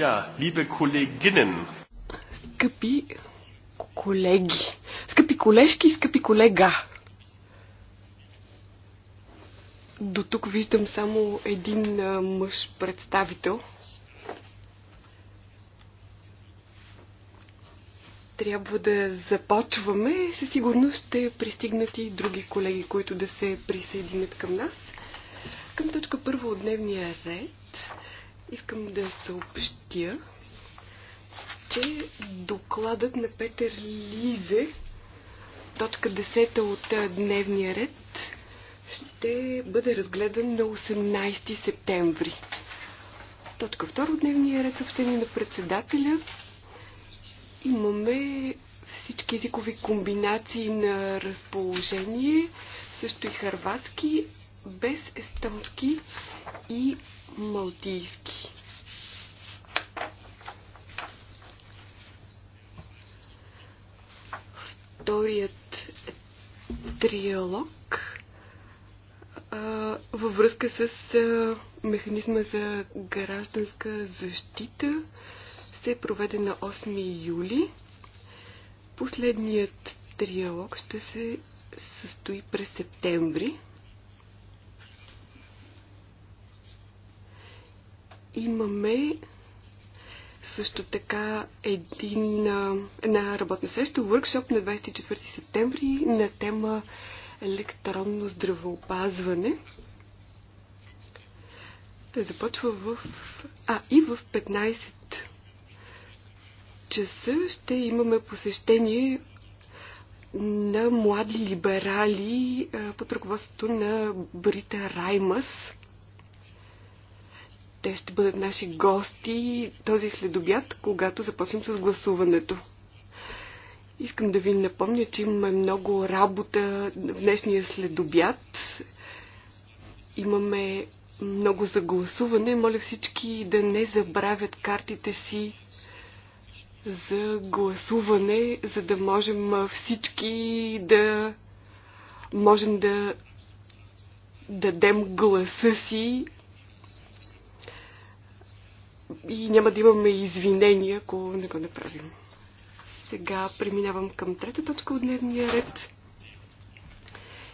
Ja, liebe Kolleginnen. Скъпи колеги. Скъпи колежки, скъпи колега. До тук виждам само един мъж представител. Трябва да започваме. Със сигурност ще пристигнат и други колеги, които да се присъединят към нас. Към точка първа от дневния ред Искам да съобщя, че докладът на Петър Лизе, точка 10 от дневния ред, ще бъде разгледан на 18 септември. Точка 2 от дневния ред съобщение на председателя. Имаме всички езикови комбинации на разположение, също и харватски, без естонски и малтийски. Вторият триалог във връзка с а, механизма за гражданска защита се проведе на 8 юли. Последният триалог ще се състои през септември. имаме също така един, една работна среща, workshop на 24 септември на тема електронно здравеопазване. Той започва в... А, и в 15 часа ще имаме посещение на млади либерали под ръководството на Брита Раймас. Те ще бъдат наши гости този следобят, когато започнем с гласуването. Искам да ви напомня, че имаме много работа в днешния следобят. Имаме много за гласуване. Моля всички да не забравят картите си за гласуване, за да можем всички да можем да дадем гласа си и няма да имаме извинения, ако не го направим. Сега преминавам към трета точка от дневния ред.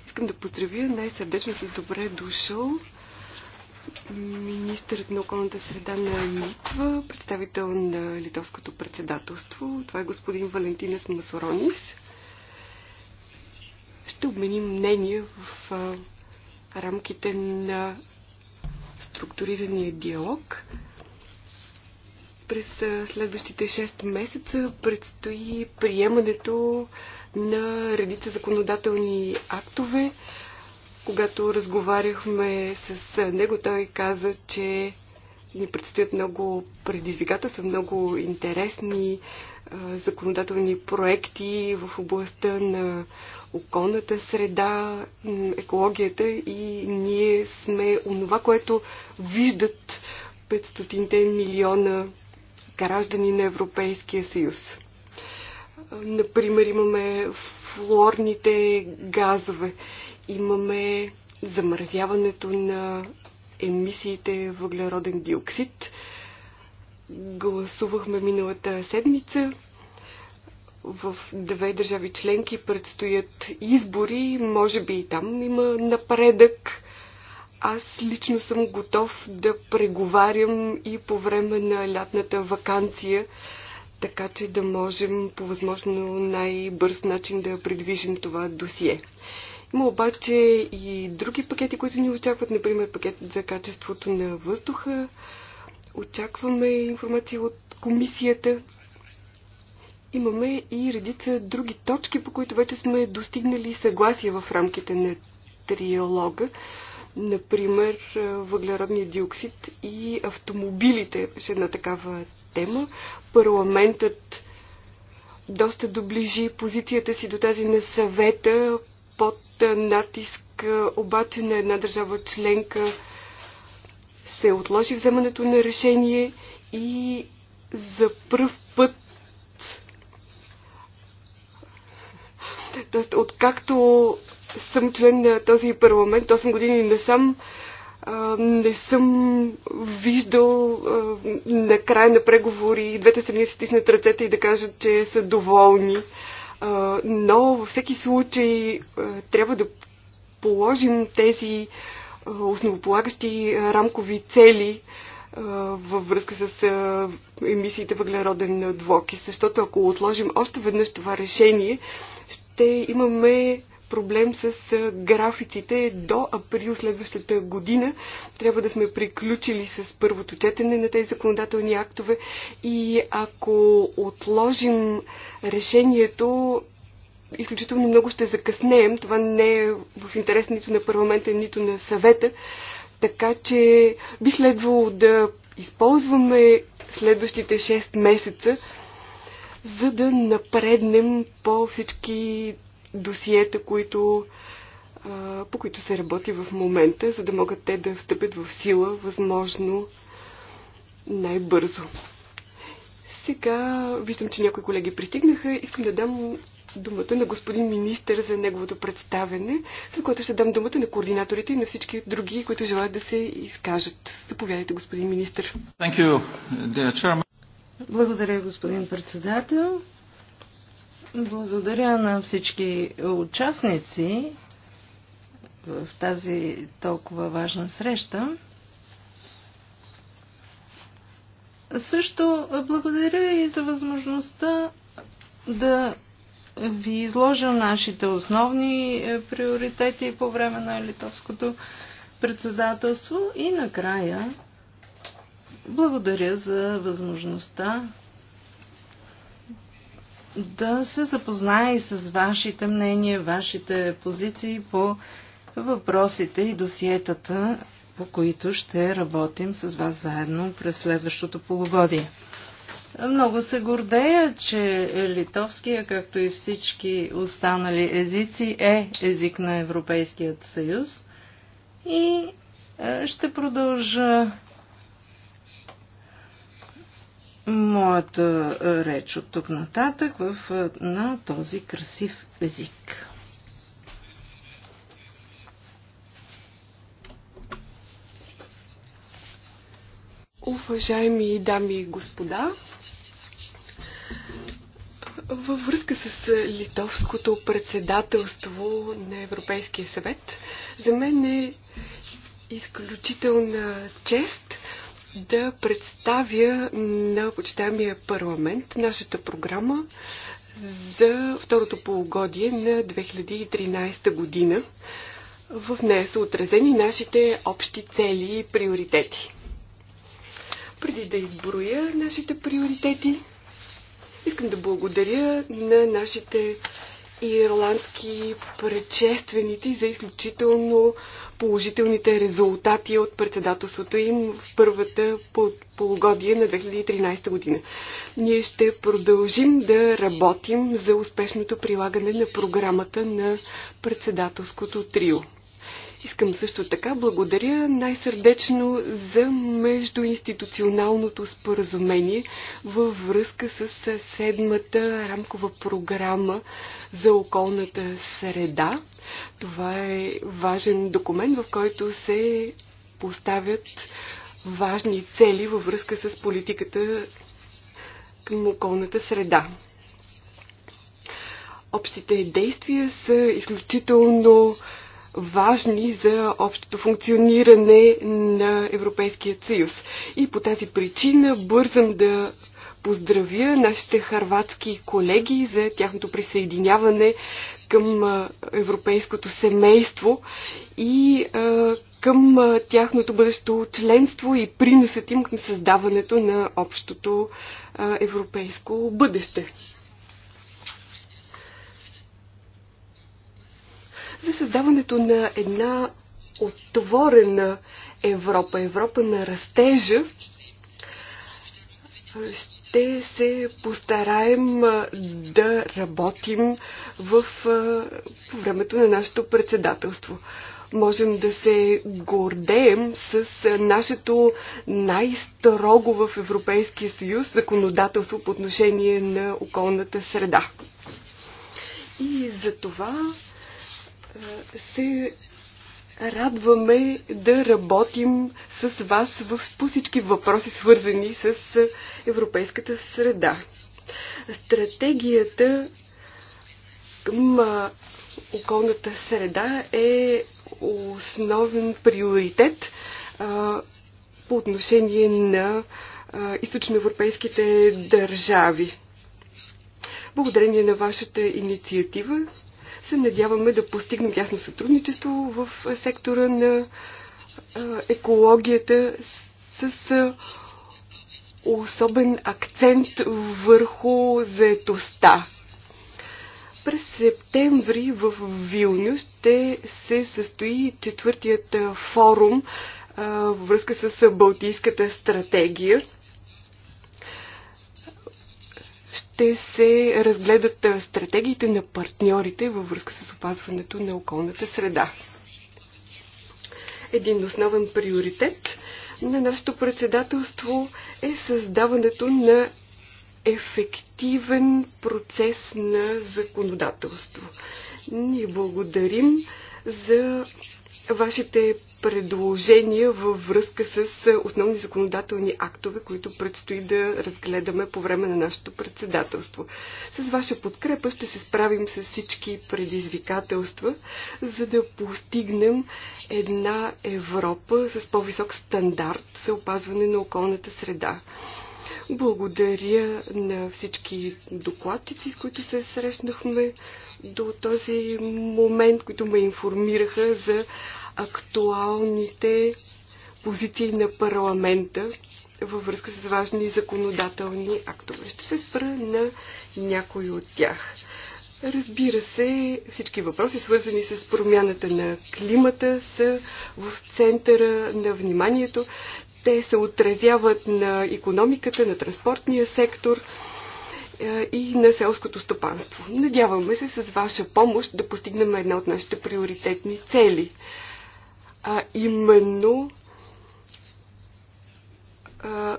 Искам да поздравя най-сърдечно с добре дошъл министърът на околната среда на Литва, представител на литовското председателство. Това е господин Валентинес Масоронис. Ще обменим мнение в рамките на структурирания диалог през следващите 6 месеца предстои приемането на редица законодателни актове. Когато разговаряхме с него, той каза, че ни предстоят много предизвикателства, много интересни законодателни проекти в областта на околната среда, екологията и ние сме онова, което виждат 500 милиона граждани на Европейския съюз. Например, имаме флорните газове, имаме замразяването на емисиите въглероден диоксид. Гласувахме миналата седмица. В две държави членки предстоят избори. Може би и там има напредък аз лично съм готов да преговарям и по време на лятната вакансия, така че да можем по възможно най-бърз начин да придвижим това досие. Има обаче и други пакети, които ни очакват, например пакет за качеството на въздуха. Очакваме информация от комисията. Имаме и редица други точки, по които вече сме достигнали съгласие в рамките на триалога. Например, въглеродния диоксид и автомобилите с една такава тема. Парламентът доста доближи позицията си до тази на съвета под натиск обаче на една държава членка се отложи вземането на решение и за пръв път Тоест, откакто съм член на този парламент 8 години насам. Не съм виждал на края на преговори двете страни се стиснат ръцете и да кажат, че са доволни. Но във всеки случай трябва да положим тези основополагащи рамкови цели във връзка с емисиите въглероден двокис, Защото ако отложим още веднъж това решение, ще имаме проблем с графиците до април следващата година. Трябва да сме приключили с първото четене на тези законодателни актове и ако отложим решението, изключително много ще закъснеем. Това не е в интерес нито на парламента, нито на съвета. Така че би следвало да използваме следващите 6 месеца, за да напреднем по всички досиета, които, по които се работи в момента, за да могат те да встъпят в сила възможно най-бързо. Сега виждам, че някои колеги пристигнаха. Искам да дам думата на господин министър за неговото представене, за което ще дам думата на координаторите и на всички други, които желаят да се изкажат. Заповядайте, господин министър. Благодаря, господин председател. Благодаря на всички участници в тази толкова важна среща. Също благодаря и за възможността да ви изложа нашите основни е, приоритети по време на литовското председателство и накрая благодаря за възможността да се запознае и с вашите мнения, вашите позиции по въпросите и досиетата, по които ще работим с вас заедно през следващото полугодие. Много се гордея, че литовския, както и всички останали езици, е език на Европейският съюз и е, ще продължа моята е, реч от тук нататък в, е, на този красив език. Уважаеми дами и господа, във връзка с литовското председателство на Европейския съвет, за мен е изключителна чест да представя на почитаемия парламент нашата програма за второто полугодие на 2013 година. В нея са отразени нашите общи цели и приоритети. Преди да изброя нашите приоритети, искам да благодаря на нашите ирландски предшественици за изключително положителните резултати от председателството им в първата полугодие на 2013 година. Ние ще продължим да работим за успешното прилагане на програмата на председателското трио. Искам също така благодаря най-сърдечно за междуинституционалното споразумение във връзка с седмата рамкова програма за околната среда. Това е важен документ, в който се поставят важни цели във връзка с политиката към околната среда. Общите действия са изключително важни за общото функциониране на Европейския съюз. И по тази причина бързам да поздравя нашите харватски колеги за тяхното присъединяване към европейското семейство и към тяхното бъдещо членство и приносът им към създаването на общото европейско бъдеще. за създаването на една отворена Европа, Европа на растежа, ще се постараем да работим в, по времето на нашето председателство. Можем да се гордеем с нашето най-строго в Европейския съюз законодателство по отношение на околната среда. И за това се радваме да работим с вас в, по всички въпроси, свързани с европейската среда. Стратегията към околната среда е основен приоритет а, по отношение на източноевропейските държави. Благодарение на вашата инициатива се надяваме да постигнем тясно сътрудничество в сектора на екологията с особен акцент върху заетостта. През септември в Вилню ще се състои четвъртият форум във връзка с Балтийската стратегия – ще се разгледат стратегиите на партньорите във връзка с опазването на околната среда. Един основен приоритет на нашето председателство е създаването на ефективен процес на законодателство. Ние благодарим за вашите предложения във връзка с е, основни законодателни актове, които предстои да разгледаме по време на нашето председателство. С ваша подкрепа ще се справим с всички предизвикателства, за да постигнем една Европа с по-висок стандарт за опазване на околната среда. Благодаря на всички докладчици, с които се срещнахме до този момент, които ме информираха за актуалните позиции на парламента във връзка с важни законодателни актове. Ще се спра на някои от тях. Разбира се, всички въпроси, свързани с промяната на климата, са в центъра на вниманието. Те се отразяват на економиката, на транспортния сектор, е, и на селското стопанство. Надяваме се с ваша помощ да постигнем една от нашите приоритетни цели. А именно а,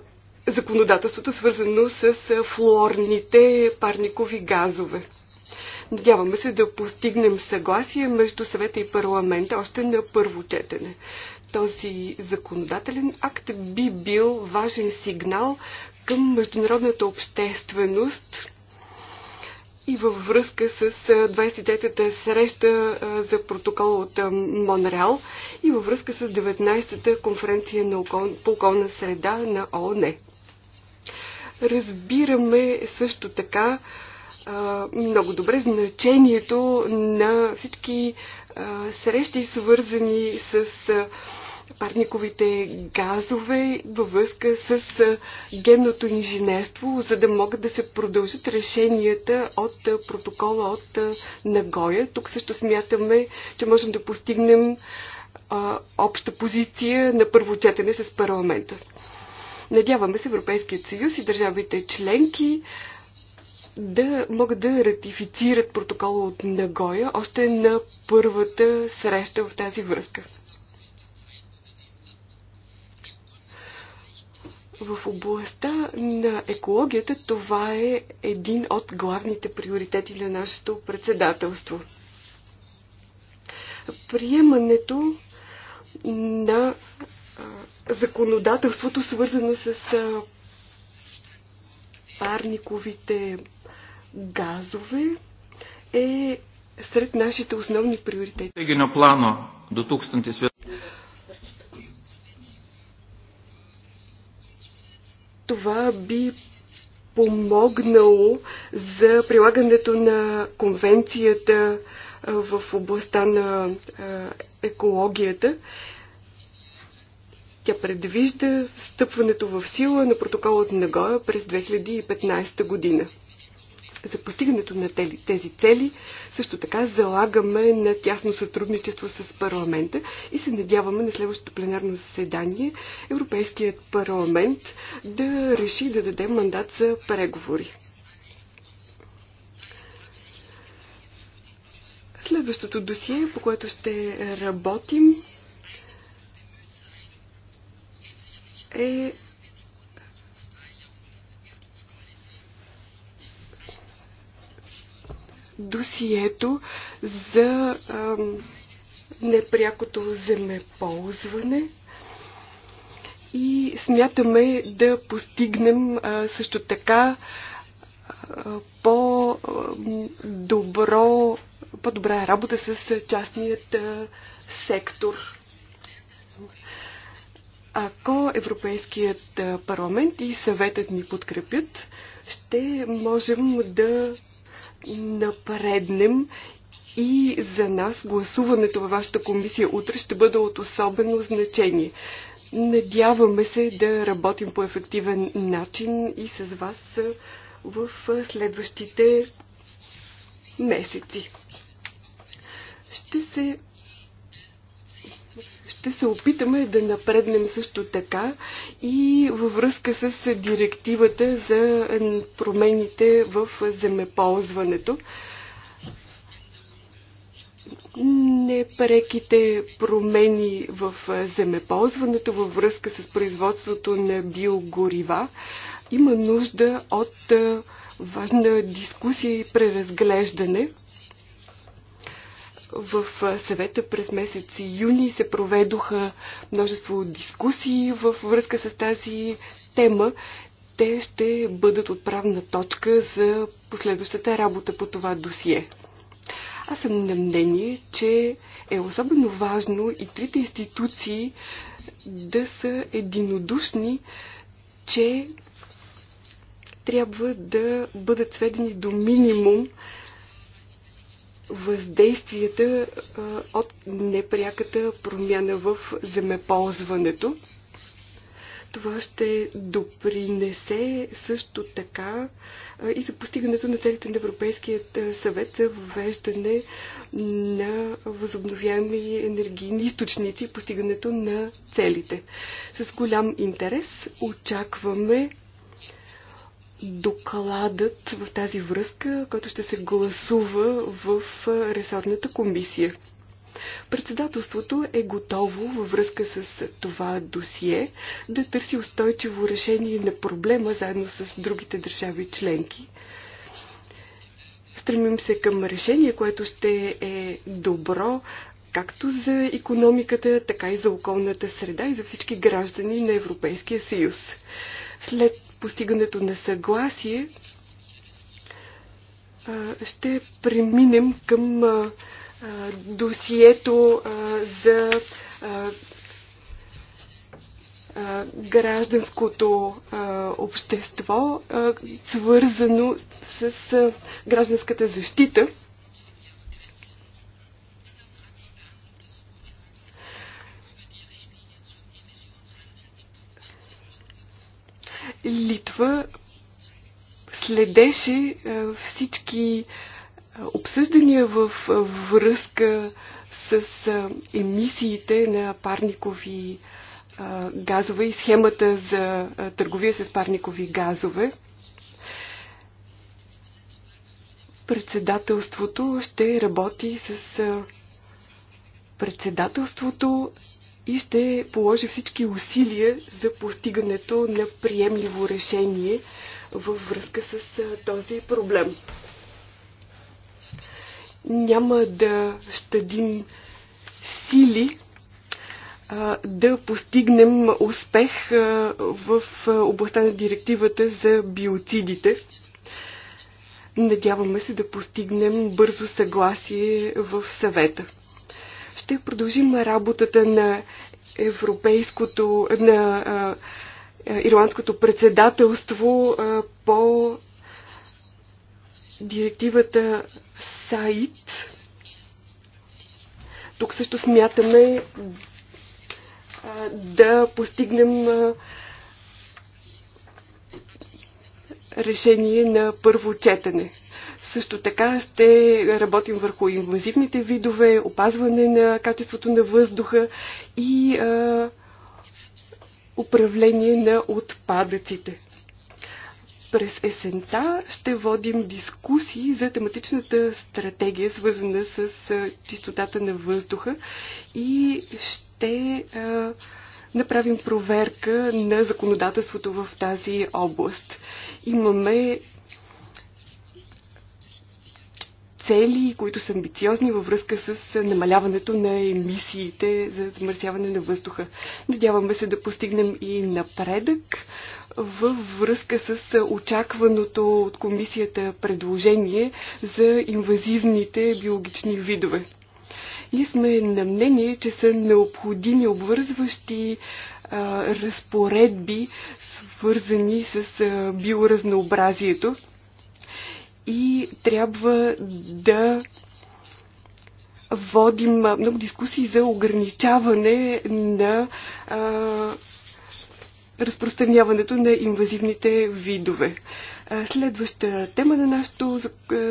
законодателството, свързано с флуорните парникови газове. Надяваме се да постигнем съгласие между съвета и парламента още на първо четене. Този законодателен акт би бил важен сигнал към международната общественост и във връзка с 23-та среща за протокол от Монреал и във връзка с 19-та конференция на окол... по околна среда на ООН. Разбираме също така много добре значението на всички срещи, свързани с парниковите газове във връзка с генното инженерство, за да могат да се продължат решенията от протокола от Нагоя. Тук също смятаме, че можем да постигнем а, обща позиция на първо четене с парламента. Надяваме се Европейският съюз и държавите членки да могат да ратифицират протокола от Нагоя още на първата среща в тази връзка. В областта на екологията това е един от главните приоритети на нашето председателство. Приемането на законодателството, свързано с парниковите газове, е сред нашите основни приоритети. Тегино плано, до 2000 Това би помогнало за прилагането на конвенцията в областта на екологията. Тя предвижда встъпването в сила на протоколът Нагоя през 2015 година за постигането на тези цели. Също така залагаме на тясно сътрудничество с парламента и се надяваме на следващото пленарно заседание Европейският парламент да реши да даде мандат за преговори. Следващото досие, по което ще работим, е досието за а, непрякото земеползване и смятаме да постигнем а, също така по-добро, по-добра работа с частният а, сектор. Ако Европейският парламент и съветът ни подкрепят, ще можем да напреднем и за нас гласуването във вашата комисия утре ще бъде от особено значение. Надяваме се да работим по ефективен начин и с вас в следващите месеци. Ще се ще се опитаме да напреднем също така и във връзка с директивата за промените в земеползването. Непреките промени в земеползването във връзка с производството на биогорива има нужда от важна дискусия и преразглеждане – в съвета през месец юни се проведоха множество дискусии във връзка с тази тема. Те ще бъдат отправна точка за последващата работа по това досие. Аз съм на мнение, че е особено важно и трите институции да са единодушни, че трябва да бъдат сведени до минимум въздействията от непряката промяна в земеползването. Това ще допринесе също така и за постигането на целите на Европейският съвет за въвеждане на възобновяеми енергийни източници и постигането на целите. С голям интерес очакваме докладът в тази връзка, който ще се гласува в ресорната комисия. Председателството е готово във връзка с това досие да търси устойчиво решение на проблема заедно с другите държави членки. Стремим се към решение, което ще е добро както за економиката, така и за околната среда и за всички граждани на Европейския съюз. След постигането на съгласие ще преминем към досието за гражданското общество, свързано с гражданската защита Литва следеше всички обсъждания в връзка с емисиите на парникови газове и схемата за търговия с парникови газове. Председателството ще работи с председателството и ще положи всички усилия за постигането на приемливо решение във връзка с този проблем. Няма да щадим сили да постигнем успех в областта на директивата за биоцидите. Надяваме се да постигнем бързо съгласие в съвета. Ще продължим работата на европейското, на ирландското председателство по директивата САИД. Тук също смятаме да постигнем решение на първо четене. Също така ще работим върху инвазивните видове, опазване на качеството на въздуха и а, управление на отпадъците. През есента ще водим дискусии за тематичната стратегия, свързана с чистотата на въздуха и ще а, направим проверка на законодателството в тази област. Имаме цели, които са амбициозни във връзка с намаляването на емисиите за замърсяване на въздуха. Надяваме се да постигнем и напредък във връзка с очакваното от комисията предложение за инвазивните биологични видове. Ние сме на мнение, че са необходими обвързващи а, разпоредби, свързани с а, биоразнообразието и трябва да водим много дискусии за ограничаване на а, разпространяването на инвазивните видове. Следваща тема на нашето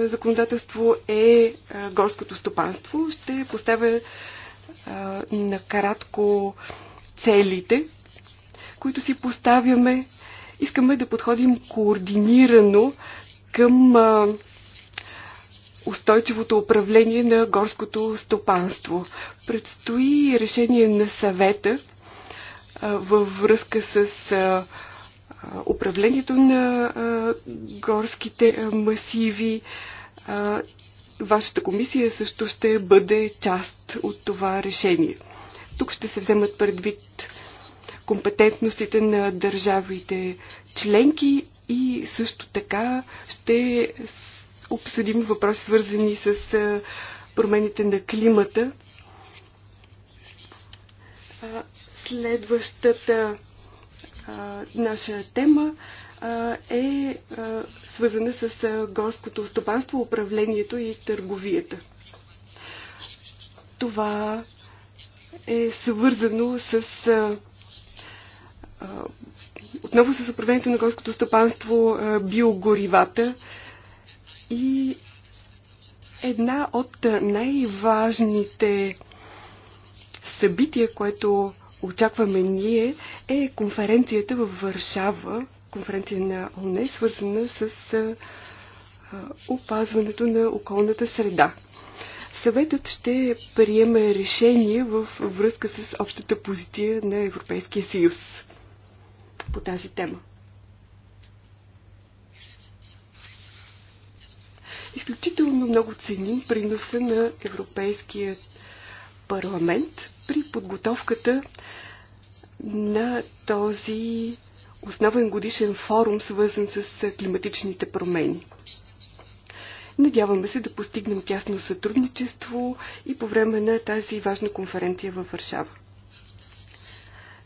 законодателство е горското стопанство. Ще поставя накратко целите, които си поставяме. Искаме да подходим координирано към а, устойчивото управление на горското стопанство. Предстои решение на съвета а, във връзка с а, управлението на а, горските а, масиви. А, вашата комисия също ще бъде част от това решение. Тук ще се вземат предвид компетентностите на държавите членки и също така ще обсъдим въпроси, свързани с промените на климата. Следващата наша тема е свързана с горското стопанство, управлението и търговията. Това е свързано с отново с управлението на горското стопанство, биогоривата и една от най-важните събития, което очакваме ние, е конференцията във Варшава, конференция на ОНЕ, свързана с опазването на околната среда. Съветът ще приеме решение в връзка с общата позиция на Европейския съюз по тази тема. Изключително много ценим приноса на Европейския парламент при подготовката на този основен годишен форум, свързан с климатичните промени. Надяваме се да постигнем тясно сътрудничество и по време на тази важна конференция във Варшава.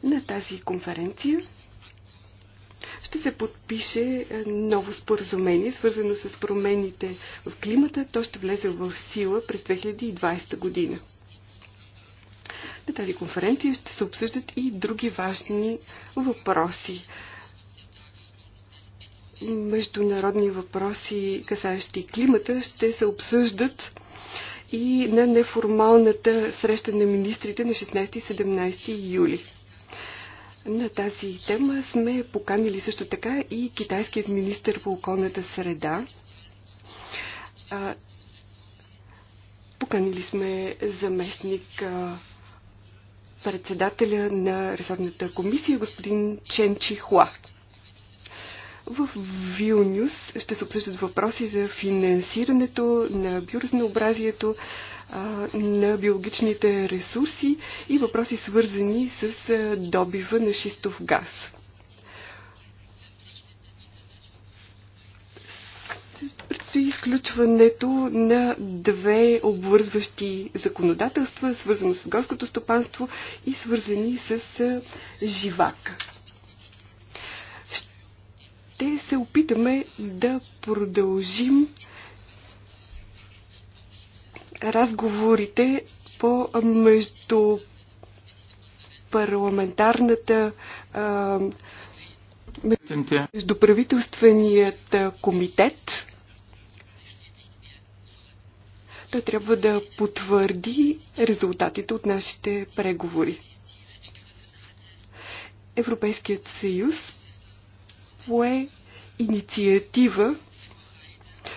На тази конференция ще се подпише е, ново споразумение, свързано с промените в климата. То ще влезе в сила през 2020 година. На тази конференция ще се обсъждат и други важни въпроси. Международни въпроси, касаещи климата, ще се обсъждат и на неформалната среща на министрите на 16 и 17 юли. На тази тема сме поканили също така и китайският министр по околната среда. Поканили сме заместник председателя на Резорната комисия, господин Чен Чихуа. В Вилнюс ще се обсъждат въпроси за финансирането на биоразнообразието, на биологичните ресурси и въпроси свързани с добива на шистов газ. предстои изключването на две обвързващи законодателства, свързано с горското стопанство и свързани с живак. Ще се опитаме да продължим разговорите по между парламентарната между правителственият комитет. Той трябва да потвърди резултатите от нашите преговори. Европейският съюз пое инициатива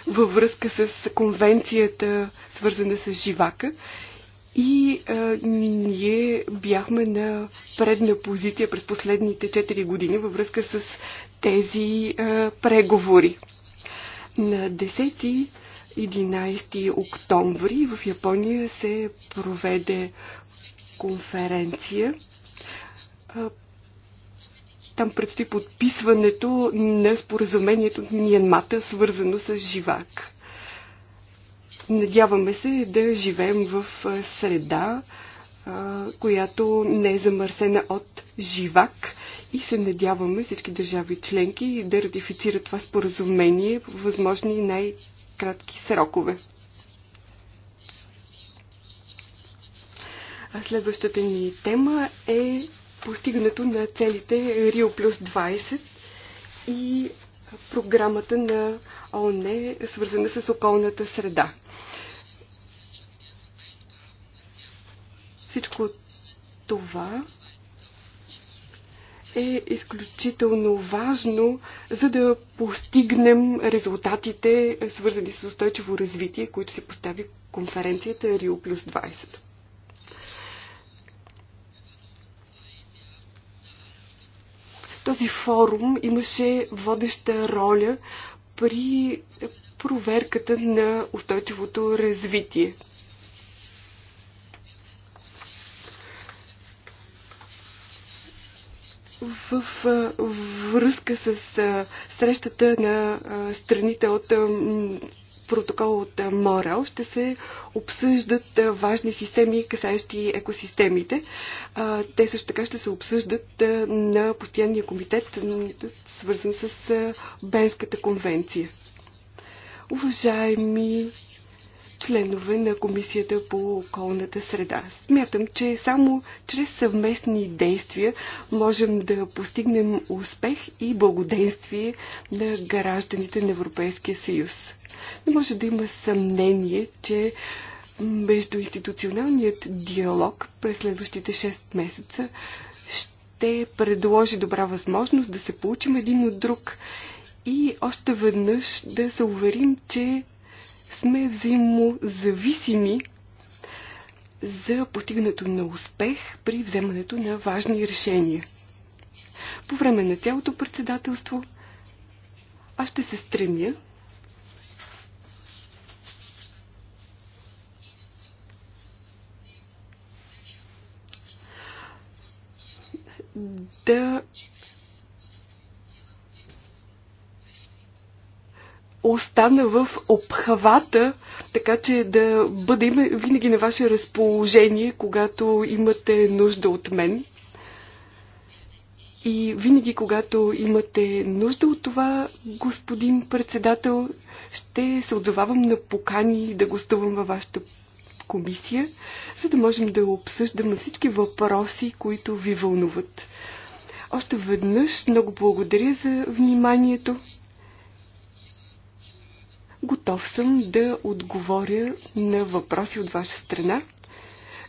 във връзка с конвенцията, свързана с живака. И а, ние бяхме на предна позиция през последните 4 години във връзка с тези а, преговори. На 10-11 октомври в Япония се проведе конференция там предстои подписването на споразумението от Ниенмата, свързано с живак. Надяваме се да живеем в среда, която не е замърсена от живак и се надяваме всички държави членки да ратифицират това споразумение в възможни най-кратки срокове. А следващата ни тема е постигането на целите Рио плюс 20 и програмата на ООН, свързана с околната среда. Всичко това е изключително важно, за да постигнем резултатите, свързани с устойчиво развитие, които се постави конференцията Рио плюс 20. Този форум имаше водеща роля при проверката на устойчивото развитие. в връзка с срещата на страните от протокол от Морал ще се обсъждат важни системи, касаещи екосистемите. Те също така ще се обсъждат на постоянния комитет, свързан с Бенската конвенция. Уважаеми членове на Комисията по околната среда. Смятам, че само чрез съвместни действия можем да постигнем успех и благоденствие на гражданите на Европейския съюз. Не може да има съмнение, че между институционалният диалог през следващите 6 месеца ще предложи добра възможност да се получим един от друг и още веднъж да се уверим, че сме взаимозависими за постигането на успех при вземането на важни решения. По време на цялото председателство аз ще се стремя да остана в обхвата, така че да бъде винаги на ваше разположение, когато имате нужда от мен. И винаги, когато имате нужда от това, господин председател, ще се отзовавам на покани да гостувам във вашата комисия, за да можем да обсъждаме всички въпроси, които ви вълнуват. Още веднъж много благодаря за вниманието. Готов съм да отговоря на въпроси от ваша страна.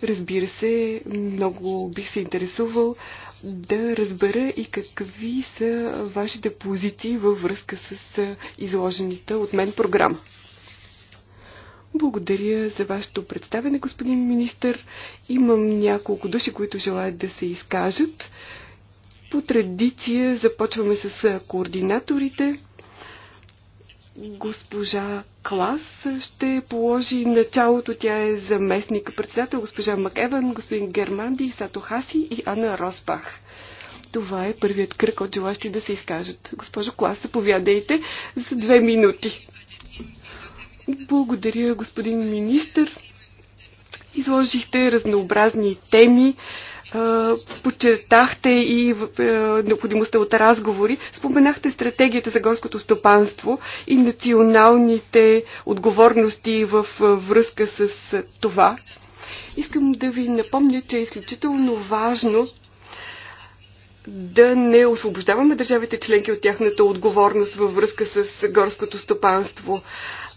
Разбира се, много бих се интересувал да разбера и какви са вашите позиции във връзка с изложените от мен програма. Благодаря за вашето представене, господин министр. Имам няколко души, които желаят да се изкажат. По традиция започваме с координаторите. Госпожа Клас ще положи началото. Тя е заместник председател, госпожа Макеван, господин Германди, Сато Хаси и Анна Росбах. Това е първият кръг от желащи да се изкажат. Госпожо Клас, заповядайте за две минути. Благодаря, господин министр. Изложихте разнообразни теми. Подчертахте и необходимостта от разговори. Споменахте стратегията за горското стопанство и националните отговорности в връзка с това. Искам да ви напомня, че е изключително важно да не освобождаваме държавите членки от тяхната отговорност във връзка с горското стопанство.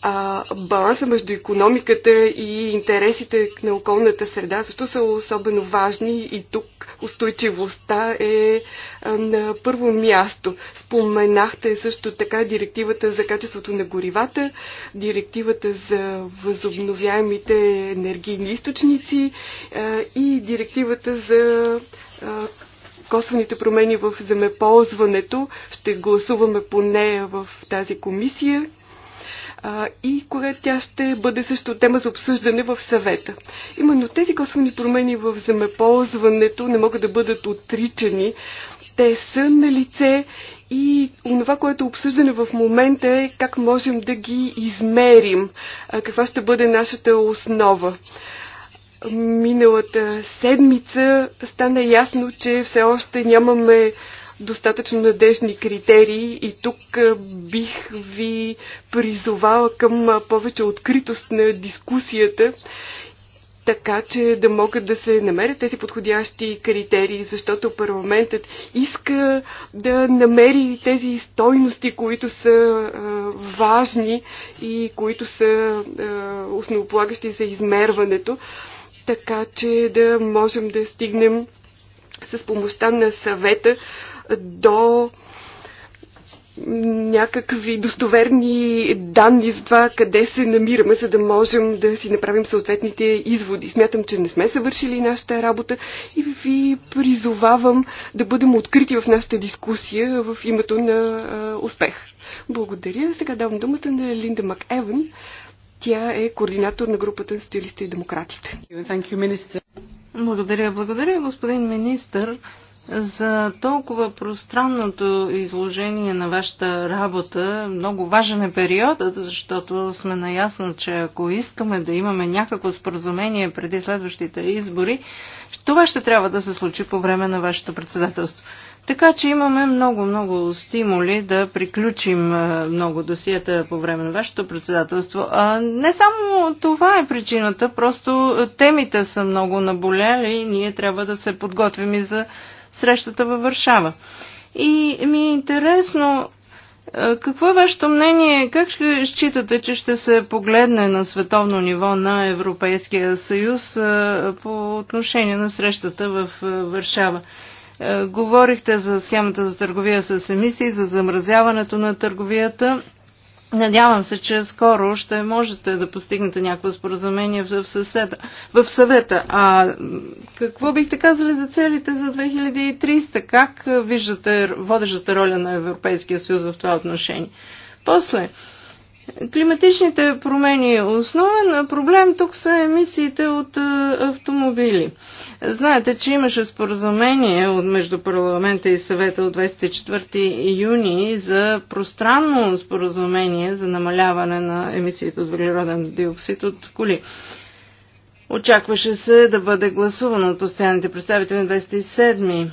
А, баланса между економиката и интересите на околната среда също са особено важни и тук устойчивостта е на първо място. Споменахте също така директивата за качеството на горивата, директивата за възобновяемите енергийни източници и директивата за косвените промени в земеползването. Ще гласуваме по нея в тази комисия а, и когато тя ще бъде също тема за обсъждане в съвета. Именно тези косвени промени в земеползването не могат да бъдат отричани. Те са на лице и това, което е обсъждане в момента е как можем да ги измерим, каква ще бъде нашата основа миналата седмица стана ясно, че все още нямаме достатъчно надежни критерии и тук бих ви призовала към повече откритост на дискусията, така че да могат да се намерят тези подходящи критерии, защото парламентът иска да намери тези стойности, които са а, важни и които са а, основополагащи за измерването. А, така че да можем да стигнем с помощта на съвета до някакви достоверни данни за това къде се намираме, за да можем да си направим съответните изводи. Смятам, че не сме съвършили нашата работа и ви призовавам да бъдем открити в нашата дискусия в името на успех. Благодаря. Сега давам думата на Линда МакЕвен, тя е координатор на групата на социалистите и демократите. Благодаря, благодаря, господин министър, за толкова пространното изложение на вашата работа. Много важен е периодът, защото сме наясно, че ако искаме да имаме някакво споразумение преди следващите избори, това ще трябва да се случи по време на вашето председателство. Така че имаме много-много стимули да приключим много досията по време на вашето председателство. А не само това е причината, просто темите са много наболяли и ние трябва да се подготвим и за срещата във Варшава. И ми е интересно какво е вашето мнение? Как ще считате, че ще се погледне на световно ниво на Европейския съюз по отношение на срещата в Варшава? Е, говорихте за схемата за търговия с емисии, за замразяването на търговията. Надявам се, че скоро ще можете да постигнете някакво споразумение в, съседа, в съвета. А какво бихте казали за целите за 2300? Как виждате водещата роля на Европейския съюз в това отношение? После, Климатичните промени. Е основен проблем тук са емисиите от е, автомобили. Знаете, че имаше споразумение от между парламента и съвета от 24 юни за пространно споразумение за намаляване на емисиите от въглероден диоксид от коли. Очакваше се да бъде гласувано от постоянните представители на 27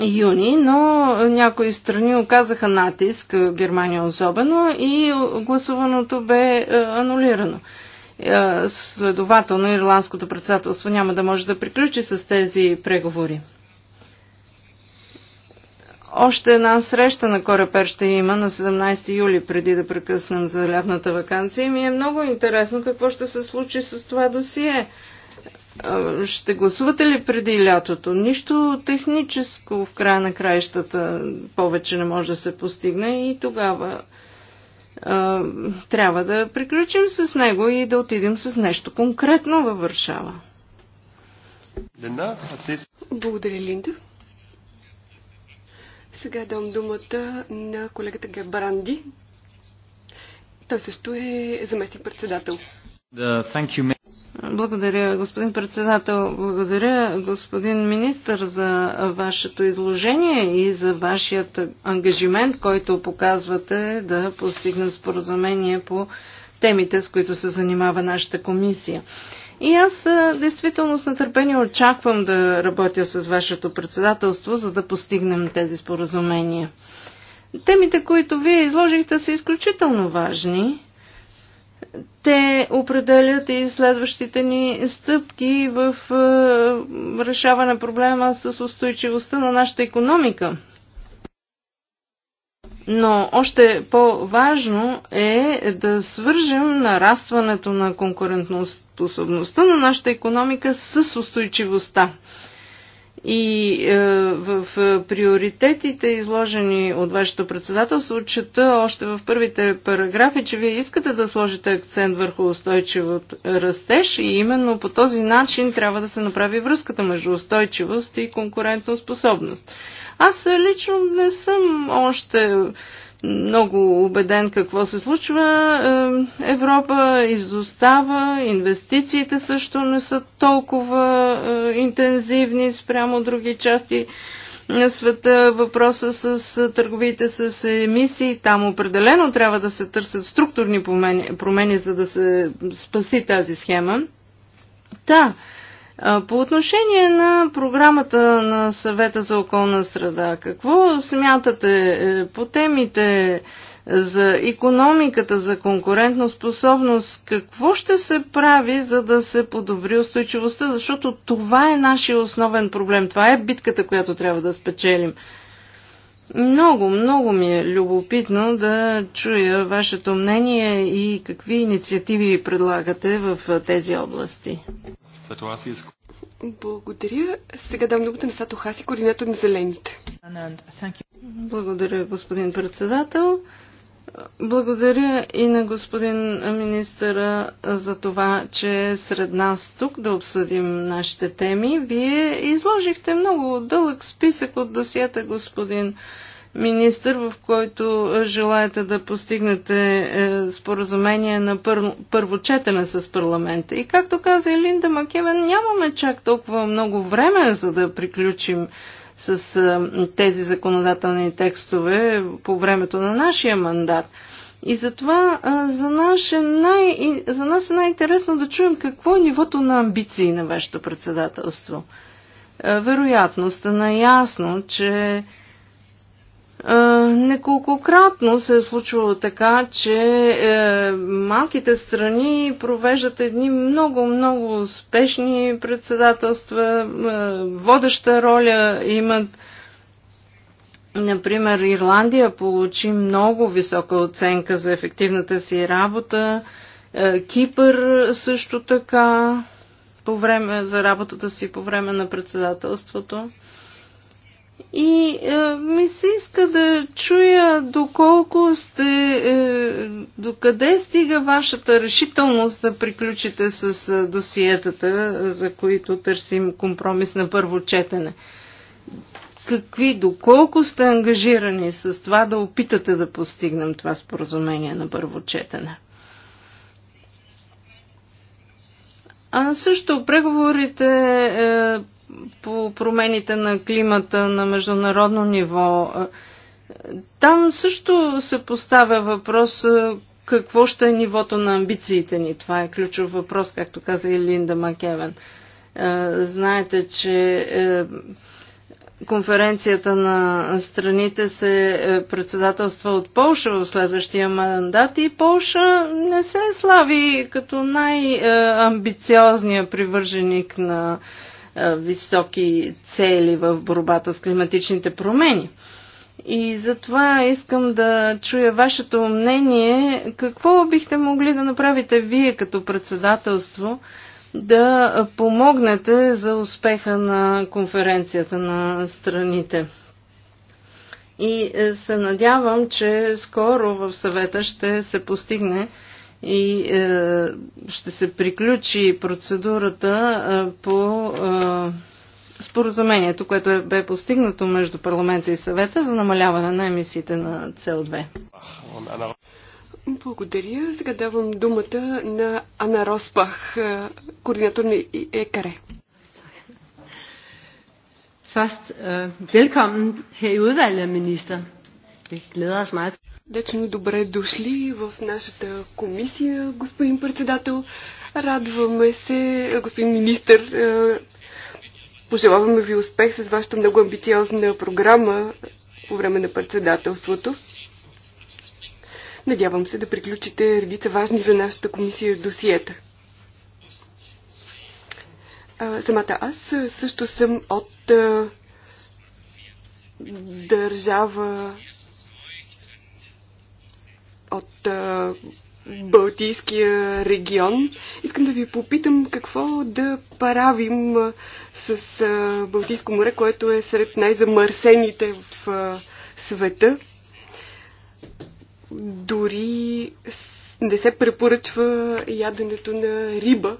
юни, но някои страни оказаха натиск, е, Германия особено, и гласуваното бе е, анулирано. Е, следователно, ирландското председателство няма да може да приключи с тези преговори. Още една среща на Корепер ще има на 17 юли, преди да прекъснем за лятната вакансия. И ми е много интересно какво ще се случи с това досие. Ще гласувате ли преди лятото? Нищо техническо в края на краищата повече не може да се постигне и тогава а, трябва да приключим с него и да отидем с нещо конкретно във Варшава. Благодаря, Линда. Сега дам думата на колегата Гебаранди. Той също е заместник председател. Uh, you, благодаря, господин председател. Благодаря, господин министр, за вашето изложение и за вашият ангажимент, който показвате да постигнем споразумение по темите, с които се занимава нашата комисия. И аз действително с нетърпение очаквам да работя с вашето председателство, за да постигнем тези споразумения. Темите, които вие изложихте, са изключително важни те определят и следващите ни стъпки в е, решаване проблема с устойчивостта на нашата економика. Но още по-важно е да свържем нарастването на конкурентоспособността на нашата економика с устойчивостта. И е, в, в приоритетите, изложени от вашето председателство, чета още в първите параграфи, че вие искате да сложите акцент върху устойчивост растеж и именно по този начин трябва да се направи връзката между устойчивост и конкурентоспособност. Аз лично не съм още много убеден какво се случва. Е, Европа изостава, инвестициите също не са толкова е, интензивни спрямо други части на света. Въпроса с търговите с емисии, там определено трябва да се търсят структурни промени, промени за да се спаси тази схема. Та, да по отношение на програмата на съвета за околна среда, какво смятате е, по темите за економиката, за конкурентоспособност, какво ще се прави, за да се подобри устойчивостта, защото това е нашия основен проблем, това е битката, която трябва да спечелим. Много, много ми е любопитно да чуя вашето мнение и какви инициативи предлагате в тези области. Благодаря. Сега дам думата на Сато Хаси, координатор на Зелените. Благодаря, господин председател. Благодаря и на господин министъра за това, че е сред нас тук да обсъдим нашите теми. Вие изложихте много дълъг списък от досията, господин Министър, в който е, желаете да постигнете е, споразумение на първо, първо четене с парламента. И както каза Елинда Макевен, нямаме чак толкова много време, за да приключим с е, тези законодателни текстове по времето на нашия мандат. И затова за, наше най, за нас е най-интересно да чуем какво е нивото на амбиции на вашето председателство. Вероятността на ясно, че Неколкократно се е случвало така, че е, малките страни провеждат едни много-много успешни председателства, е, водеща роля имат. Например, Ирландия получи много висока оценка за ефективната си работа, е, Кипър също така по време, за работата си по време на председателството. И е, ми се иска да чуя доколко сте, е, докъде стига вашата решителност да приключите с е, досиетата, за които търсим компромис на първо четене. Какви, доколко сте ангажирани с това да опитате да постигнем това споразумение на първо четене? А също преговорите е, по промените на климата на международно ниво. Там също се поставя въпрос какво ще е нивото на амбициите ни. Това е ключов въпрос, както каза и Линда Макевен. Знаете, че е, конференцията на страните се е, председателства от Полша в следващия мандат и Полша не се слави като най-амбициозния е, привърженик на високи цели в борбата с климатичните промени. И затова искам да чуя вашето мнение. Какво бихте могли да направите вие като председателство да помогнете за успеха на конференцията на страните? И е, се надявам, че скоро в съвета ще се постигне и е, ще се приключи процедурата е, по е, споразумението, което е, бе постигнато между парламента и съвета за намаляване на емисиите на СО2. Благодаря. Сега давам думата на Ана Роспах, е, координатор на ЕКАРЕ. Først, øh, velkommen her i udvalget, minister. Det glæder os meget. Вечно добре дошли в нашата комисия, господин председател. Радваме се, господин министр. Е, пожелаваме ви успех с вашата много амбициозна програма по време на председателството. Надявам се да приключите редица важни за нашата комисия досиета. Самата аз също съм от е, държава от а, Балтийския регион. Искам да ви попитам какво да правим с а, Балтийско море, което е сред най-замърсените в а, света. Дори не се препоръчва яденето на риба,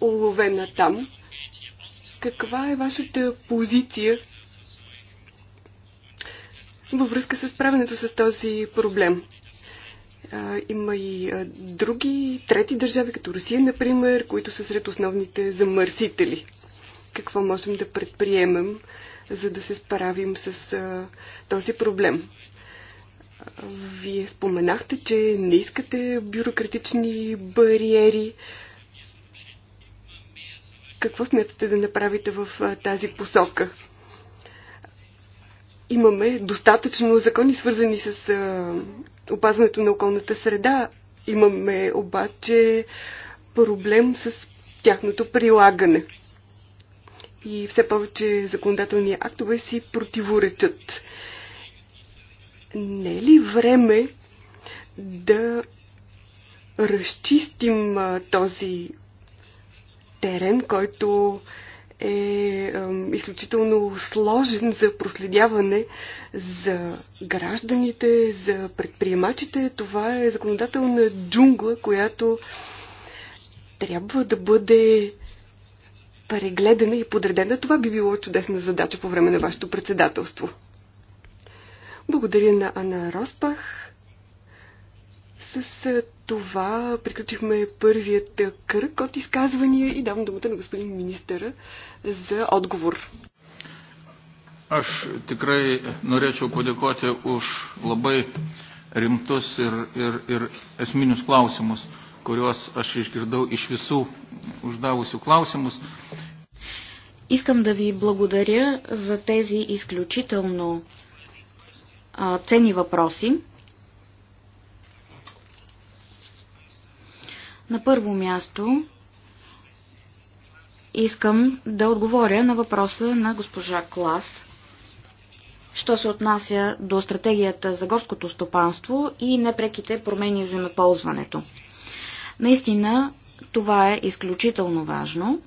уловена там. Каква е вашата позиция във връзка с правенето с този проблем. Има и други, трети държави, като Русия, например, които са сред основните замърсители. Какво можем да предприемем, за да се справим с този проблем? Вие споменахте, че не искате бюрократични бариери. Какво смятате да направите в тази посока? имаме достатъчно закони, свързани с опазването на околната среда. Имаме обаче проблем с тяхното прилагане. И все повече законодателни актове си противоречат. Не е ли време да разчистим този терен, който е изключително сложен за проследяване за гражданите, за предприемачите. Това е законодателна джунгла, която трябва да бъде прегледана и подредена. Това би било чудесна задача по време на вашето председателство. Благодаря на Ана Роспах с това приключихме първият кръг от изказвания и давам думата на господин министъра за отговор. Аз тикрай norėčiau padėkoti уж лабай римтос ir, ir, ir esminius klausimus, kuriuos aš išgirdau iš visų uždavusių klausimus. Искам да ви благодаря за тези изключително а, ценни въпроси. На първо място искам да отговоря на въпроса на госпожа Клас, що се отнася до стратегията за горското стопанство и непреките промени в земеползването. Наистина, това е изключително важно.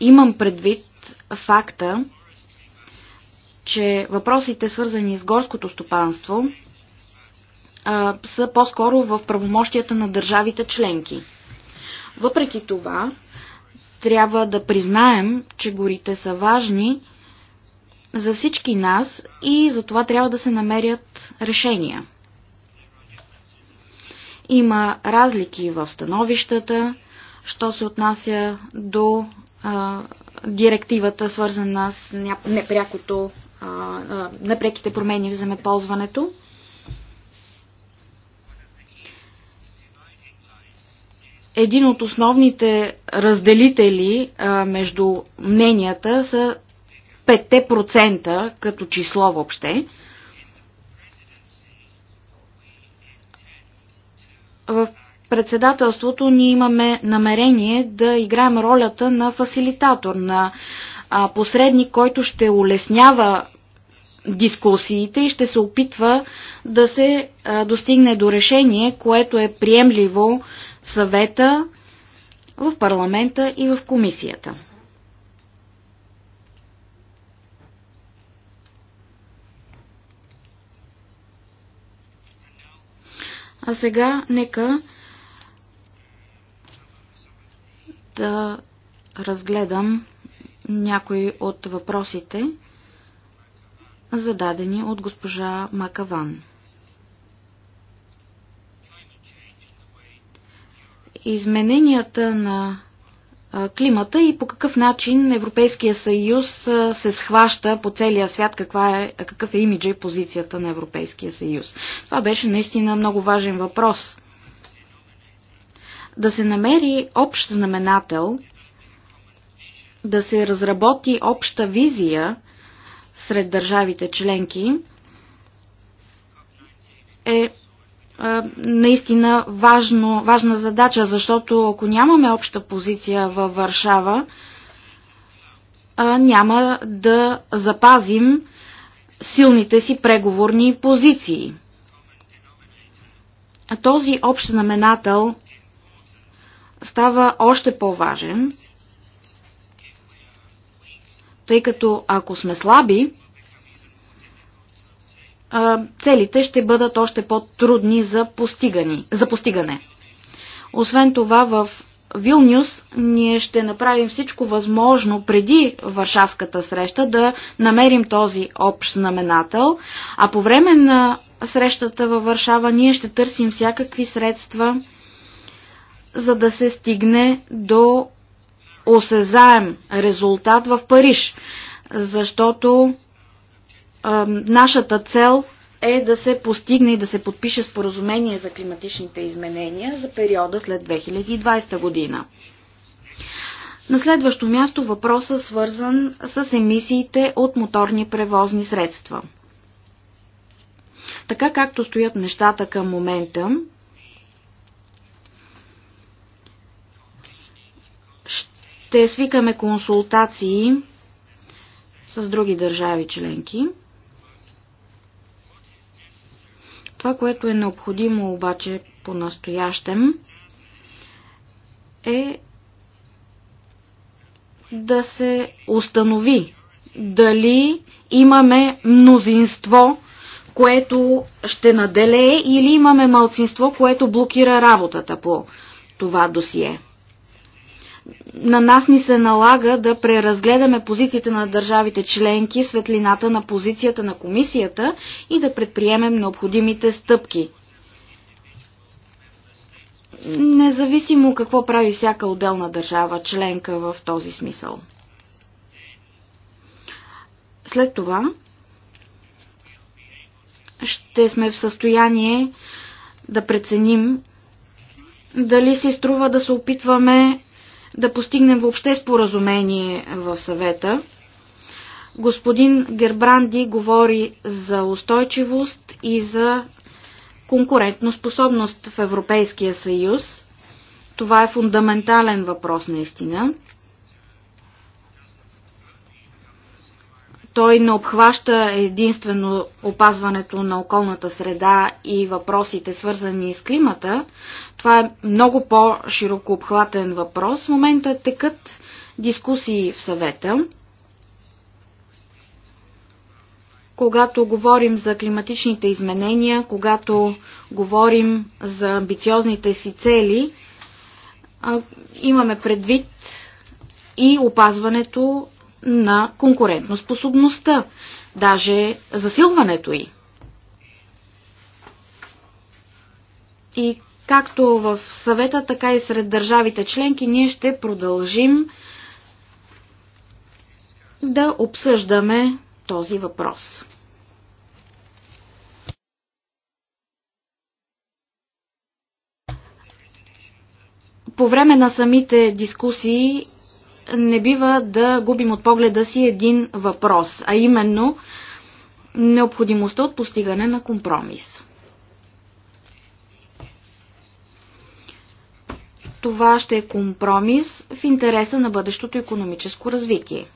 Имам предвид факта, че въпросите, свързани с горското стопанство, са по-скоро в правомощията на държавите членки. Въпреки това, трябва да признаем, че горите са важни за всички нас и за това трябва да се намерят решения. Има разлики в становищата, що се отнася до а, директивата, свързана с непрякото Напреките промени в земеползването. един от основните разделители а, между мненията са 5% като число въобще. В председателството ние имаме намерение да играем ролята на фасилитатор, на а, посредник, който ще улеснява дискусиите и ще се опитва да се достигне до решение, което е приемливо в съвета, в парламента и в комисията. А сега нека да разгледам някои от въпросите, зададени от госпожа Макаван. Измененията на климата и по какъв начин Европейския съюз се схваща по целия свят каква е, какъв е имиджа и позицията на Европейския съюз. Това беше наистина много важен въпрос. Да се намери общ знаменател, да се разработи обща визия сред държавите членки е, е наистина важно, важна задача, защото ако нямаме обща позиция във Варшава, е, няма да запазим силните си преговорни позиции. Този общ знаменател става още по-важен тъй като ако сме слаби, целите ще бъдат още по-трудни за, за постигане. Освен това, в Вилнюс ние ще направим всичко възможно преди Варшавската среща да намерим този общ знаменател, а по време на срещата във Варшава ние ще търсим всякакви средства, за да се стигне до осезаем резултат в Париж, защото а, нашата цел е да се постигне и да се подпише споразумение за климатичните изменения за периода след 2020 година. На следващо място въпроса свързан с емисиите от моторни превозни средства. Така както стоят нещата към момента, ще свикаме консултации с други държави членки. Това, което е необходимо обаче по-настоящем, е да се установи дали имаме мнозинство, което ще наделее или имаме малцинство, което блокира работата по това досие на нас ни се налага да преразгледаме позициите на държавите членки, светлината на позицията на комисията и да предприемем необходимите стъпки. Независимо какво прави всяка отделна държава членка в този смисъл. След това ще сме в състояние да преценим дали си струва да се опитваме да постигнем въобще споразумение в съвета. Господин Гербранди говори за устойчивост и за конкурентоспособност в Европейския съюз. Това е фундаментален въпрос наистина. Той не обхваща единствено опазването на околната среда и въпросите свързани с климата. Това е много по-широко обхватен въпрос. В момента текат дискусии в съвета. когато говорим за климатичните изменения, когато говорим за амбициозните си цели, имаме предвид и опазването на конкурентноспособността, даже засилването й. И както в съвета, така и сред държавите членки, ние ще продължим да обсъждаме този въпрос. По време на самите дискусии не бива да губим от погледа си един въпрос, а именно необходимостта от постигане на компромис. Това ще е компромис в интереса на бъдещото економическо развитие.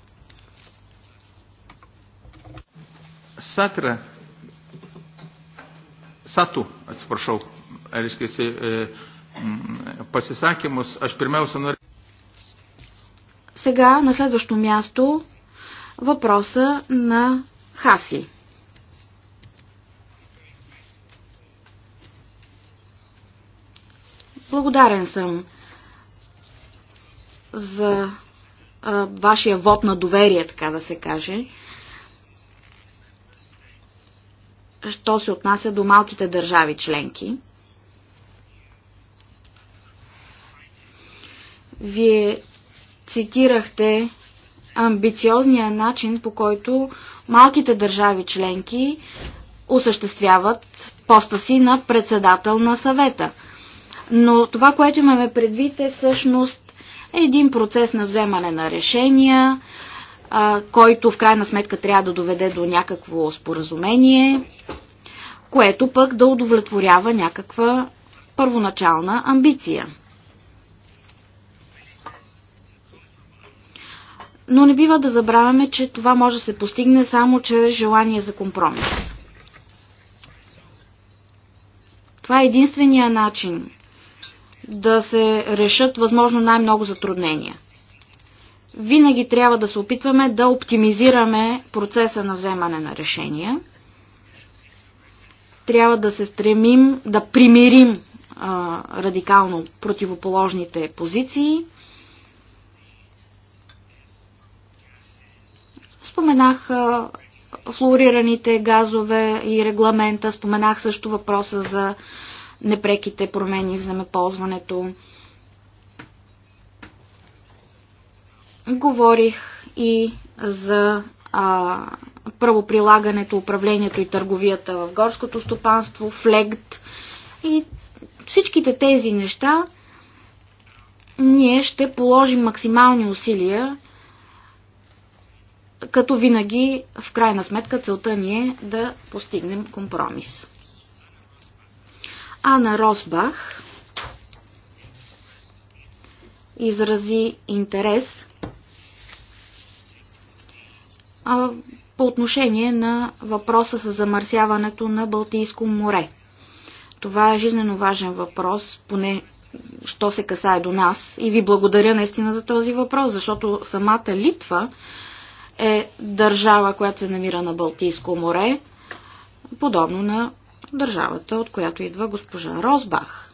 Сатра. Сату, atsiprašau, reiškia, е, pasisakymus. Aš pirmiausia noriu. Сега на следващо място въпроса на Хаси. Благодарен съм за а, вашия вод на доверие, така да се каже. Що се отнася до малките държави членки. Вие цитирахте амбициозния начин, по който малките държави членки осъществяват поста си на председател на съвета. Но това, което имаме предвид е всъщност един процес на вземане на решения, който в крайна сметка трябва да доведе до някакво споразумение, което пък да удовлетворява някаква първоначална амбиция. Но не бива да забравяме, че това може да се постигне само чрез желание за компромис. Това е единствения начин да се решат възможно най-много затруднения. Винаги трябва да се опитваме да оптимизираме процеса на вземане на решения. Трябва да се стремим да примирим а, радикално противоположните позиции – Споменах флуорираните газове и регламента, споменах също въпроса за непреките промени в земеползването. Говорих и за а, правоприлагането, управлението и търговията в горското стопанство, флегт и всичките тези неща ние ще положим максимални усилия като винаги, в крайна сметка, целта ни е да постигнем компромис. Ана Росбах изрази интерес по отношение на въпроса с замърсяването на Балтийско море. Това е жизненно важен въпрос, поне що се касае до нас. И ви благодаря наистина за този въпрос, защото самата Литва е държава, която се намира на Балтийско море, подобно на държавата, от която идва госпожа Росбах.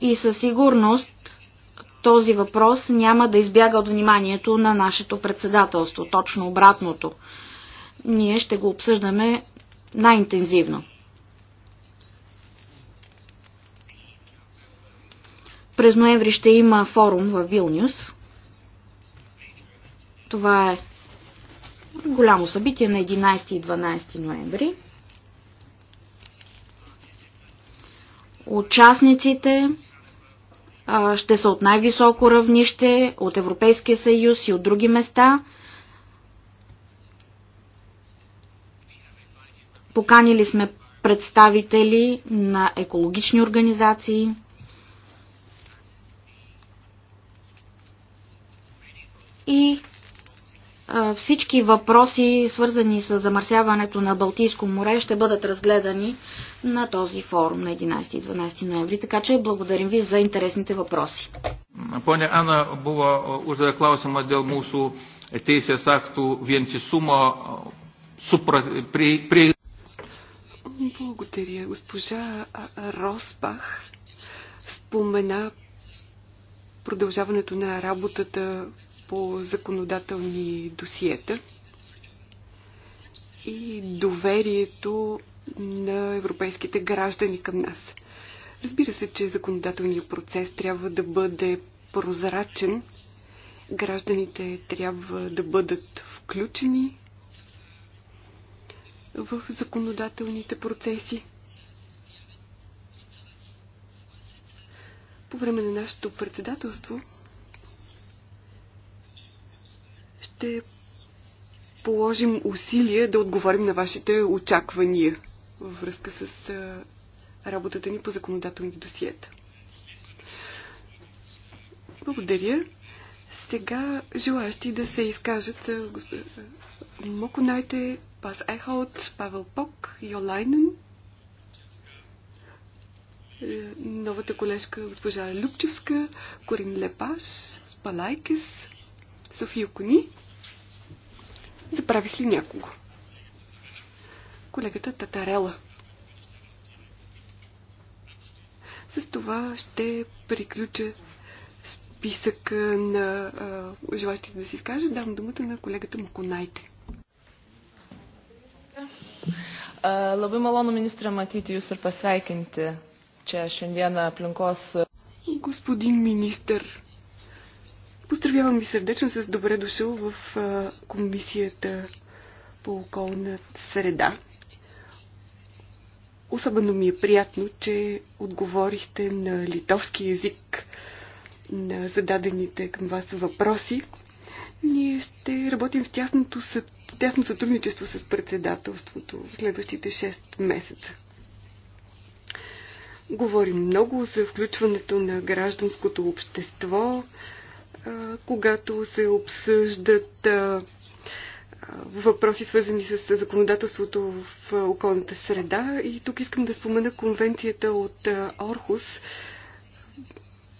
И със сигурност този въпрос няма да избяга от вниманието на нашето председателство, точно обратното. Ние ще го обсъждаме най-интензивно. През ноември ще има форум в Вилнюс – това е голямо събитие на 11 и 12 ноември. Участниците ще са от най-високо равнище, от Европейския съюз и от други места. Поканили сме представители на екологични организации. И всички въпроси, свързани с замърсяването на Балтийско море, ще бъдат разгледани на този форум на 11 и 12 ноември. Така че благодарим ви за интересните въпроси. Поня Ана, buvo uždavė klausimą dėl mūsų teisės супра при... при... Благодаря. Госпожа Росбах спомена продължаването на работата по законодателни досиета и доверието на европейските граждани към нас. Разбира се, че законодателният процес трябва да бъде прозрачен, гражданите трябва да бъдат включени в законодателните процеси. По време на нашето председателство ще положим усилия да отговорим на вашите очаквания във връзка с работата ни по законодателни досиета. Благодаря. Сега желаящи да се изкажат госп... Моконайте, Пас Ехаут, Павел Пок, Йолайнен, е, новата колежка госпожа Любчевска, Корин Лепаш, Палайкес, София Кони. Забравих ли някого? Колегата Татарела. С това ще приключа списък на а, желащите да си изкажат. Дам думата на колегата Маконайте. Labai malonu ministrą matyti jūs ir pasveikinti čia šiandieną aplinkos. Господин министър, Поздравявам ви сърдечно с добре дошъл в Комисията по околна среда. Особено ми е приятно, че отговорихте на литовски язик на зададените към вас въпроси. Ние ще работим в тясното, тясно сътрудничество с председателството в следващите 6 месеца. Говорим много за включването на гражданското общество, когато се обсъждат въпроси, свързани с законодателството в околната среда. И тук искам да спомена конвенцията от Орхус.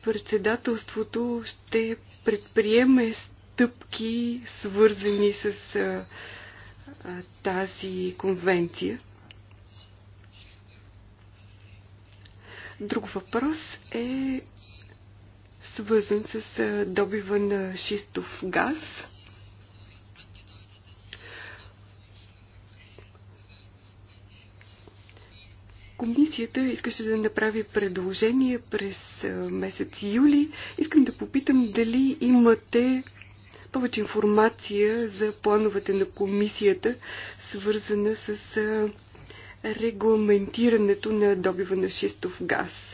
Председателството ще предприеме стъпки, свързани с тази конвенция. Друг въпрос е свързан с добива на шистов газ. Комисията искаше да направи предложение през месец юли. Искам да попитам дали имате повече информация за плановете на комисията, свързана с регламентирането на добива на шистов газ.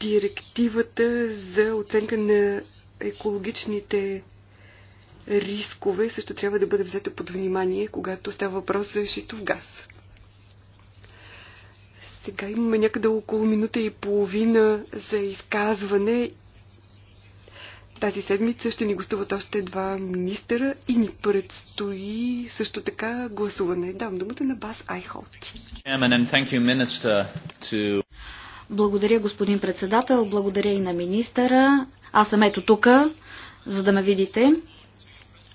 директивата за оценка на екологичните рискове също трябва да бъде взета под внимание, когато става въпрос за шистов газ. Сега имаме някъде около минута и половина за изказване. Тази седмица ще ни гостуват още два министъра и ни предстои също така гласуване. Дам думата на Бас Айхолт. Благодаря, господин председател. Благодаря и на министъра. Аз съм ето тук, за да ме видите.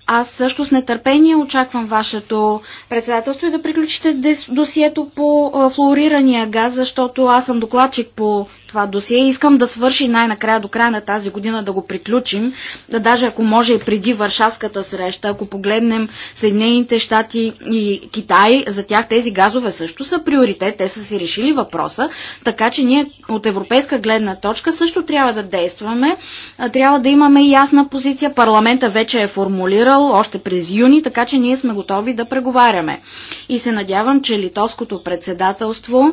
Аз също с нетърпение очаквам вашето председателство и да приключите досието по флуорирания газ, защото аз съм докладчик по това досие. Искам да свърши най-накрая до края на тази година да го приключим, да даже ако може и преди Варшавската среща, ако погледнем Съединените щати и Китай, за тях тези газове също са приоритет, те са си решили въпроса, така че ние от европейска гледна точка също трябва да действаме, трябва да имаме ясна позиция, парламента вече е формулирал още през юни, така че ние сме готови да преговаряме. И се надявам, че литовското председателство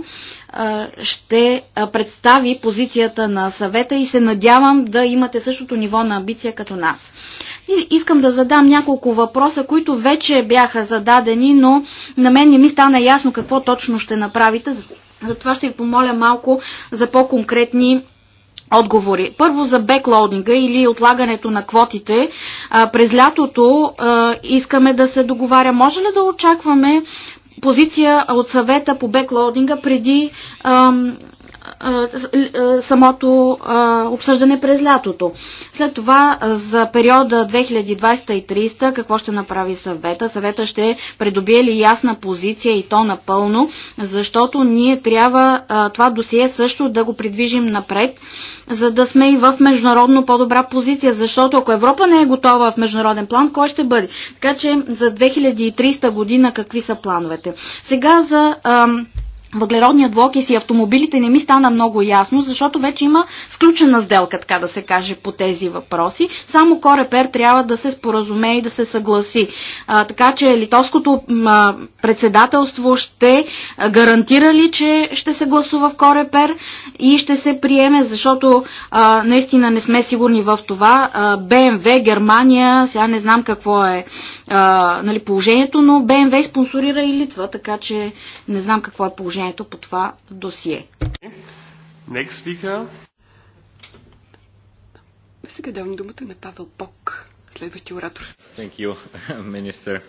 ще представи позицията на съвета и се надявам да имате същото ниво на амбиция като нас. И искам да задам няколко въпроса, които вече бяха зададени, но на мен не ми стана ясно какво точно ще направите. Затова ще ви помоля малко за по-конкретни отговори. Първо за беклоудинга или отлагането на квотите. през лятото искаме да се договаря. Може ли да очакваме позиция от съвета по беклоудинга преди ам, самото обсъждане през лятото. След това за периода 2020 и 2030 какво ще направи съвета? Съвета ще придобие ли ясна позиция и то напълно, защото ние трябва това досие също да го придвижим напред, за да сме и в международно по-добра позиция, защото ако Европа не е готова в международен план, кой ще бъде? Така че за 2300 година какви са плановете? Сега за въглеродният блок и автомобилите не ми стана много ясно, защото вече има сключена сделка, така да се каже, по тези въпроси. Само Корепер трябва да се споразуме и да се съгласи. А, така че литовското а, председателство ще гарантира ли, че ще се гласува в Корепер и ще се приеме, защото а, наистина не сме сигурни в това. А, БМВ, Германия, сега не знам какво е а, нали, положението, но БМВ спонсорира и Литва, така че не знам какво е положението по това досие. Next speaker. Сега давам думата на Павел Пок, следващия оратор. Thank you, minister.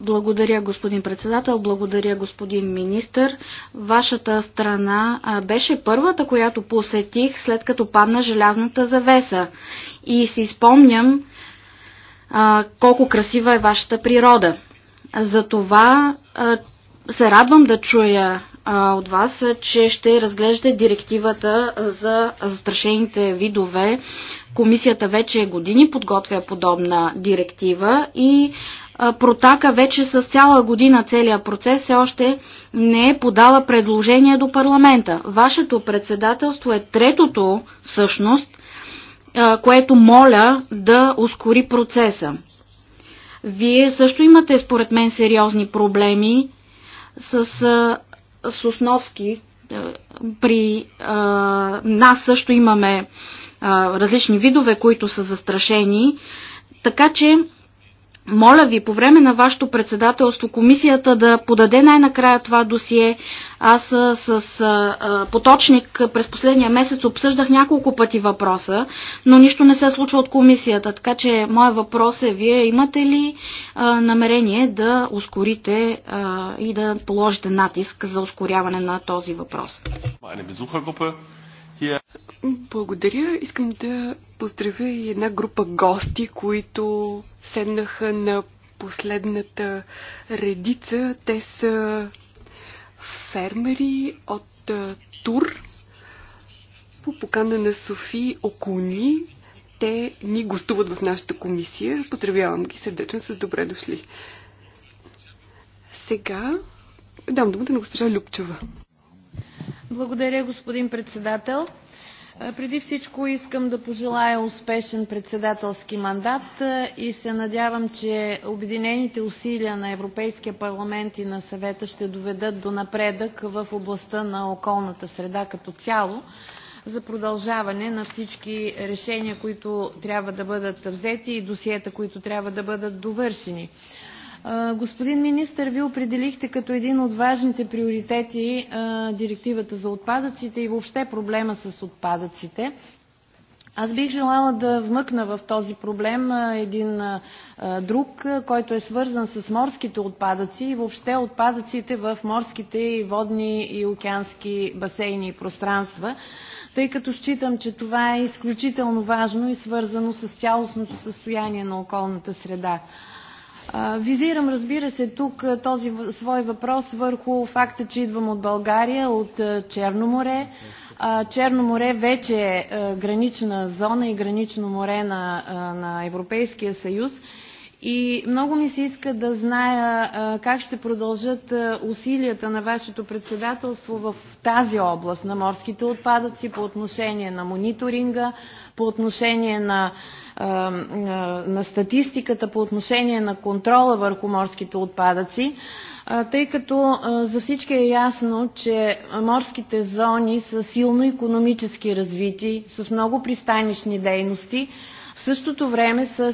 Благодаря, господин председател, благодаря, господин министр. Вашата страна а, беше първата, която посетих след като падна желязната завеса. И си спомням а, колко красива е вашата природа. Затова се радвам да чуя а, от вас, че ще разглеждате директивата за застрашените видове. Комисията вече години подготвя подобна директива и а, протака вече с цяла година целият процес все още не е подала предложение до парламента. Вашето председателство е третото всъщност което моля да ускори процеса. Вие също имате, според мен, сериозни проблеми с, с Основски. При а, нас също имаме а, различни видове, които са застрашени. Така че моля ви, по време на вашето председателство, комисията да подаде най-накрая това досие. Аз с, с а, поточник през последния месец обсъждах няколко пъти въпроса, но нищо не се случва от комисията. Така че моят въпрос е, вие имате ли а, намерение да ускорите а, и да положите натиск за ускоряване на този въпрос? Благодаря. Искам да поздравя и една група гости, които седнаха на последната редица. Те са фермери от Тур по покана на Софи Окуни. Те ни гостуват в нашата комисия. Поздравявам ги сърдечно с добре дошли. Сега дам думата на госпожа Любчева. Благодаря, господин председател. Е, преди всичко искам да пожелая успешен председателски мандат е, и се надявам, че обединените усилия на Европейския парламент и на съвета ще доведат до напредък в областта на околната среда като цяло за продължаване на всички решения, които трябва да бъдат взети и досиета, които трябва да бъдат довършени. Господин министър, Вие определихте като един от важните приоритети директивата за отпадъците и въобще проблема с отпадъците. Аз бих желала да вмъкна в този проблем един друг, който е свързан с морските отпадъци и въобще отпадъците в морските, и водни и океански басейни и пространства, тъй като считам, че това е изключително важно и свързано с цялостното състояние на околната среда. Визирам, разбира се, тук този свой въпрос върху факта, че идвам от България, от Черно море. Черно море вече е гранична зона и гранично море на, на Европейския съюз. И много ми се иска да зная как ще продължат усилията на вашето председателство в тази област на морските отпадъци по отношение на мониторинга, по отношение на на статистиката по отношение на контрола върху морските отпадъци, тъй като за всички е ясно, че морските зони са силно економически развити, с много пристанищни дейности, в същото време с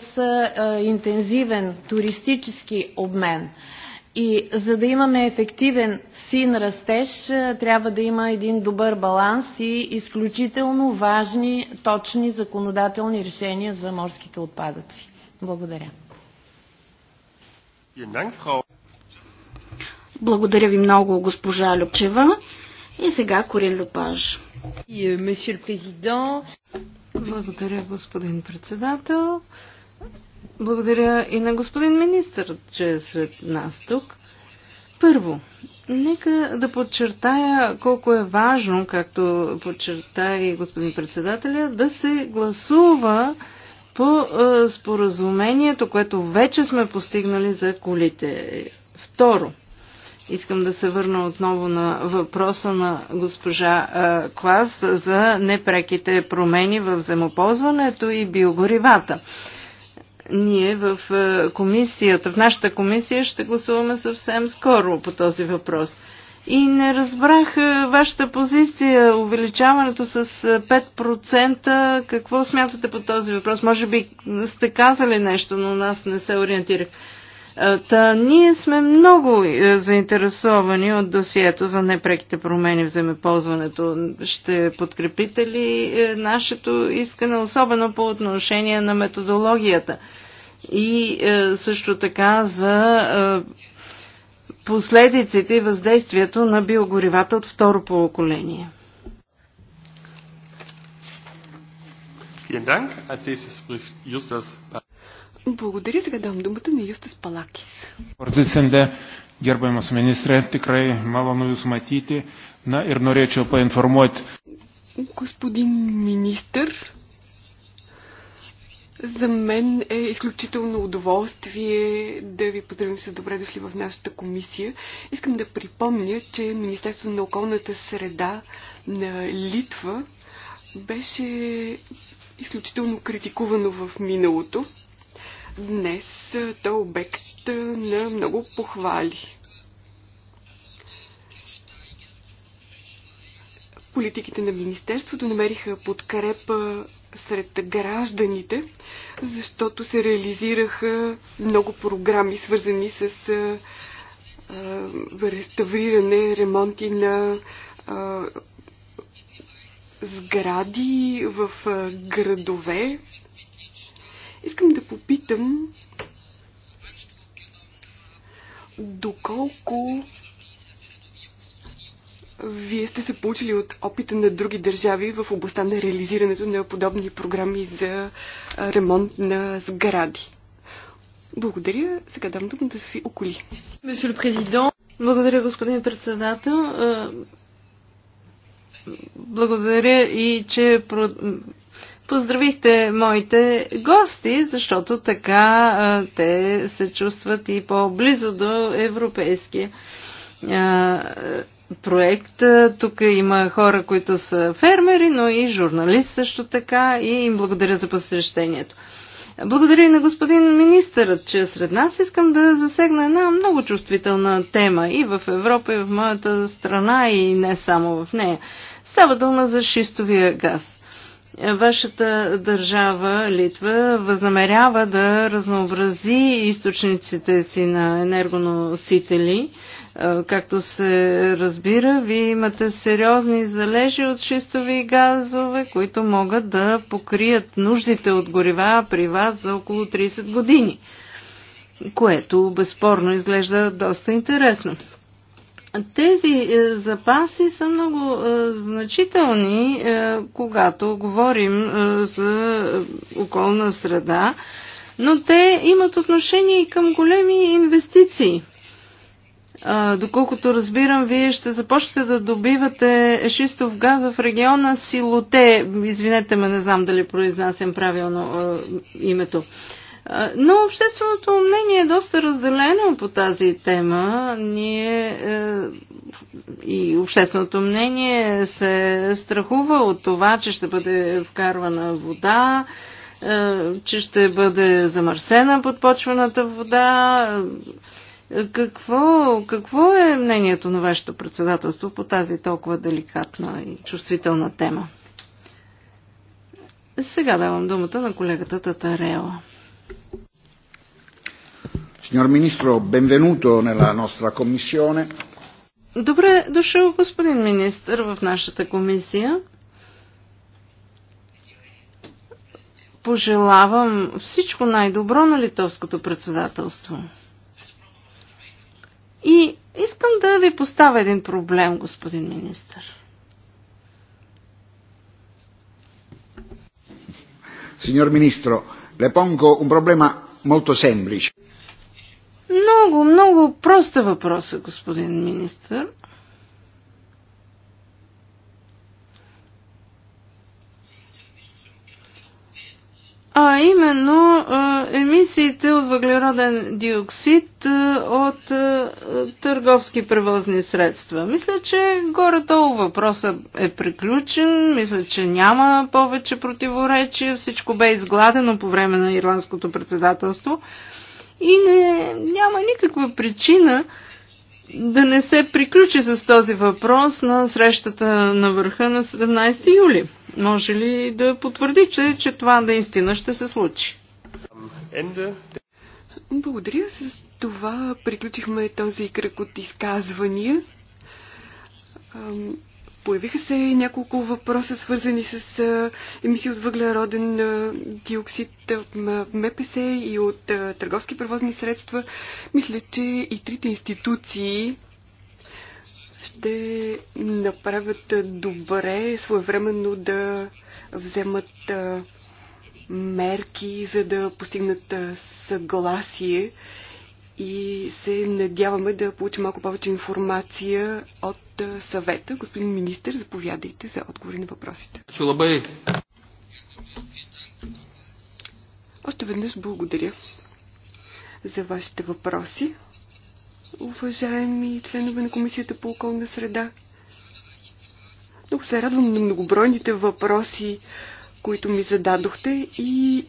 интензивен туристически обмен. И за да имаме ефективен син растеж, е, трябва да има един добър баланс и изключително важни, точни законодателни решения за морските отпадъци. Благодаря. Благодаря ви много, госпожа Люпчева. И сега Корин Люпаж. Е, Благодаря, господин председател. Благодаря и на господин министър, че е сред нас тук. Първо, нека да подчертая колко е важно, както подчерта и господин председателя, да се гласува по е, споразумението, което вече сме постигнали за колите. Второ, искам да се върна отново на въпроса на госпожа е, Клас за непреките промени в вземоползването и биогоривата. Ние в е, комисията, в нашата комисия ще гласуваме съвсем скоро по този въпрос. И не разбрах е, вашата позиция, увеличаването с 5%. Е, какво смятате по този въпрос? Може би сте казали нещо, но нас не се ориентирах. Е, та, ние сме много е, заинтересовани от досието за непреките промени в земеползването. Ще подкрепите ли е, нашето искане, особено по отношение на методологията? И също така за последиците и въздействието на биогоривата от второ поколение. Vielen Dank. Als nächstes spricht Justas благодаря. Сега давам думата на Юстас Палакис. Парзиценде, gerbiamas ministrė, tikrai malonu Jūs matyti. на ir norėčiau painformuoti. Господин министър, за мен е изключително удоволствие да ви поздравим с добре дошли в нашата комисия. Искам да припомня, че Министерството на околната среда на Литва беше изключително критикувано в миналото. Днес е, той е обект е, на много похвали. Политиките на Министерството намериха подкрепа сред гражданите, защото се реализираха много програми, свързани с е, реставриране, ремонти на сгради в градове, Искам да попитам доколко вие сте се получили от опита на други държави в областта на реализирането на подобни програми за ремонт на сгради. Благодаря. Сега дам думата да Софи Околи. Благодаря, господин председател. Благодаря и че поздравихте моите гости, защото така а, те се чувстват и по-близо до европейския а, проект. Тук има хора, които са фермери, но и журналист също така и им благодаря за посещението. Благодаря и на господин министърът, че е сред нас. Искам да засегна една много чувствителна тема и в Европа, и в моята страна, и не само в нея. Става дума за шистовия газ. Вашата държава, Литва, възнамерява да разнообрази източниците си на енергоносители. Е, както се разбира, вие имате сериозни залежи от шистови газове, които могат да покрият нуждите от горива при вас за около 30 години, което безспорно изглежда доста интересно. Тези е, запаси са много е, значителни, е, когато говорим за околна среда, но те имат отношение и към големи инвестиции. Доколкото разбирам, вие ще започнете да добивате шистов газ в региона Силоте. Извинете ме, не знам дали произнасям правилно името. Но общественото мнение е доста разделено по тази тема. Ние е, и общественото мнение се страхува от това, че ще бъде вкарвана вода, е, че ще бъде замърсена подпочваната вода. Е, какво, какво е мнението на вашето председателство по тази толкова деликатна и чувствителна тема? Сега давам думата на колегата Татарела. Signor Ministro, benvenuto nella nostra Commissione. Добре дошъл, господин министр, в нашата комисия. Пожелавам всичко най-добро на литовското председателство. И искам да ви поставя един проблем, господин министр. Signor Ministro, Le pongo un problema molto semplice. Много, много проста въпроса, господин министър. именно емисиите от въглероден диоксид от търговски превозни средства. Мисля, че горе-долу въпросът е приключен. Мисля, че няма повече противоречия. Всичко бе изгладено по време на ирландското председателство. И не, няма никаква причина да не се приключи с този въпрос на срещата на върха на 17 юли? Може ли да потвърди, че, че това наистина ще се случи? Благодаря. С това приключихме този кръг от изказвания. Появиха се и няколко въпроса, свързани с емисии от въглероден диоксид от МПС и от търговски превозни средства. Мисля, че и трите институции ще направят добре своевременно да вземат мерки, за да постигнат съгласие и се надяваме да получим малко повече информация от съвета. Господин министр, заповядайте за отговори на въпросите. Чулабай. Още веднъж благодаря за вашите въпроси, уважаеми членове на Комисията по околна среда. Много се радвам на многобройните въпроси, които ми зададохте и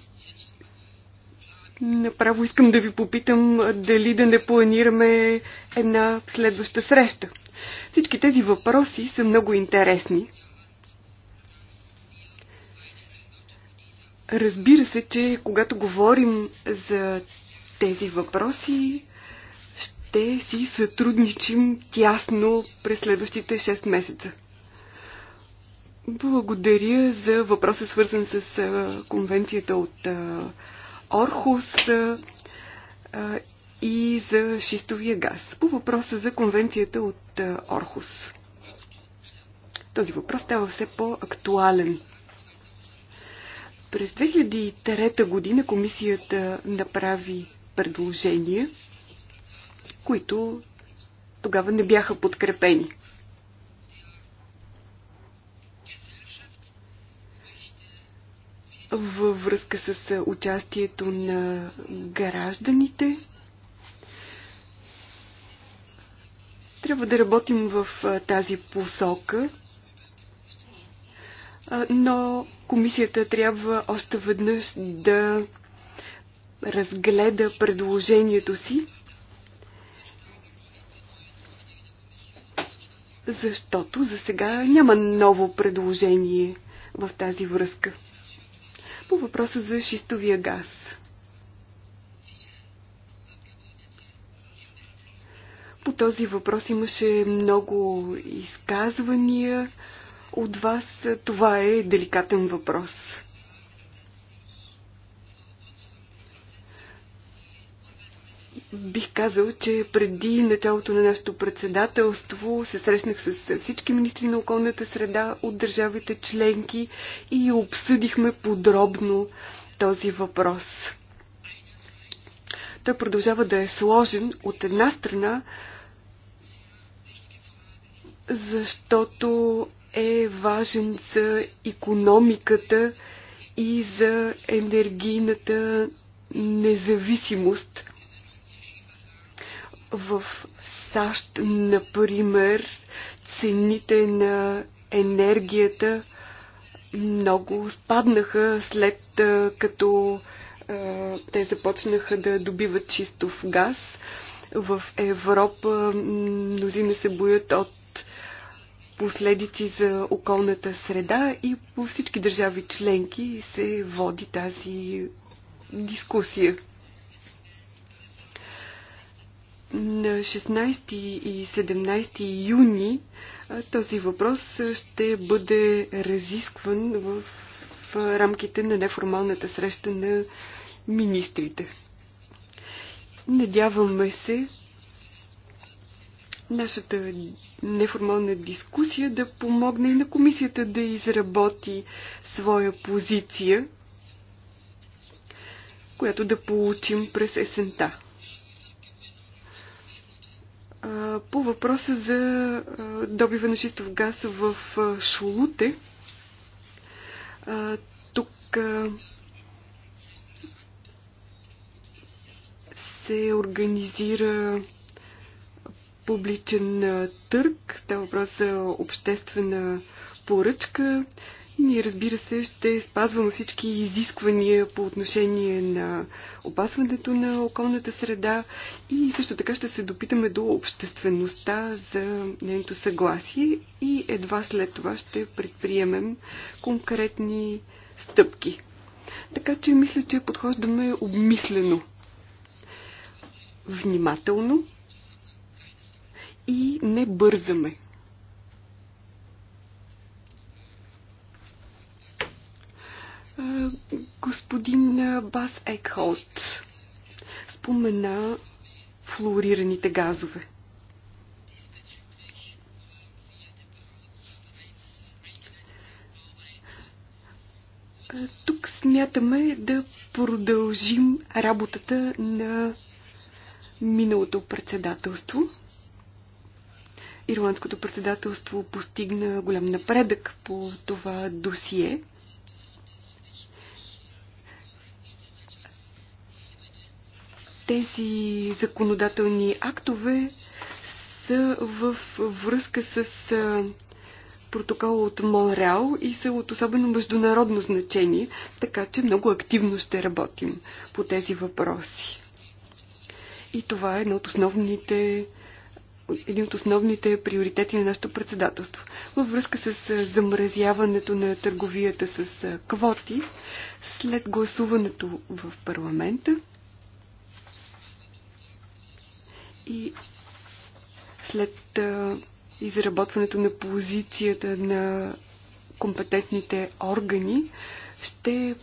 Направо искам да ви попитам дали да не планираме една следваща среща. Всички тези въпроси са много интересни. Разбира се, че когато говорим за тези въпроси, ще си сътрудничим тясно през следващите 6 месеца. Благодаря за въпроса, свързан с конвенцията от Орхус и за шистовия газ. По въпроса за конвенцията от Орхус. Този въпрос става все по-актуален. През 2003 година комисията направи предложения, които тогава не бяха подкрепени. във връзка с участието на гражданите. Трябва да работим в тази посока, но комисията трябва още веднъж да разгледа предложението си, защото за сега няма ново предложение в тази връзка по въпроса за шистовия газ. По този въпрос имаше много изказвания от вас. Това е деликатен въпрос. Бих казал, че преди началото на нашето председателство се срещнах с всички министри на околната среда от държавите членки и обсъдихме подробно този въпрос. Той продължава да е сложен от една страна, защото е важен за економиката и за енергийната независимост – в САЩ, например, цените на енергията много спаднаха след като те започнаха да добиват чистов газ. В Европа мнозина се боят от последици за околната среда и по всички държави членки се води тази дискусия. На 16 и 17 юни този въпрос ще бъде разискван в рамките на неформалната среща на министрите. Надяваме се нашата неформална дискусия да помогне и на комисията да изработи своя позиция, която да получим през есента. По въпроса за добива на шистов газ в Шулуте, тук се организира публичен търг. това въпрос за обществена поръчка. Ние, разбира се, ще спазваме всички изисквания по отношение на опасването на околната среда и също така ще се допитаме до обществеността за нейното съгласие и едва след това ще предприемем конкретни стъпки. Така че мисля, че подхождаме обмислено, внимателно и не бързаме. Господин Бас Екхолт спомена флуорираните газове. Тук смятаме да продължим работата на миналото председателство. Ирландското председателство постигна голям напредък по това досие – Тези законодателни актове са в връзка с протокола от Монреал и са от особено международно значение, така че много активно ще работим по тези въпроси. И това е едно от основните един от основните приоритети на нашето председателство. Във връзка с замразяването на търговията с квоти, след гласуването в парламента, И след изработването на позицията на компетентните органи ще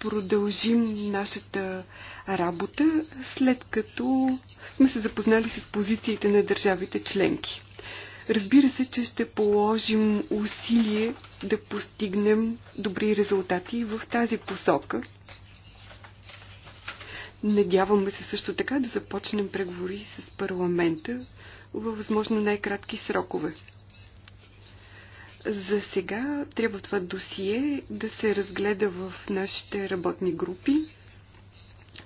продължим нашата работа, след като сме се запознали с позициите на държавите членки. Разбира се, че ще положим усилие да постигнем добри резултати в тази посока – Надяваме се също така да започнем преговори с парламента във възможно най-кратки срокове. За сега трябва това досие да се разгледа в нашите работни групи.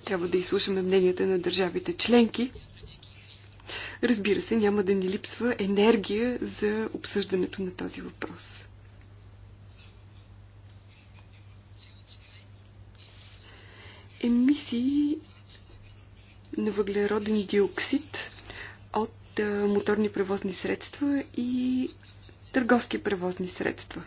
Трябва да изслушаме мненията на държавите членки. Разбира се, няма да ни липсва енергия за обсъждането на този въпрос. емисии на въглероден диоксид от моторни превозни средства и търговски превозни средства.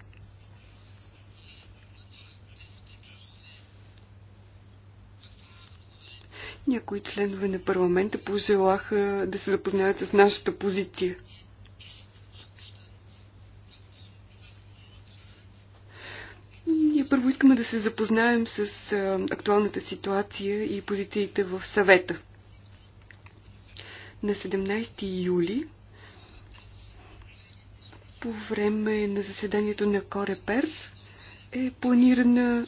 Някои членове на парламента пожелаха да се запознаят с нашата позиция – Искаме да се запознаем с актуалната ситуация и позициите в съвета. На 17 юли по време на заседанието на Корепер е планирана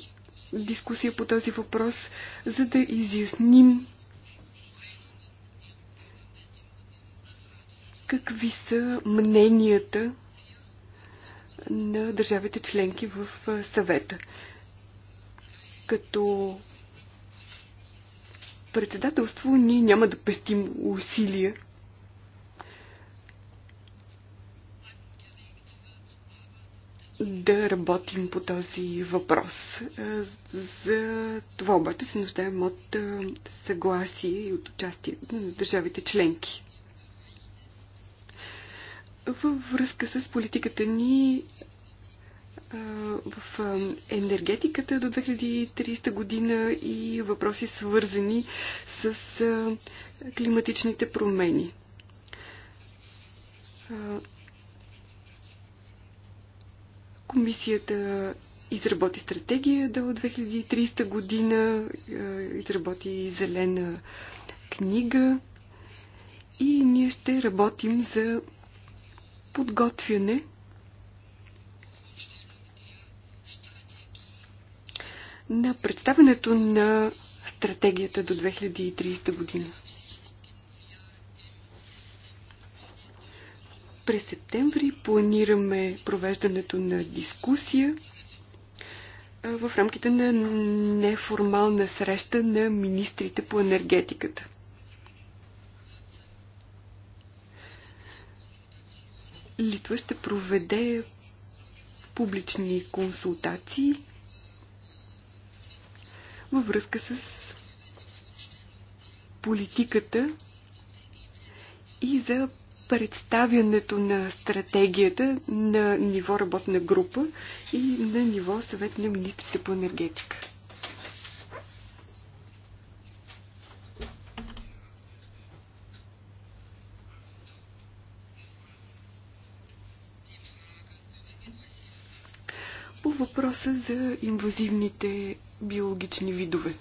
дискусия по този въпрос, за да изясним какви са мненията на държавите членки в съвета. Като председателство ние няма да пестим усилия да работим по този въпрос. За това обаче се нуждаем от съгласие и от участие на държавите членки. Във връзка с политиката ни в енергетиката до 2030 година и въпроси свързани с климатичните промени. Комисията изработи стратегия до 2030 година, изработи зелена книга и ние ще работим за подготвяне на представенето на стратегията до 2030 година. През септември планираме провеждането на дискусия в рамките на неформална среща на министрите по енергетиката. Литва ще проведе публични консултации във връзка с политиката и за представянето на стратегията на ниво работна група и на ниво съвет на министрите по енергетика. въпроса за инвазивните биологични видове.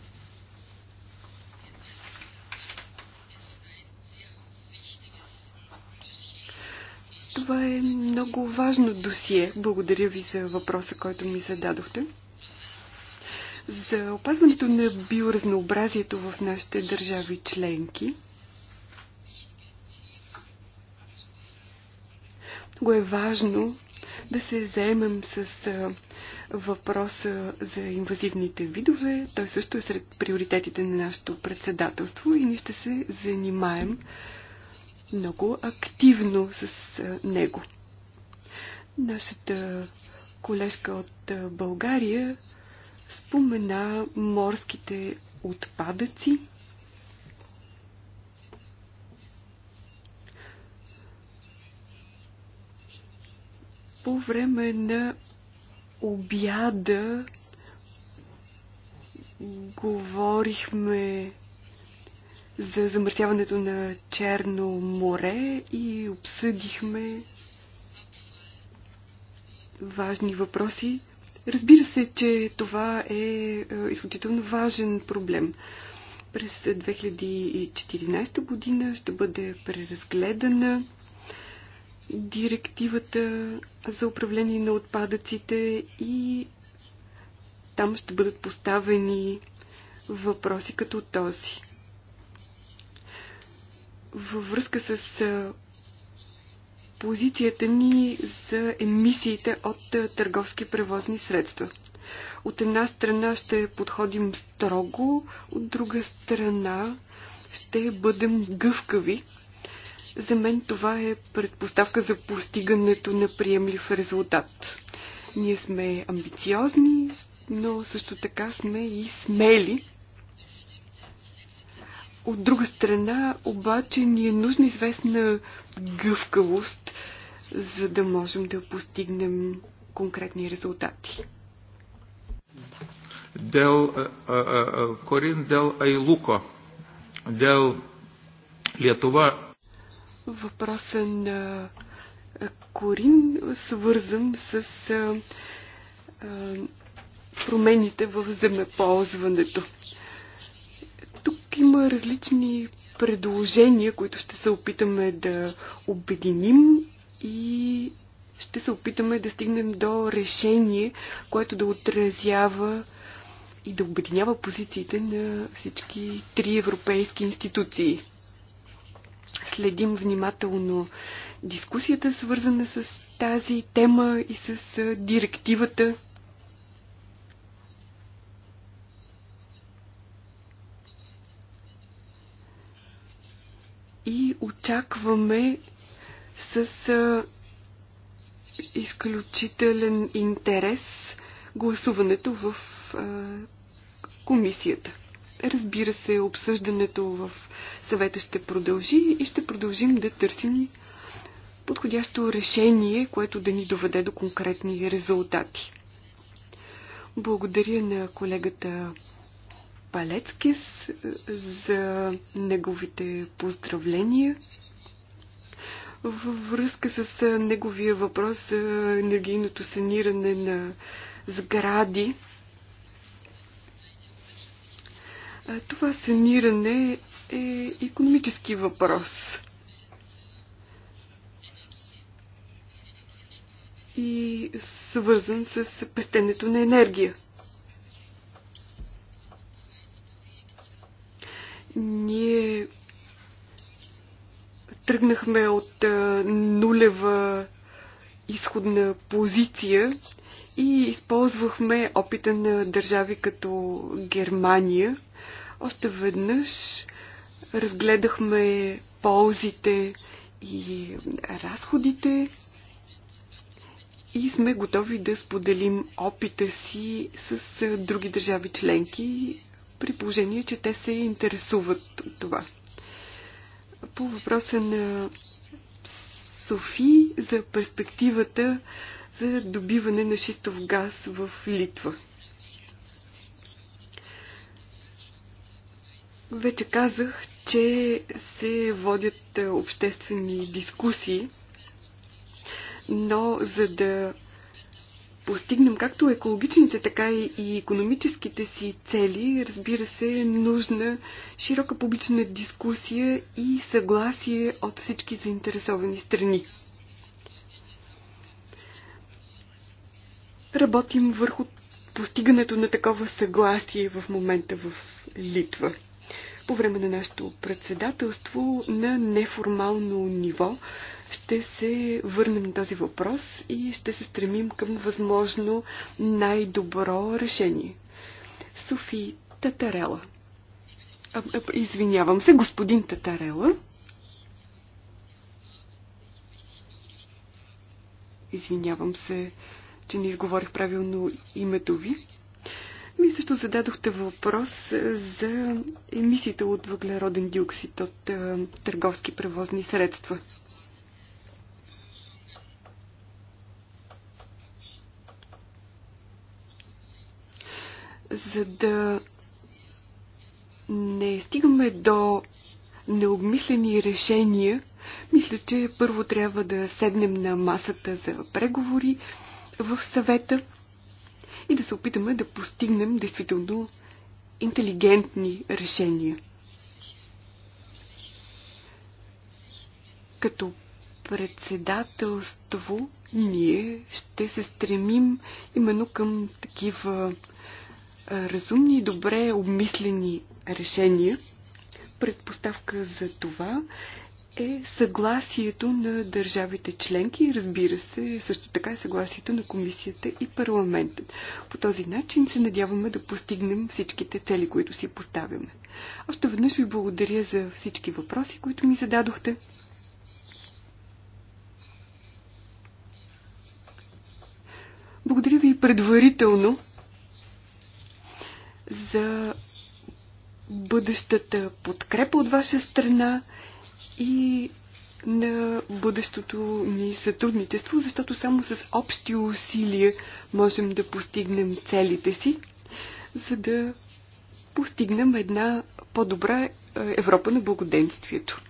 Това е много важно досие. Благодаря ви за въпроса, който ми зададохте. За опазването на биоразнообразието в нашите държави членки много е важно да се заемем с въпроса за инвазивните видове. Той също е сред приоритетите на нашето председателство и ние ще се занимаем много активно с него. Нашата колежка от България спомена морските отпадъци. По време на обяда говорихме за замърсяването на Черно море и обсъдихме важни въпроси. Разбира се, че това е, е изключително важен проблем. През 2014 година ще бъде преразгледана директивата за управление на отпадъците и там ще бъдат поставени въпроси като този. Във връзка с позицията ни за емисиите от търговски превозни средства. От една страна ще подходим строго, от друга страна ще бъдем гъвкави за мен това е предпоставка за постигането на приемлив резултат. Ние сме амбициозни, но също така сме и смели. От друга страна, обаче, ни е нужна известна гъвкавост, за да можем да постигнем конкретни резултати. Дел е, е, е, Корин, дел Айлуко, дел Lietuva въпроса на Корин, свързан с промените в земеползването. Тук има различни предложения, които ще се опитаме да обединим и ще се опитаме да стигнем до решение, което да отразява и да обединява позициите на всички три европейски институции. Следим внимателно дискусията, свързана с тази тема и с директивата. И очакваме с изключителен интерес гласуването в комисията. Разбира се, обсъждането в съвета ще продължи и ще продължим да търсим подходящо решение, което да ни доведе до конкретни резултати. Благодаря на колегата Палецкис е, за неговите поздравления. Във връзка с е, неговия въпрос за енергийното саниране на сгради, Това саниране е економически въпрос. И свързан с пестенето на енергия. Ние тръгнахме от нулева изходна позиция и използвахме опита на държави като Германия – още веднъж разгледахме ползите и разходите и сме готови да споделим опита си с други държави членки, при положение, че те се интересуват от това. По въпроса на Софи за перспективата за добиване на шистов газ в Литва – Вече казах, че се водят е, обществени дискусии, но за да постигнем както екологичните, така и економическите си цели, разбира се, е нужна широка публична дискусия и съгласие от всички заинтересовани страни. Работим върху постигането на такова съгласие в момента в Литва по време на нашето председателство на неформално ниво ще се върнем на този въпрос и ще се стремим към възможно най-добро решение. Софи Татарела. А, а, извинявам се, господин Татарела. Извинявам се, че не изговорих правилно името ви. Вие също зададохте въпрос е, за емисиите от въглероден диоксид от е, търговски превозни средства. За да не стигаме до необмислени решения, мисля, че първо трябва да седнем на масата за преговори в съвета – и да се опитаме да постигнем действително интелигентни решения. Като председателство ние ще се стремим именно към такива разумни и добре обмислени решения. Предпоставка за това е съгласието на държавите членки и разбира се също така е съгласието на комисията и парламента. По този начин се надяваме да постигнем всичките цели, които си поставяме. Още веднъж ви благодаря за всички въпроси, които ми зададохте. Благодаря ви предварително за бъдещата подкрепа от ваша страна и на бъдещото ни сътрудничество, защото само с общи усилия можем да постигнем целите си, за да постигнем една по-добра е, Европа на благоденствието.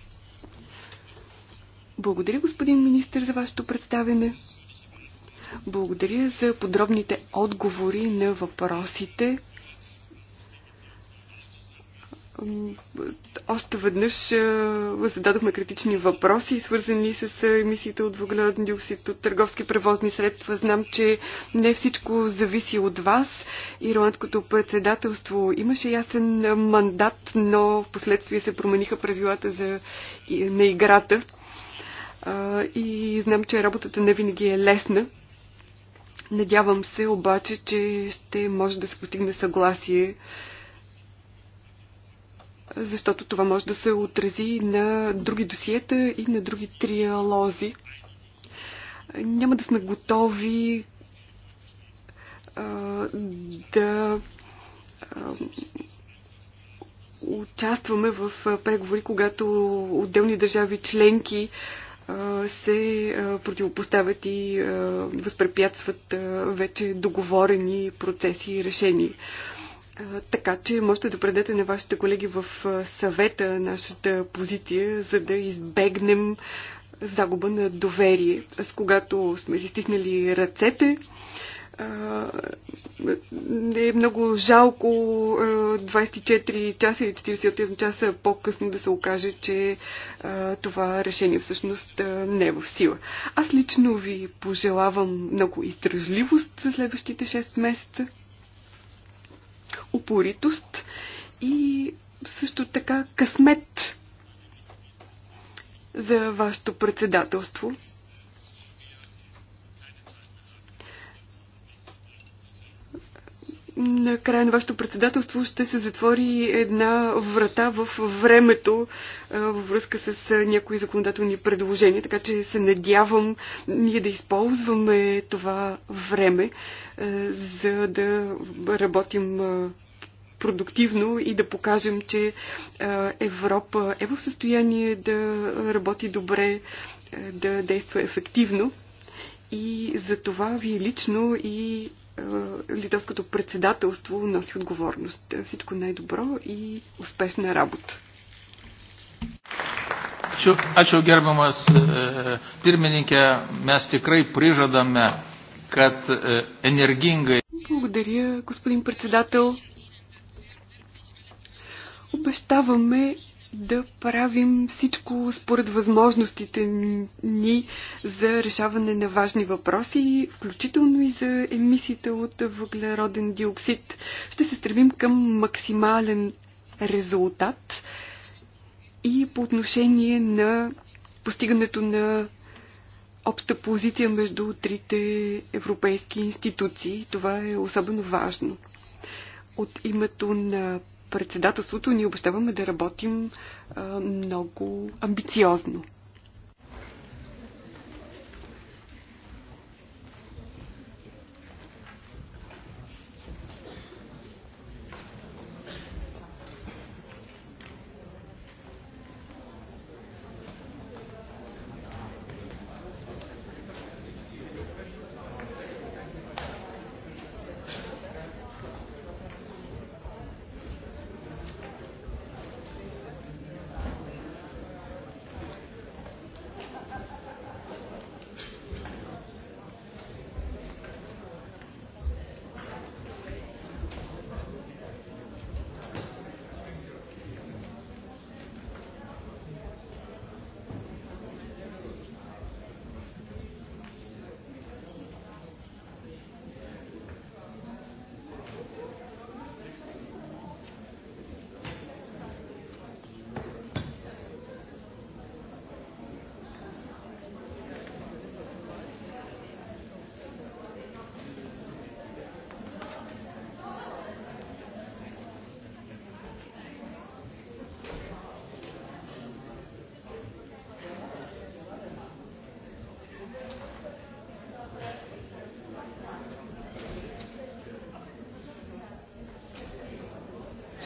Благодаря, господин министр, за вашето представене. Благодаря за подробните отговори на въпросите, още веднъж зададохме критични въпроси, свързани с емисиите от въглероден диоксид от търговски превозни средства. Знам, че не всичко зависи от вас. Ирландското председателство имаше ясен мандат, но в последствие се промениха правилата за, на играта. И знам, че работата не винаги е лесна. Надявам се обаче, че ще може да се постигне съгласие защото това може да се отрази на други досиета и на други триалози. Няма да сме готови а, да а, участваме в преговори, когато отделни държави членки се противопоставят и възпрепятстват вече договорени процеси и решения. Така че можете да предете на вашите колеги в съвета нашата позиция, за да избегнем загуба на доверие. С когато сме си стиснали ръцете, е много жалко 24 часа или 48 часа по-късно да се окаже, че това решение всъщност не е в сила. Аз лично ви пожелавам много издръжливост за следващите 6 месеца упоритост и също така късмет за вашето председателство. на края на вашето председателство ще се затвори една врата в времето във връзка с някои законодателни предложения, така че се надявам ние да използваме това време, за да работим продуктивно и да покажем, че Европа е в състояние да работи добре, да действа ефективно. И за това вие лично и е, литовското председателство носи отговорност. Е, всичко най-добро и успешна работа. Ačiū, ačiū gerbiamas е, pirmininkė, mes tikrai prižadame, kad e, energingai. Благодаря, господин председател. Обещаваме да правим всичко според възможностите ни за решаване на важни въпроси, включително и за емисиите от въглероден диоксид. Ще се стремим към максимален резултат и по отношение на постигането на обща позиция между трите европейски институции. Това е особено важно. От името на председателството ние обещаваме да работим много амбициозно.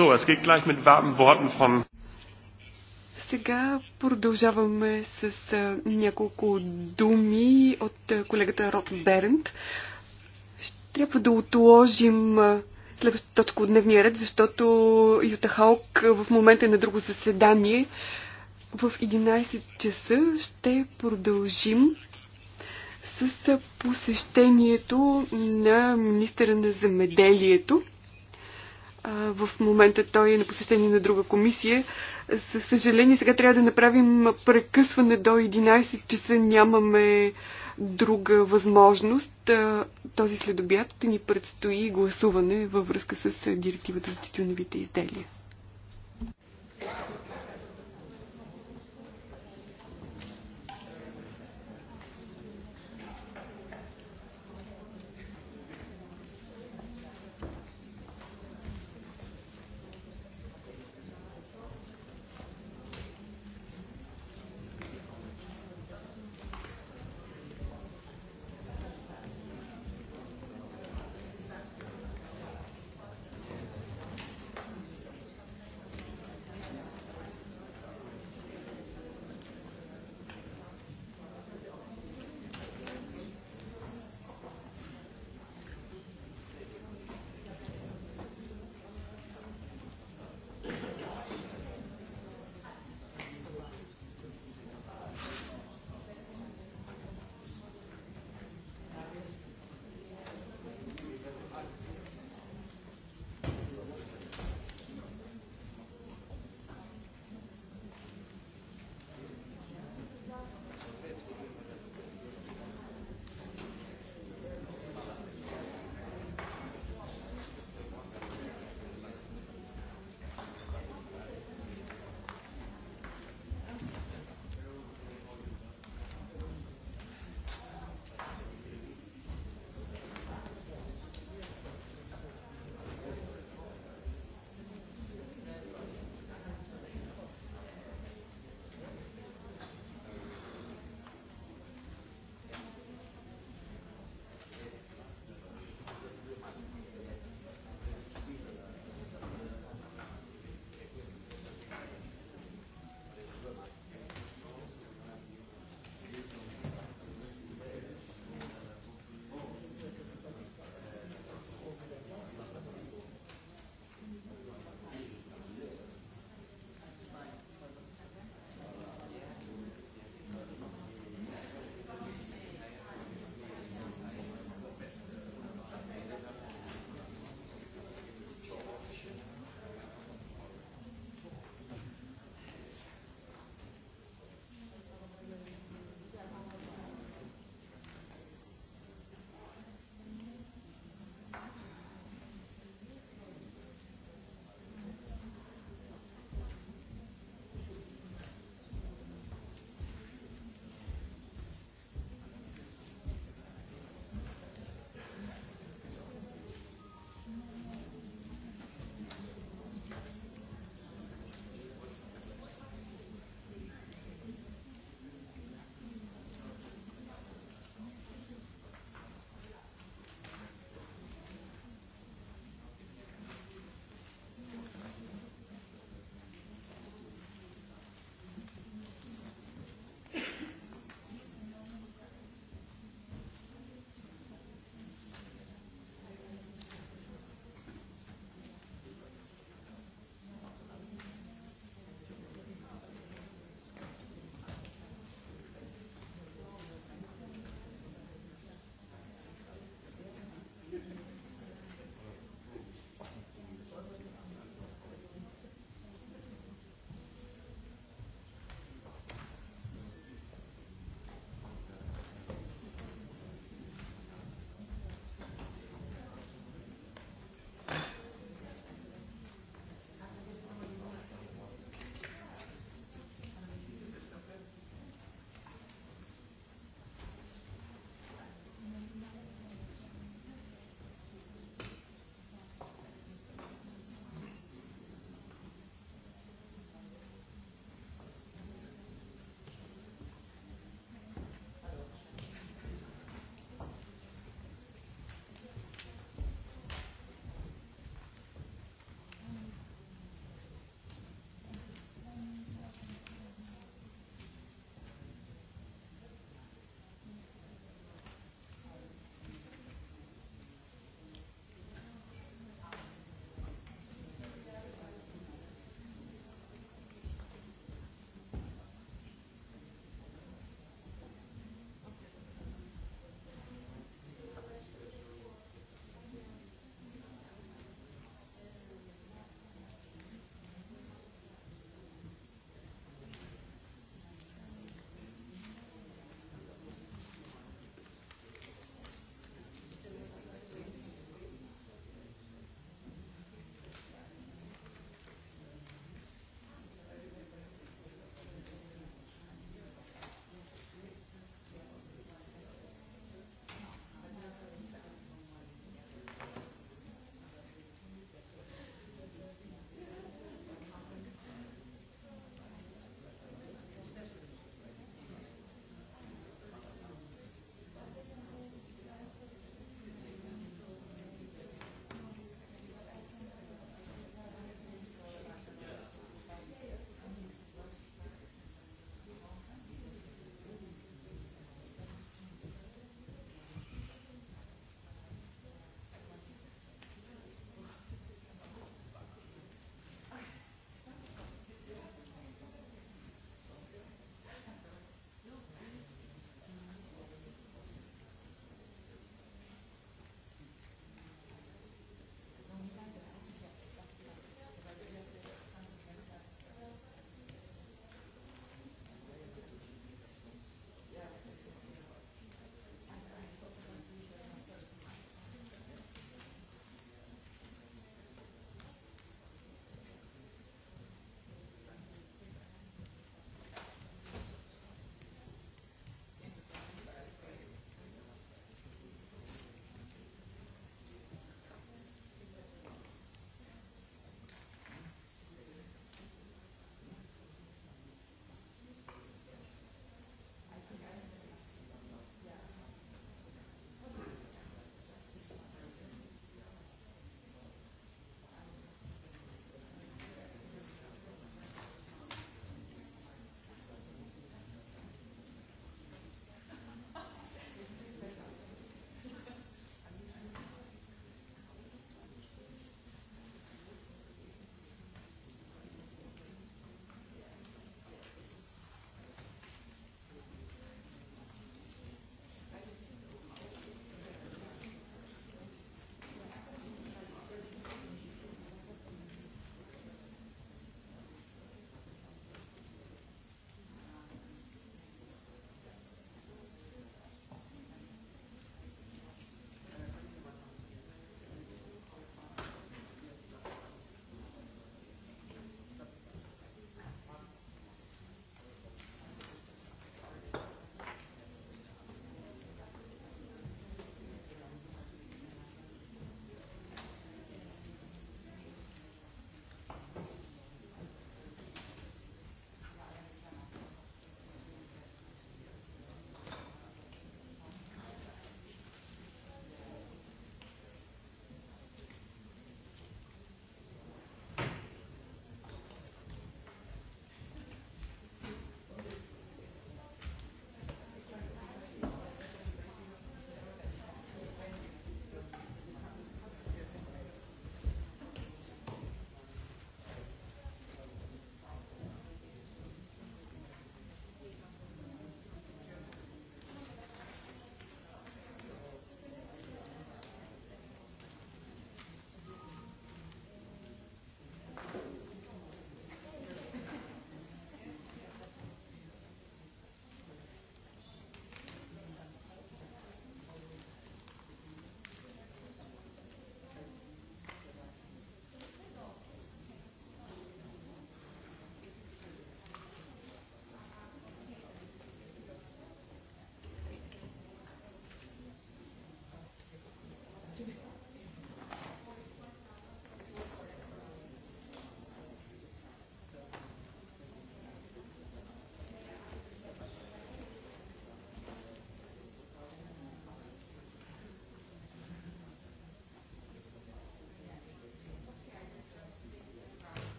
So, es geht gleich mit warmen Worten von сега продължаваме с няколко думи от колегата Рот Берент. Ще трябва да отложим следващата точка от дневния ред, защото Юта Халк в момента е на друго заседание. В 11 часа ще продължим с посещението на министъра на земеделието в момента той е на посещение на друга комисия. Със съжаление, сега трябва да направим прекъсване до 11 часа. Нямаме друга възможност. Този следобят ни предстои гласуване във връзка с директивата за тютюневите изделия.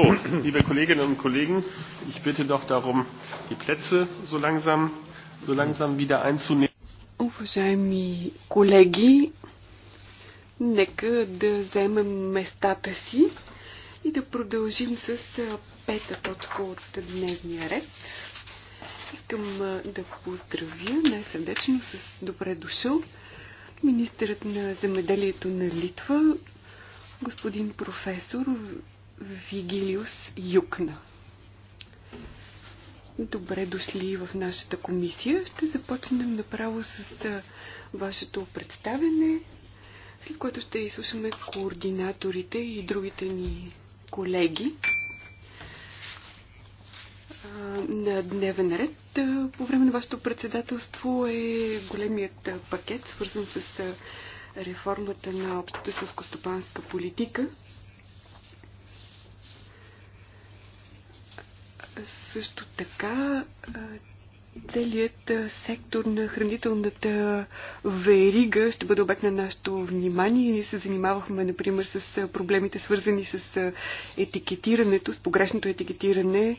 So, liebe Kolleginnen und Kollegen, ich bitte doch darum, die Plätze so langsam, so langsam wieder einzunehmen. Уважаеми колеги, нека да вземем местата си и да продължим с пета точка от дневния ред. Искам да поздравя най-сърдечно с добре дошъл министърът на земеделието на Литва, господин професор Вигилиус Юкна. Добре дошли в нашата комисия. Ще започнем направо с вашето представене, след което ще изслушаме координаторите и другите ни колеги на дневен ред. По време на вашето председателство е големият пакет, свързан с реформата на общата селскостопанска политика. Също така целият сектор на хранителната верига ще бъде обект на нашето внимание. Ние се занимавахме, например, с проблемите свързани с етикетирането, с погрешното етикетиране.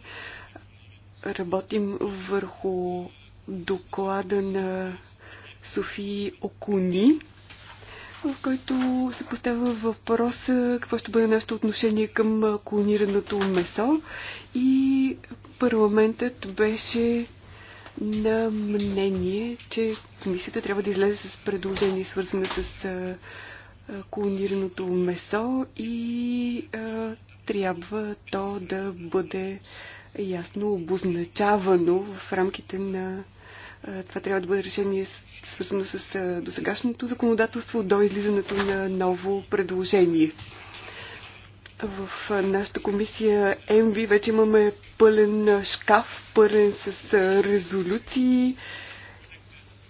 Работим върху доклада на Софии Окуни в който се поставя въпрос какво ще бъде нашето отношение към клонираното месо и парламентът беше на мнение, че комисията трябва да излезе с предложение свързано с клонираното месо и а, трябва то да бъде ясно обозначавано в рамките на това трябва да бъде решение свързано с досегашното законодателство до излизането на ново предложение. В нашата комисия МВ вече имаме пълен шкаф, пълен с резолюции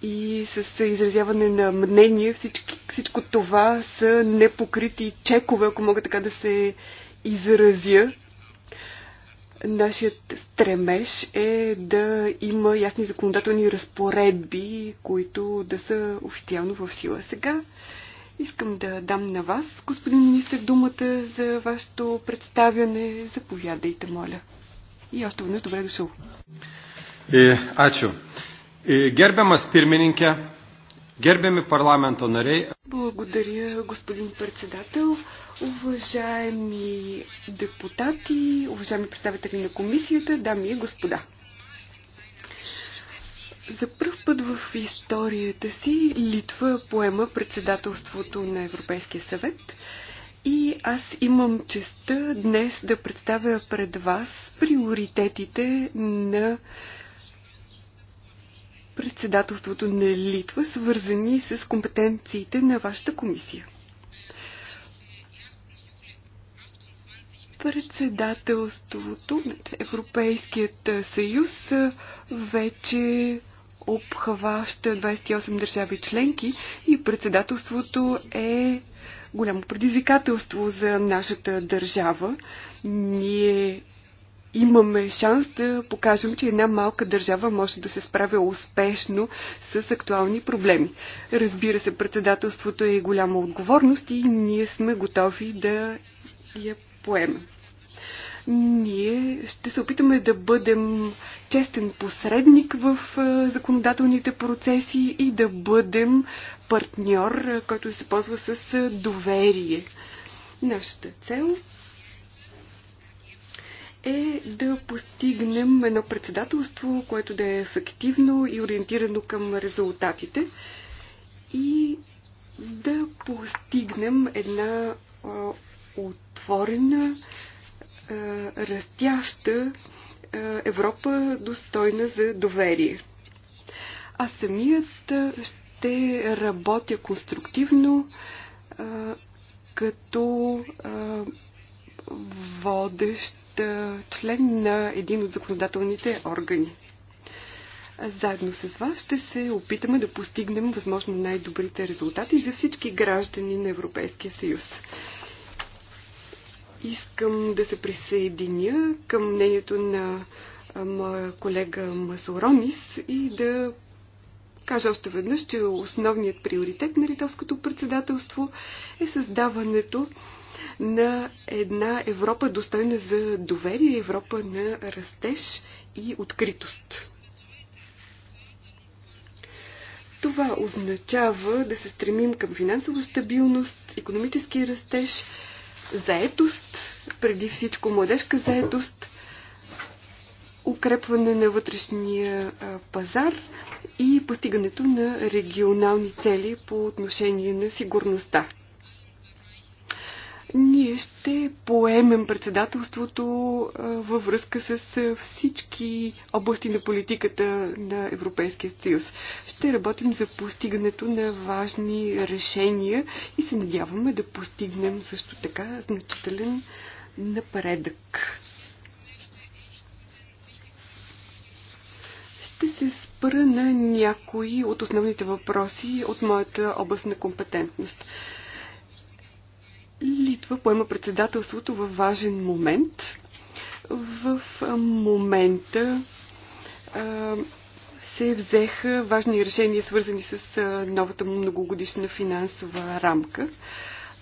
и с изразяване на мнение. Всички, всичко това са непокрити чекове, ако мога така да се изразя. Нашият стремеж е да има ясни законодателни разпоредби, които да са официално в сила сега. Искам да дам на вас, господин министр, думата за вашето представяне. Заповядайте, моля. И още веднъж добре дошъл. Е, ачо. Е, гербемас пирмининке, Гербеми парламента нарей. Благодаря, господин председател. Уважаеми депутати, уважаеми представители на комисията, дами и господа. За първ път в историята си Литва поема председателството на Европейския съвет и аз имам честа днес да представя пред вас приоритетите на председателството на Литва, свързани с компетенциите на вашата комисия. Председателството на Европейският съюз вече обхваща 28 държави членки и председателството е голямо предизвикателство за нашата държава. Ние имаме шанс да покажем, че една малка държава може да се справя успешно с актуални проблеми. Разбира се, председателството е голяма отговорност и ние сме готови да я поемем. Ние ще се опитаме да бъдем честен посредник в законодателните процеси и да бъдем партньор, който се ползва с доверие. Нашата цел е да постигнем едно председателство, което да е ефективно и ориентирано към резултатите и да постигнем една а, отворена, а, растяща а, Европа, достойна за доверие. А самият ще работя конструктивно, а, като а, водещ е, член на един от законодателните органи. Заедно с вас ще се опитаме да постигнем възможно най-добрите резултати за всички граждани на Европейския съюз. Искам да се присъединя към мнението на моя колега Масоронис и да кажа още веднъж, че основният приоритет на литовското председателство е създаването на една Европа достойна за доверие, Европа на растеж и откритост. Това означава да се стремим към финансова стабилност, економически растеж, заетост, преди всичко младежка заетост, укрепване на вътрешния пазар и постигането на регионални цели по отношение на сигурността. Ние ще поемем председателството във връзка с всички области на политиката на Европейския съюз. Ще работим за постигането на важни решения и се надяваме да постигнем също така значителен напредък. Ще се спра на някои от основните въпроси от моята област на компетентност. Литва поема председателството във важен момент. В момента се взеха важни решения, свързани с новата многогодишна финансова рамка.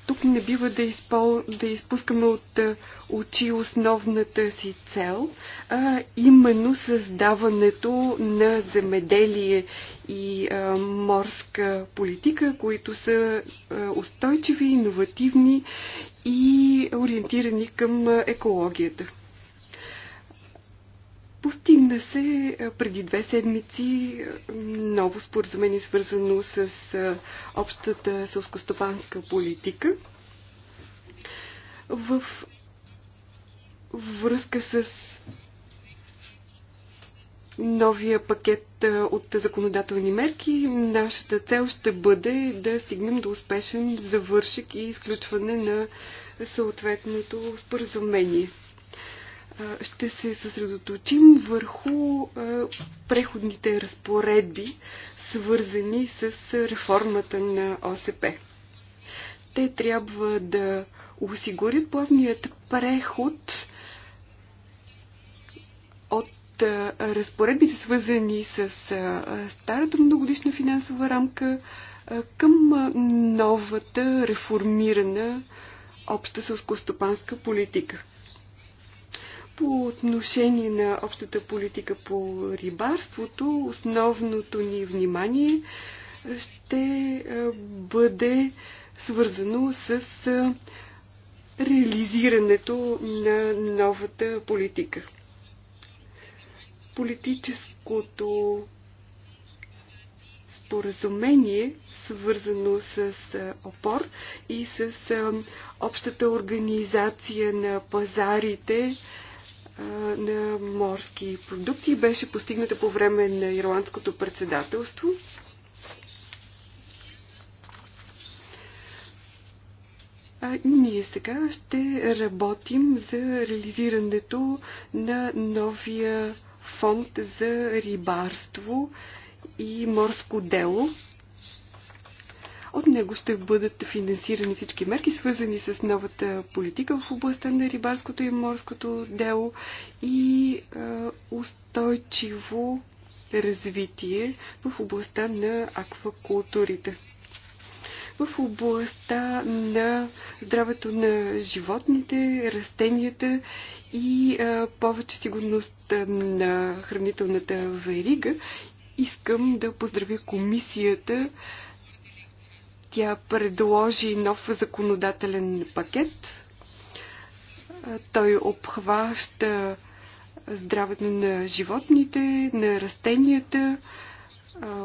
Тук не бива да, изпол... да изпускаме от е, очи основната си цел, а именно създаването на земеделие и а, е, морска политика, които са а, е, устойчиви, иновативни и ориентирани към екологията. Постигна се е, преди две седмици е, ново споразумение, свързано с е, общата сълскостопанска политика. В връзка с новия пакет от законодателни мерки, нашата цел ще бъде да стигнем до успешен завършик и изключване на съответното споразумение ще се съсредоточим върху преходните разпоредби, свързани с реформата на ОСП. Те трябва да осигурят плавният преход от разпоредбите, свързани с старата многодишна финансова рамка към новата реформирана обща сълскостопанска политика. По отношение на общата политика по рибарството, основното ни внимание ще бъде свързано с реализирането на новата политика. Политическото споразумение, свързано с опор и с общата организация на пазарите, на морски продукти беше постигната по време на ирландското председателство. А, ние сега ще работим за реализирането на новия фонд за рибарство и морско дело. От него ще бъдат финансирани всички мерки, свързани с новата политика в областта на рибарското и морското дело и устойчиво развитие в областта на аквакултурите. В областта на здравето на животните, растенията и а, повече сигурност на хранителната верига, искам да поздравя комисията тя предложи нов законодателен пакет. Той обхваща здравето на животните, на растенията,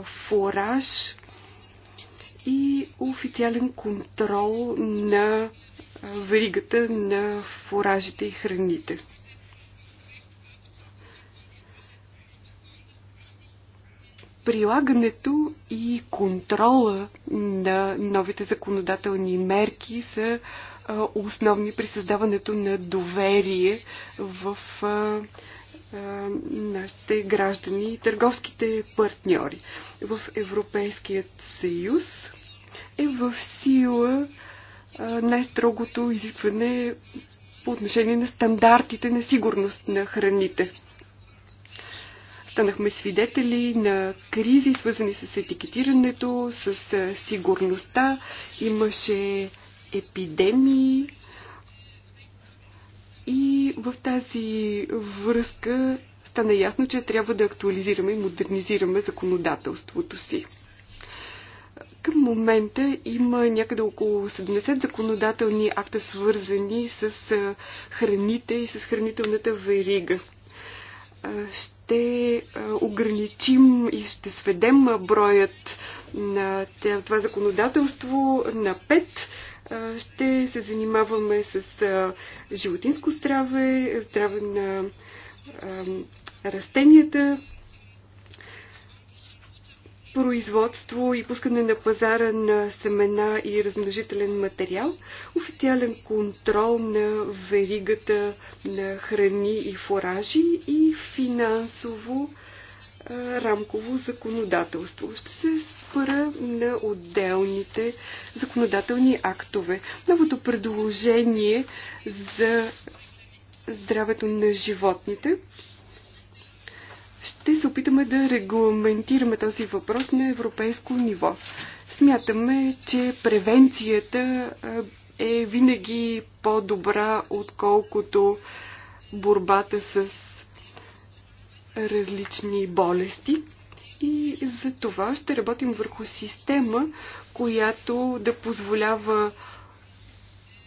фураж и официален контрол на веригата на фуражите и храните. прилагането и контрола на новите законодателни мерки са основни при създаването на доверие в нашите граждани и търговските партньори. В Европейският съюз е в сила най-строгото изискване по отношение на стандартите на сигурност на храните. Станахме свидетели на кризи, свързани с етикетирането, с сигурността. Имаше епидемии. И в тази връзка стана ясно, че трябва да актуализираме и модернизираме законодателството си. Към момента има някъде около 70 законодателни акта, свързани с храните и с хранителната верига ще ограничим и ще сведем броят на това законодателство на 5. Ще се занимаваме с животинско здраве, здраве на растенията, производство и пускане на пазара на семена и размножителен материал, официален контрол на веригата на храни и фуражи и финансово рамково законодателство. Ще се спра на отделните законодателни актове. Новото предложение за здравето на животните ще се опитаме да регламентираме този въпрос на европейско ниво. Смятаме, че превенцията е винаги по-добра, отколкото борбата с различни болести. И за това ще работим върху система, която да позволява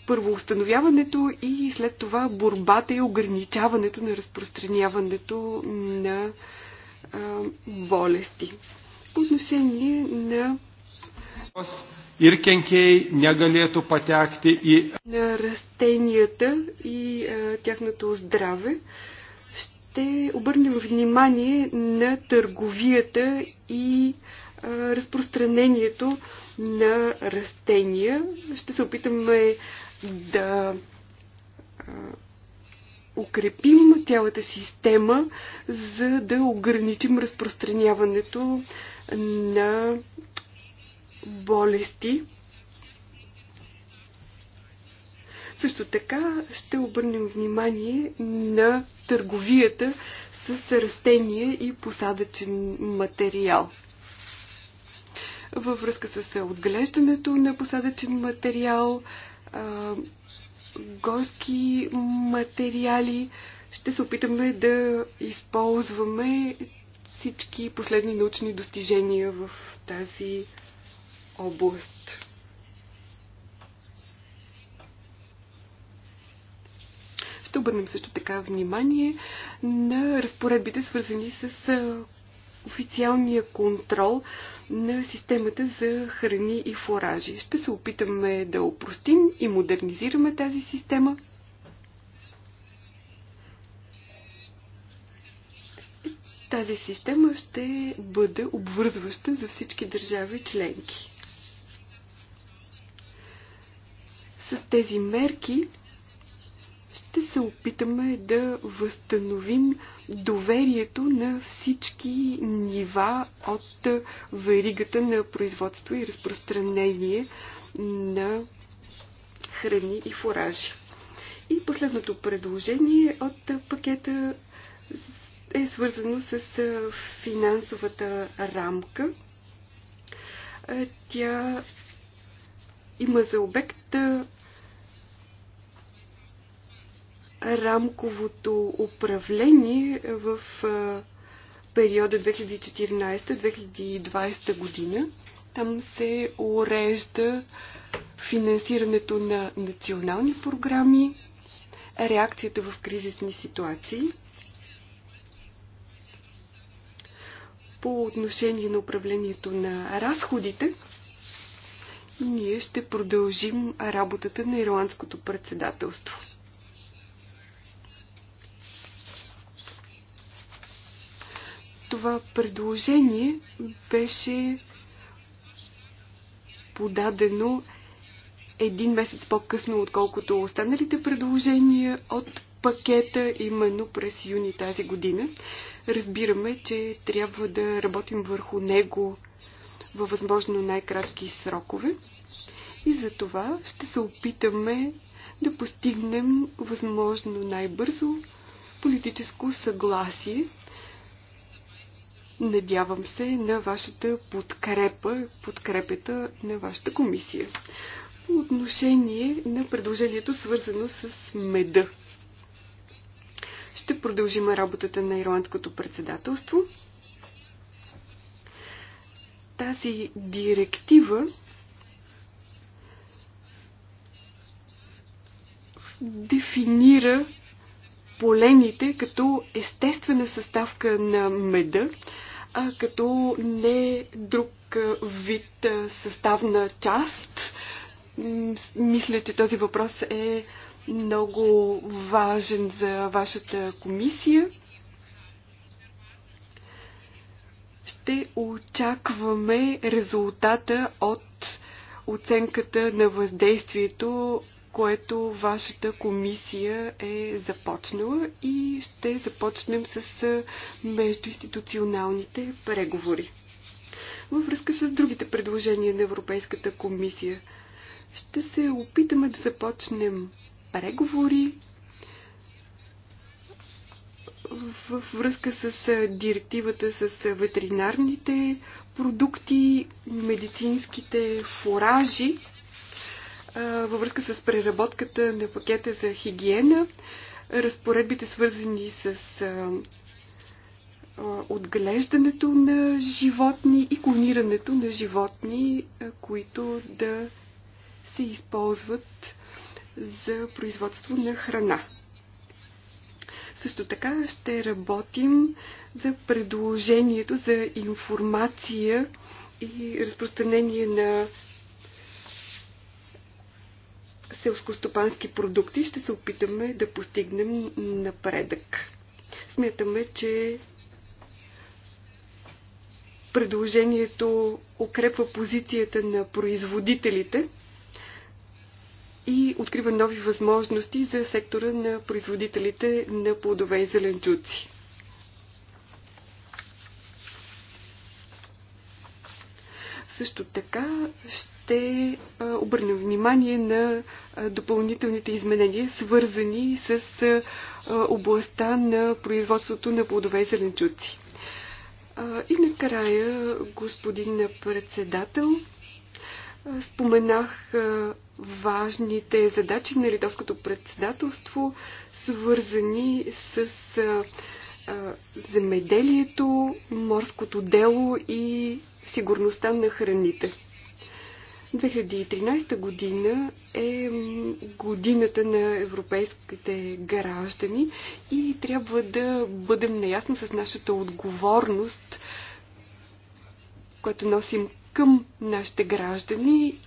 първо установяването и след това борбата и ограничаването на разпространяването на а, болести. По отношение на иркенкей негалето и на растенията и а, тяхното здраве ще обърнем внимание на търговията и а, разпространението на растения. Ще се опитаме да укрепим цялата система, за да ограничим разпространяването на болести. Също така ще обърнем внимание на търговията с растения и посадъчен материал. Във връзка с отглеждането на посадъчен материал, а, горски материали. Ще се опитаме да използваме всички последни научни достижения в тази област. Ще обърнем също така внимание на разпоредбите, свързани с официалния контрол на системата за храни и фуражи. Ще се опитаме да опростим и модернизираме тази система. Тази система ще бъде обвързваща за всички държави членки. С тези мерки ще се опитаме да възстановим доверието на всички нива от веригата на производство и разпространение на храни и фуражи. И последното предложение от пакета е свързано с финансовата рамка. Тя има за обект рамковото управление в периода 2014-2020 година. Там се урежда финансирането на национални програми, реакцията в кризисни ситуации. По отношение на управлението на разходите, ние ще продължим работата на ирландското председателство. Това предложение беше подадено един месец по-късно, отколкото останалите предложения от пакета именно през юни тази година. Разбираме, че трябва да работим върху него във възможно най-кратки срокове и за това ще се опитаме да постигнем възможно най-бързо политическо съгласие Надявам се на вашата подкрепа, подкрепата на вашата комисия. По отношение на предложението, свързано с меда. Ще продължим работата на ирландското председателство. Тази директива дефинира полените като естествена съставка на меда, а като не друг вид съставна част. Мисля, че този въпрос е много важен за вашата комисия. Ще очакваме резултата от оценката на въздействието което вашата комисия е започнала и ще започнем с междуинституционалните преговори. Във връзка с другите предложения на Европейската комисия, ще се опитаме да започнем преговори във връзка с директивата с ветеринарните продукти, медицинските фуражи във връзка с преработката на пакета за хигиена, разпоредбите свързани с отглеждането на животни и клонирането на животни, които да се използват за производство на храна. Също така ще работим за предложението за информация и разпространение на селскостопански продукти ще се опитаме да постигнем напредък. Смятаме, че предложението укрепва позицията на производителите и открива нови възможности за сектора на производителите на плодове и зеленчуци. Също така ще обърнем внимание на допълнителните изменения, свързани с областта на производството на плодове и зеленчуци. И накрая, господин председател, споменах важните задачи на литовското председателство, свързани с земеделието, морското дело и сигурността на храните. 2013 година е годината на европейските граждани и трябва да бъдем наясно с нашата отговорност, която носим към нашите граждани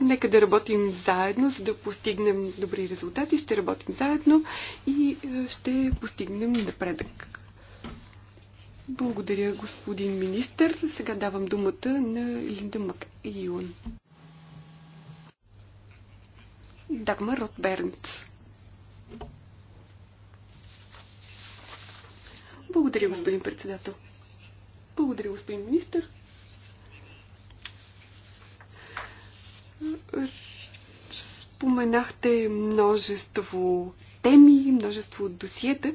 Нека да работим заедно, за да постигнем добри резултати. Ще работим заедно и е, ще постигнем напредък. Благодаря, господин министр. Сега давам думата на Линда Мак Юн. Дагмар от Бернц. Благодаря, господин председател. Благодаря, господин министр. Споменахте множество теми, множество досиета.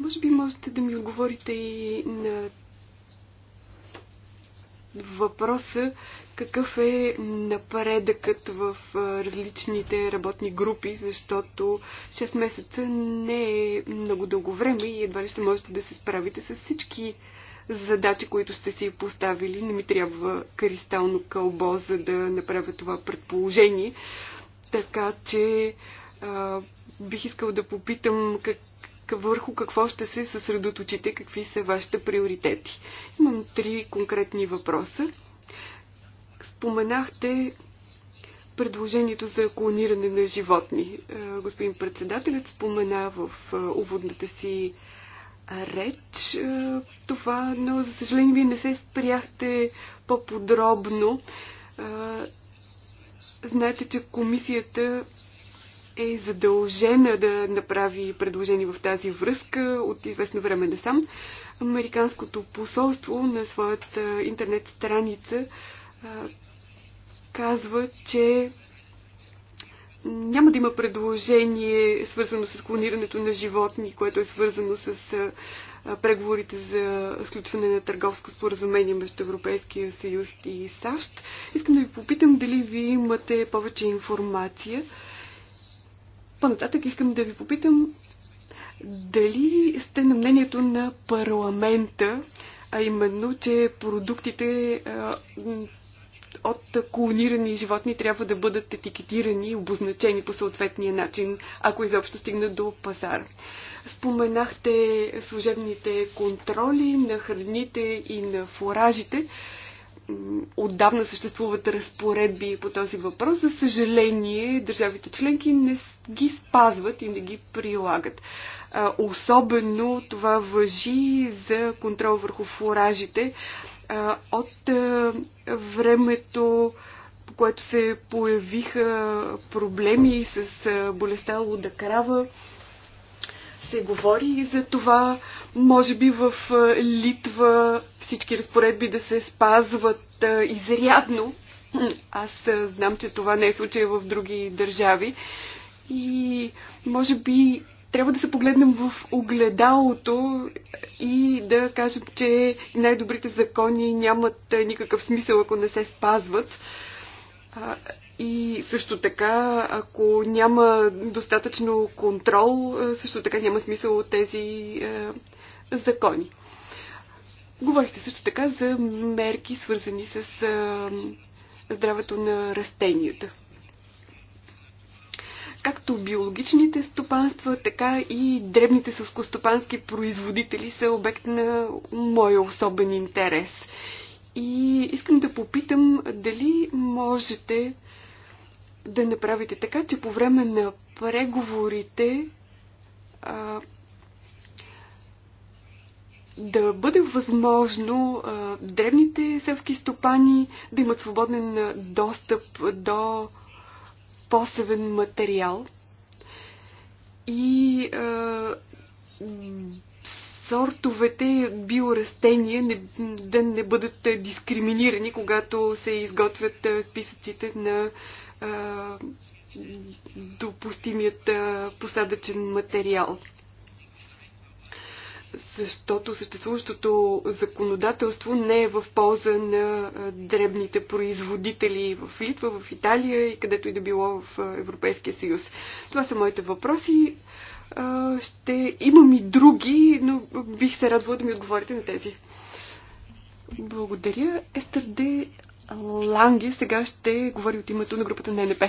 Може би можете да ми отговорите и на въпроса какъв е напредъкът в различните работни групи, защото 6 месеца не е много дълго време и едва ли ще можете да се справите с всички задачи, които сте си поставили. Не ми трябва кристално кълбо, за да направя това предположение. Така че а, бих искал да попитам как, върху какво ще се съсредоточите, какви са вашите приоритети. Имам три конкретни въпроса. Споменахте предложението за клониране на животни. Господин председателят спомена в уводната си реч. Е, това, но за съжаление, вие не се спряхте по-подробно. Е, знаете, че комисията е задължена да направи предложение в тази връзка от известно време сам. Американското посолство на своята интернет страница е, казва, че няма да има предложение, свързано с клонирането на животни, което е свързано с преговорите за сключване на търговско споразумение между Европейския съюз и САЩ. Искам да ви попитам дали ви имате повече информация. По-нататък искам да ви попитам дали сте на мнението на парламента, а именно, че продуктите от клонирани животни трябва да бъдат етикетирани и обозначени по съответния начин, ако изобщо стигнат до пазар. Споменахте служебните контроли на храните и на фуражите. Отдавна съществуват разпоредби по този въпрос. За съжаление, държавите членки не ги спазват и не ги прилагат. Особено това въжи за контрол върху фуражите от времето, по което се появиха проблеми с болестта луда крава, се говори и за това, може би в Литва всички разпоредби да се спазват изрядно. Аз знам, че това не е случай в други държави. И може би трябва да се погледнем в огледалото и да кажем, че най-добрите закони нямат никакъв смисъл, ако не се спазват. И също така, ако няма достатъчно контрол, също така няма смисъл от тези закони. Говорихте също така за мерки, свързани с здравето на растенията както биологичните стопанства, така и дребните сълскостопански производители са обект на моя особен интерес. И искам да попитам дали можете да направите така, че по време на преговорите а, да бъде възможно а, древните селски стопани да имат свободен достъп до посевен материал и а, сортовете биорастения не, да не бъдат дискриминирани, когато се изготвят списъците на а, допустимият посадъчен материал защото съществуващото законодателство не е в полза на дребните производители в Литва, в Италия и където и да било в Европейския съюз. Това са моите въпроси. Ще имам и други, но бих се радвала да ми отговорите на тези. Благодаря. Естер Де Ланге сега ще говори от името на групата на НП.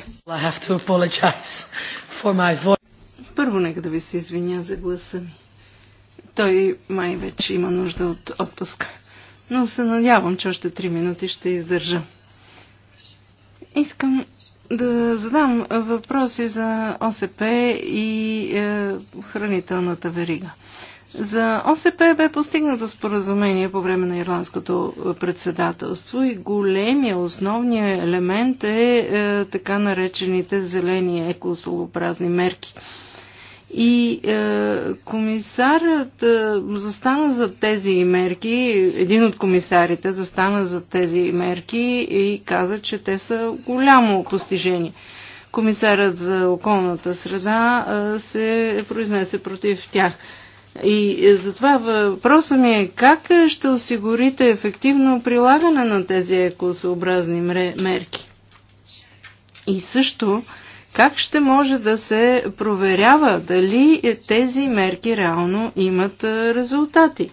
Първо нека да ви се извиня за гласа ми. Той май вече има нужда от отпуска. Но се надявам, че още три минути ще издържа. Искам да задам въпроси за ОСП и е, хранителната верига. За ОСП бе постигнато споразумение по време на ирландското председателство и големия основния елемент е, е така наречените зелени екосолопразни мерки. Е, и е, комисарът е, застана за тези мерки, един от комисарите застана за тези мерки и каза, че те са голямо постижение. Комисарът за околната среда е, се произнесе против тях. И е, затова въпросът ми е как ще осигурите ефективно прилагане на тези екосъобразни мерки. И също, е, как ще може да се проверява дали тези мерки реално имат резултати?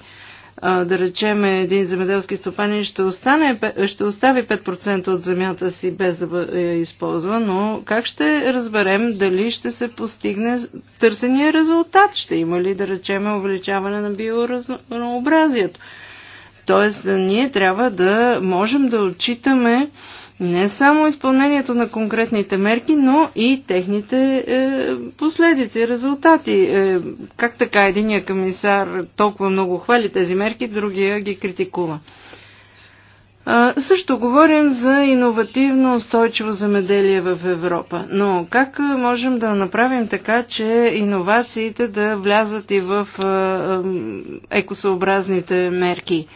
да речеме, един земеделски стопанин ще, остане, ще остави 5% от земята си без да я използва, но как ще разберем дали ще се постигне търсения резултат? Ще има ли, да речеме, увеличаване на биоразнообразието? Тоест, ние трябва да можем да отчитаме не само изпълнението на конкретните мерки, но и техните е, последици, резултати. Е, как така единия комисар толкова много хвали тези мерки, другия ги критикува? А, също говорим за иновативно устойчиво замеделие в Европа. Но как можем да направим така, че иновациите да влязат и в а, е, а, екосъобразните мерки?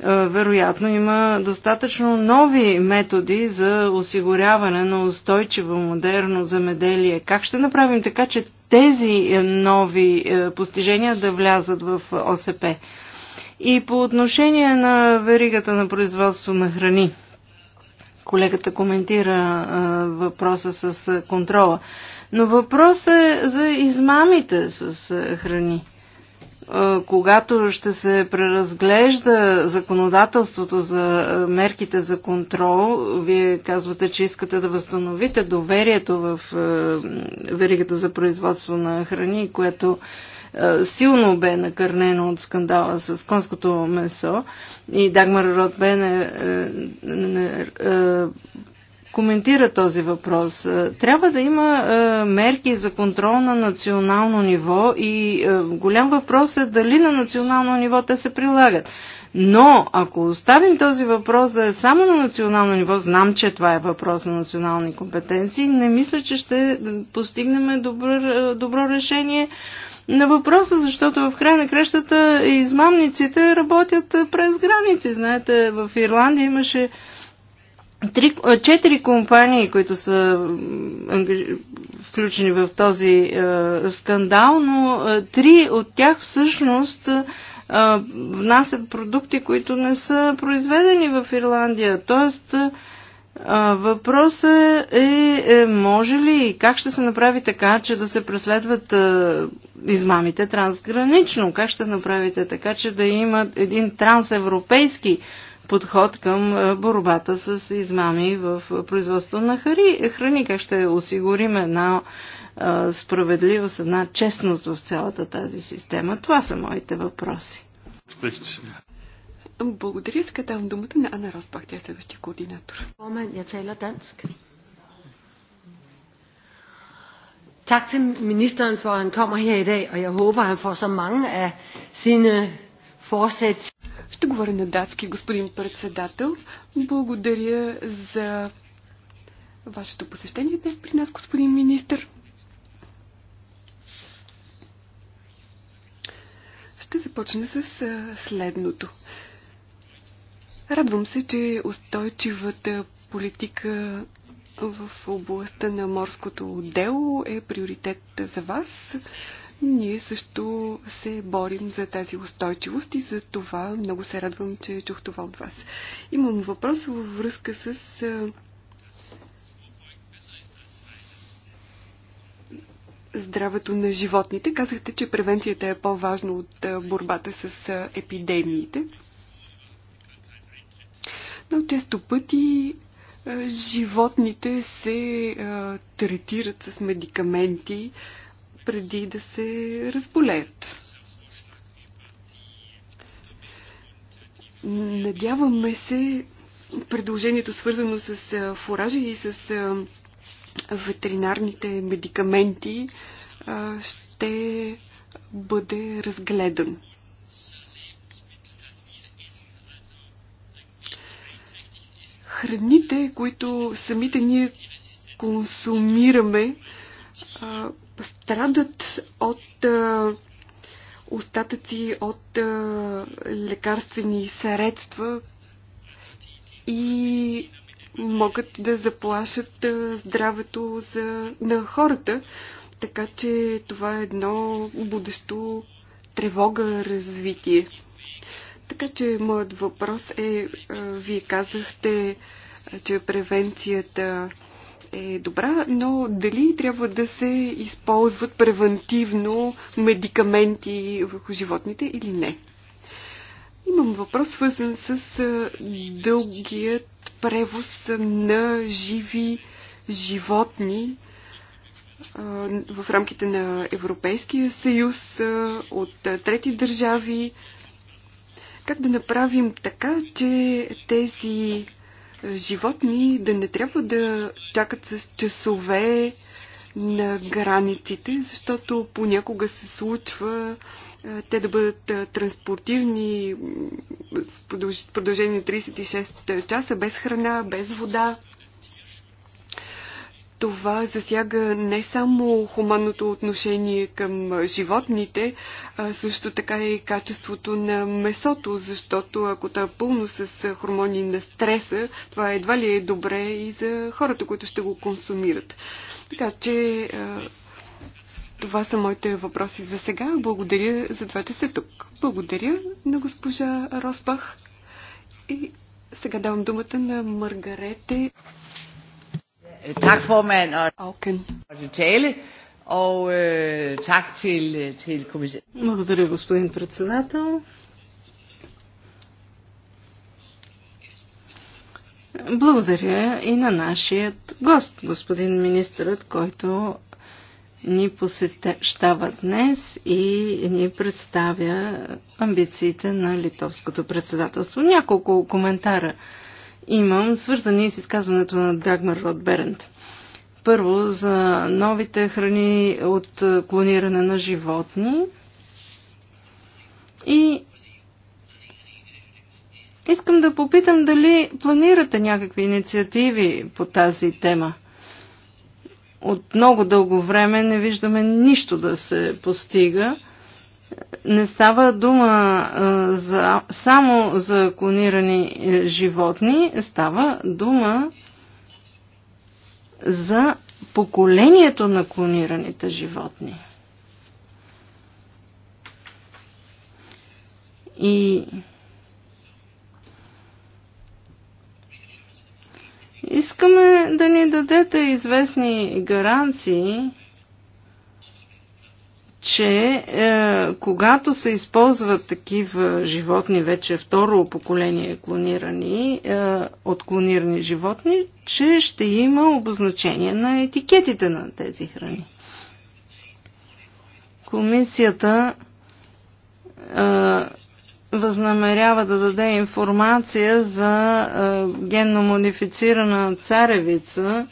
Е, вероятно има достатъчно нови методи за осигуряване на устойчиво модерно замеделие. Как ще направим така, че тези е, нови е, постижения да влязат в ОСП? И по отношение на веригата на производство на храни, колегата коментира въпроса с контрола, но въпрос е за измамите с храни когато ще се преразглежда законодателството за мерките за контрол, вие казвате, че искате да възстановите доверието в веригата за производство на храни, което силно бе накърнено от скандала с конското месо и Дагмар Ротбен е, е, е, е коментира този въпрос. Е, трябва да има е, мерки за контрол на национално ниво и е, голям въпрос е дали на национално ниво те се прилагат. Но ако оставим този въпрос да е само на национално ниво, знам, че това е въпрос на национални компетенции, не мисля, че ще постигнем добро, добро решение на въпроса, защото в край на кръщата измамниците работят през граници. Знаете, в Ирландия имаше Три, четири компании, които са включени в този е, скандал, но е, три от тях всъщност е, внасят продукти, които не са произведени в Ирландия. Тоест, е, въпросът е, е може ли и как ще се направи така, че да се преследват е, измамите трансгранично? Как ще направите така, че да имат един трансевропейски подход към борбата с измами в производство на хари, храни. Как ще осигурим една справедливост, една честност в цялата тази система? Това са моите въпроси. Благодаря. Сега давам думата на Анна Росбах, тя е следващия координатор. Tak til ministeren for, at han kommer her i dag, og jeg håber, at han får så mange af sine forsæt ще говоря на датски, господин председател. Благодаря за вашето посещение днес при нас, господин министр. Ще започна с следното. Радвам се, че устойчивата политика в областта на морското дело е приоритет за вас. Ние също се борим за тази устойчивост и за това много се радвам, че чух това от вас. Имам въпрос във връзка с здравето на животните. Казахте, че превенцията е по-важна от борбата с епидемиите. Но често пъти животните се третират с медикаменти, преди да се разболеят. Надяваме се предложението свързано с фуража и с ветеринарните медикаменти ще бъде разгледан. Храните, които самите ние консумираме, а, страдат от а, остатъци от а, лекарствени средства и могат да заплашат а, здравето за, на хората. Така че това е едно будещо тревога развитие. Така че моят въпрос е, а, вие казахте, а, че превенцията е добра, но дали трябва да се използват превентивно медикаменти върху животните или не? Имам въпрос, свързан с дългият превоз на живи животни в рамките на Европейския съюз от трети държави. Как да направим така, че тези животни да не трябва да чакат с часове на границите, защото понякога се случва е, те да бъдат е, транспортирани в продължение на 36 часа без храна, без вода. Това засяга не само хуманното отношение към животните, а също така и качеството на месото, защото ако то е пълно с хормони на стреса, това едва ли е добре и за хората, които ще го консумират. Така че това са моите въпроси за сега. Благодаря за това, че сте тук. Благодаря на госпожа Роспах. И сега давам думата на Маргарете. Tak formand og Auken. for tale, og uh, tak til, øh, til kommissæren. Благодаря, господин председател. Благодаря и на нашият гост, господин министърът, който ни посещава днес и ни представя амбициите на литовското председателство. Няколко коментара имам, свързани с изказването на Дагмар Род Берент. Първо, за новите храни от клониране на животни и искам да попитам дали планирате някакви инициативи по тази тема. От много дълго време не виждаме нищо да се постига – не става дума за, само за клонирани е, животни, става дума за поколението на клонираните животни. И искаме да ни дадете известни гаранции, че е, когато се използват такива животни, вече второ поколение клонирани, е, от клонирани животни, че ще има обозначение на етикетите на тези храни. Комисията е, възнамерява да даде информация за е, генно модифицирана царевица,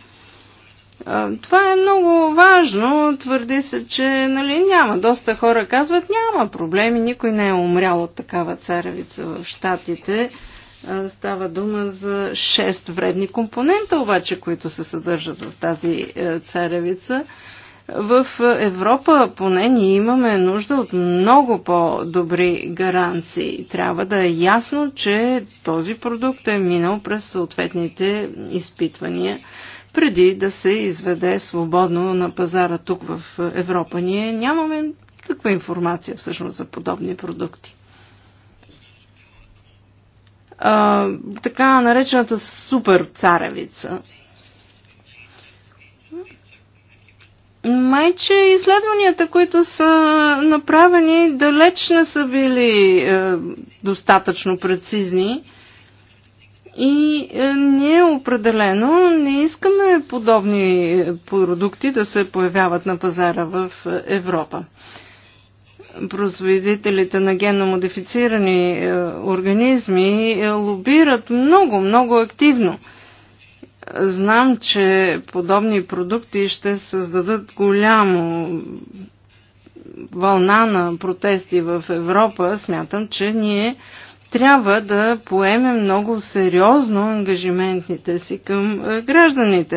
това е много важно. Твърди се, че нали, няма. Доста хора казват, няма проблеми, никой не е умрял от такава царевица в Штатите. Става дума за 6 вредни компонента, обаче, които се съдържат в тази е, царевица. В е, Европа поне ние имаме нужда от много по-добри гаранции. Трябва да е ясно, че този продукт е минал през съответните изпитвания преди да се изведе свободно на пазара тук в Европа. Ние нямаме каква информация всъщност за подобни продукти. А, така наречената супер царевица. Майче изследванията, които са направени, далеч не са били е, достатъчно прецизни и ние определено не искаме подобни продукти да се появяват на пазара в Европа. Производителите на генномодифицирани е, организми е, лобират много, много активно. Знам, че подобни продукти ще създадат голямо вълна на протести в Европа. Смятам, че ние трябва да поеме много сериозно ангажиментните си към е, гражданите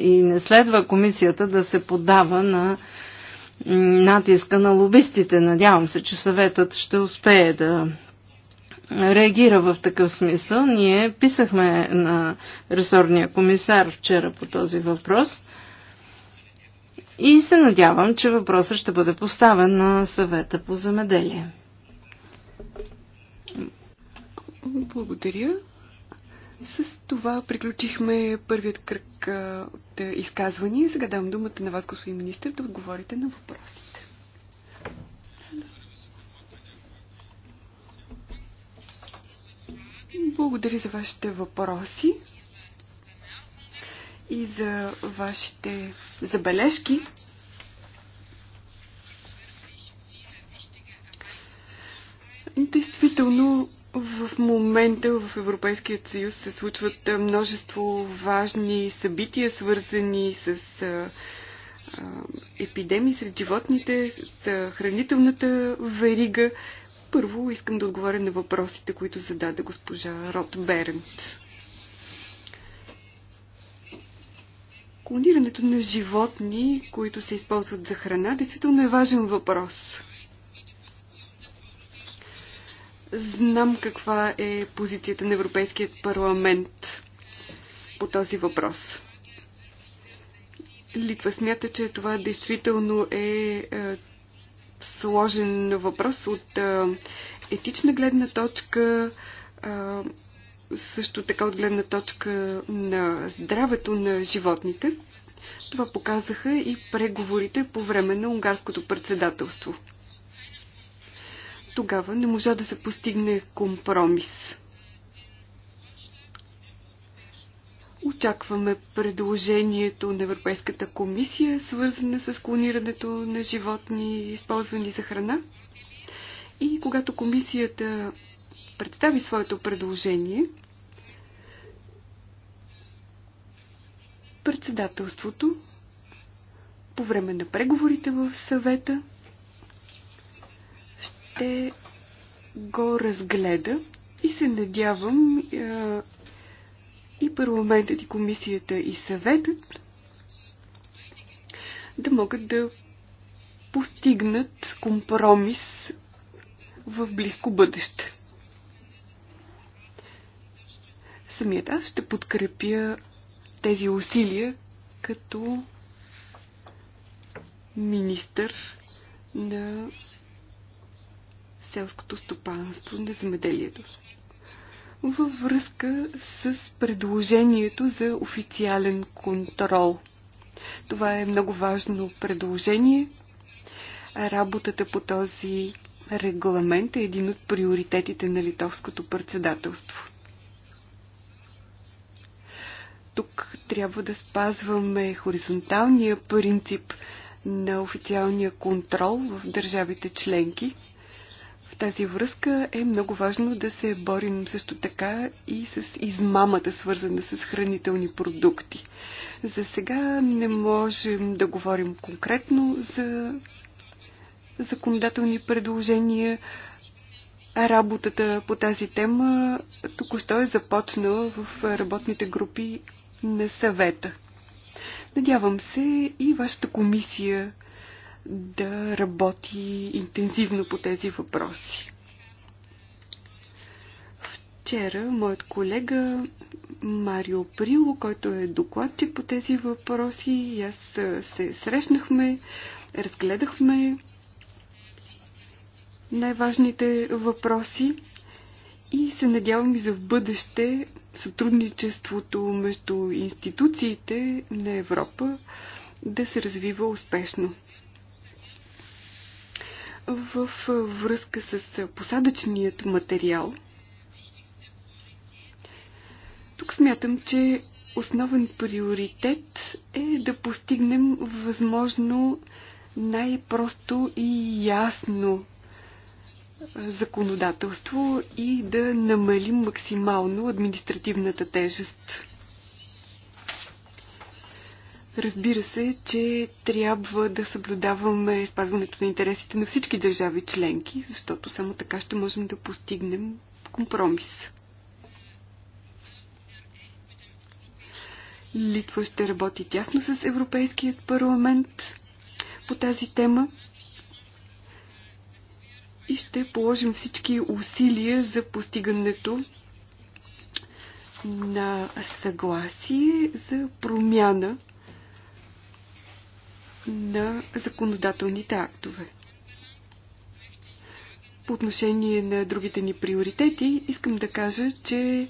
и не следва комисията да се подава на натиска на лобистите. Надявам се, че съветът ще успее да реагира в такъв смисъл. Ние писахме на ресорния комисар вчера по този въпрос и се надявам, че въпросът ще бъде поставен на съвета по земеделие. Благодаря. С това приключихме първият кръг от изказвания. Сега давам думата на вас, господин министр, да отговорите на въпросите. Благодаря за вашите въпроси и за вашите забележки. Действително, в момента в Европейския съюз се случват множество важни събития, свързани с епидемии сред животните, с хранителната верига. Първо искам да отговоря на въпросите, които зададе госпожа Рот Берент. Клонирането на животни, които се използват за храна, действително е важен въпрос. Знам каква е позицията на Европейският парламент по този въпрос. Литва смята, че това действително е, е сложен въпрос от е, етична гледна точка, е, също така от гледна точка на здравето на животните. Това показаха и преговорите по време на унгарското председателство. Тогава не можа да се постигне компромис. Очакваме предложението на Европейската комисия, свързане с клонирането на животни, използвани за храна. И когато комисията представи своето предложение, председателството по време на преговорите в съвета – ще го разгледа и се надявам е, и парламентът, и комисията, и съветът да могат да постигнат компромис в близко бъдеще. Самият аз ще подкрепя тези усилия като министър на селското стопанство, на земеделието. Във връзка с предложението за официален контрол. Това е много важно предложение. Работата по този регламент е един от приоритетите на литовското председателство. Тук трябва да спазваме хоризонталния принцип на официалния контрол в държавите членки – тази връзка е много важно да се борим също така и с измамата, свързана с хранителни продукти. За сега не можем да говорим конкретно за законодателни предложения. Работата по тази тема току-що е започнала в работните групи на съвета. Надявам се и вашата комисия да работи интензивно по тези въпроси. Вчера моят колега Марио Прило, който е докладчик по тези въпроси, и аз се срещнахме, разгледахме най-важните въпроси и се надявам и за в бъдеще сътрудничеството между институциите на Европа да се развива успешно в връзка с посадъчният материал. Тук смятам, че основен приоритет е да постигнем възможно най-просто и ясно законодателство и да намалим максимално административната тежест. Разбира се, че трябва да съблюдаваме спазването на интересите на всички държави членки, защото само така ще можем да постигнем компромис. Литва ще работи тясно с Европейският парламент по тази тема и ще положим всички усилия за постигането на съгласие за промяна на законодателните актове. По отношение на другите ни приоритети, искам да кажа, че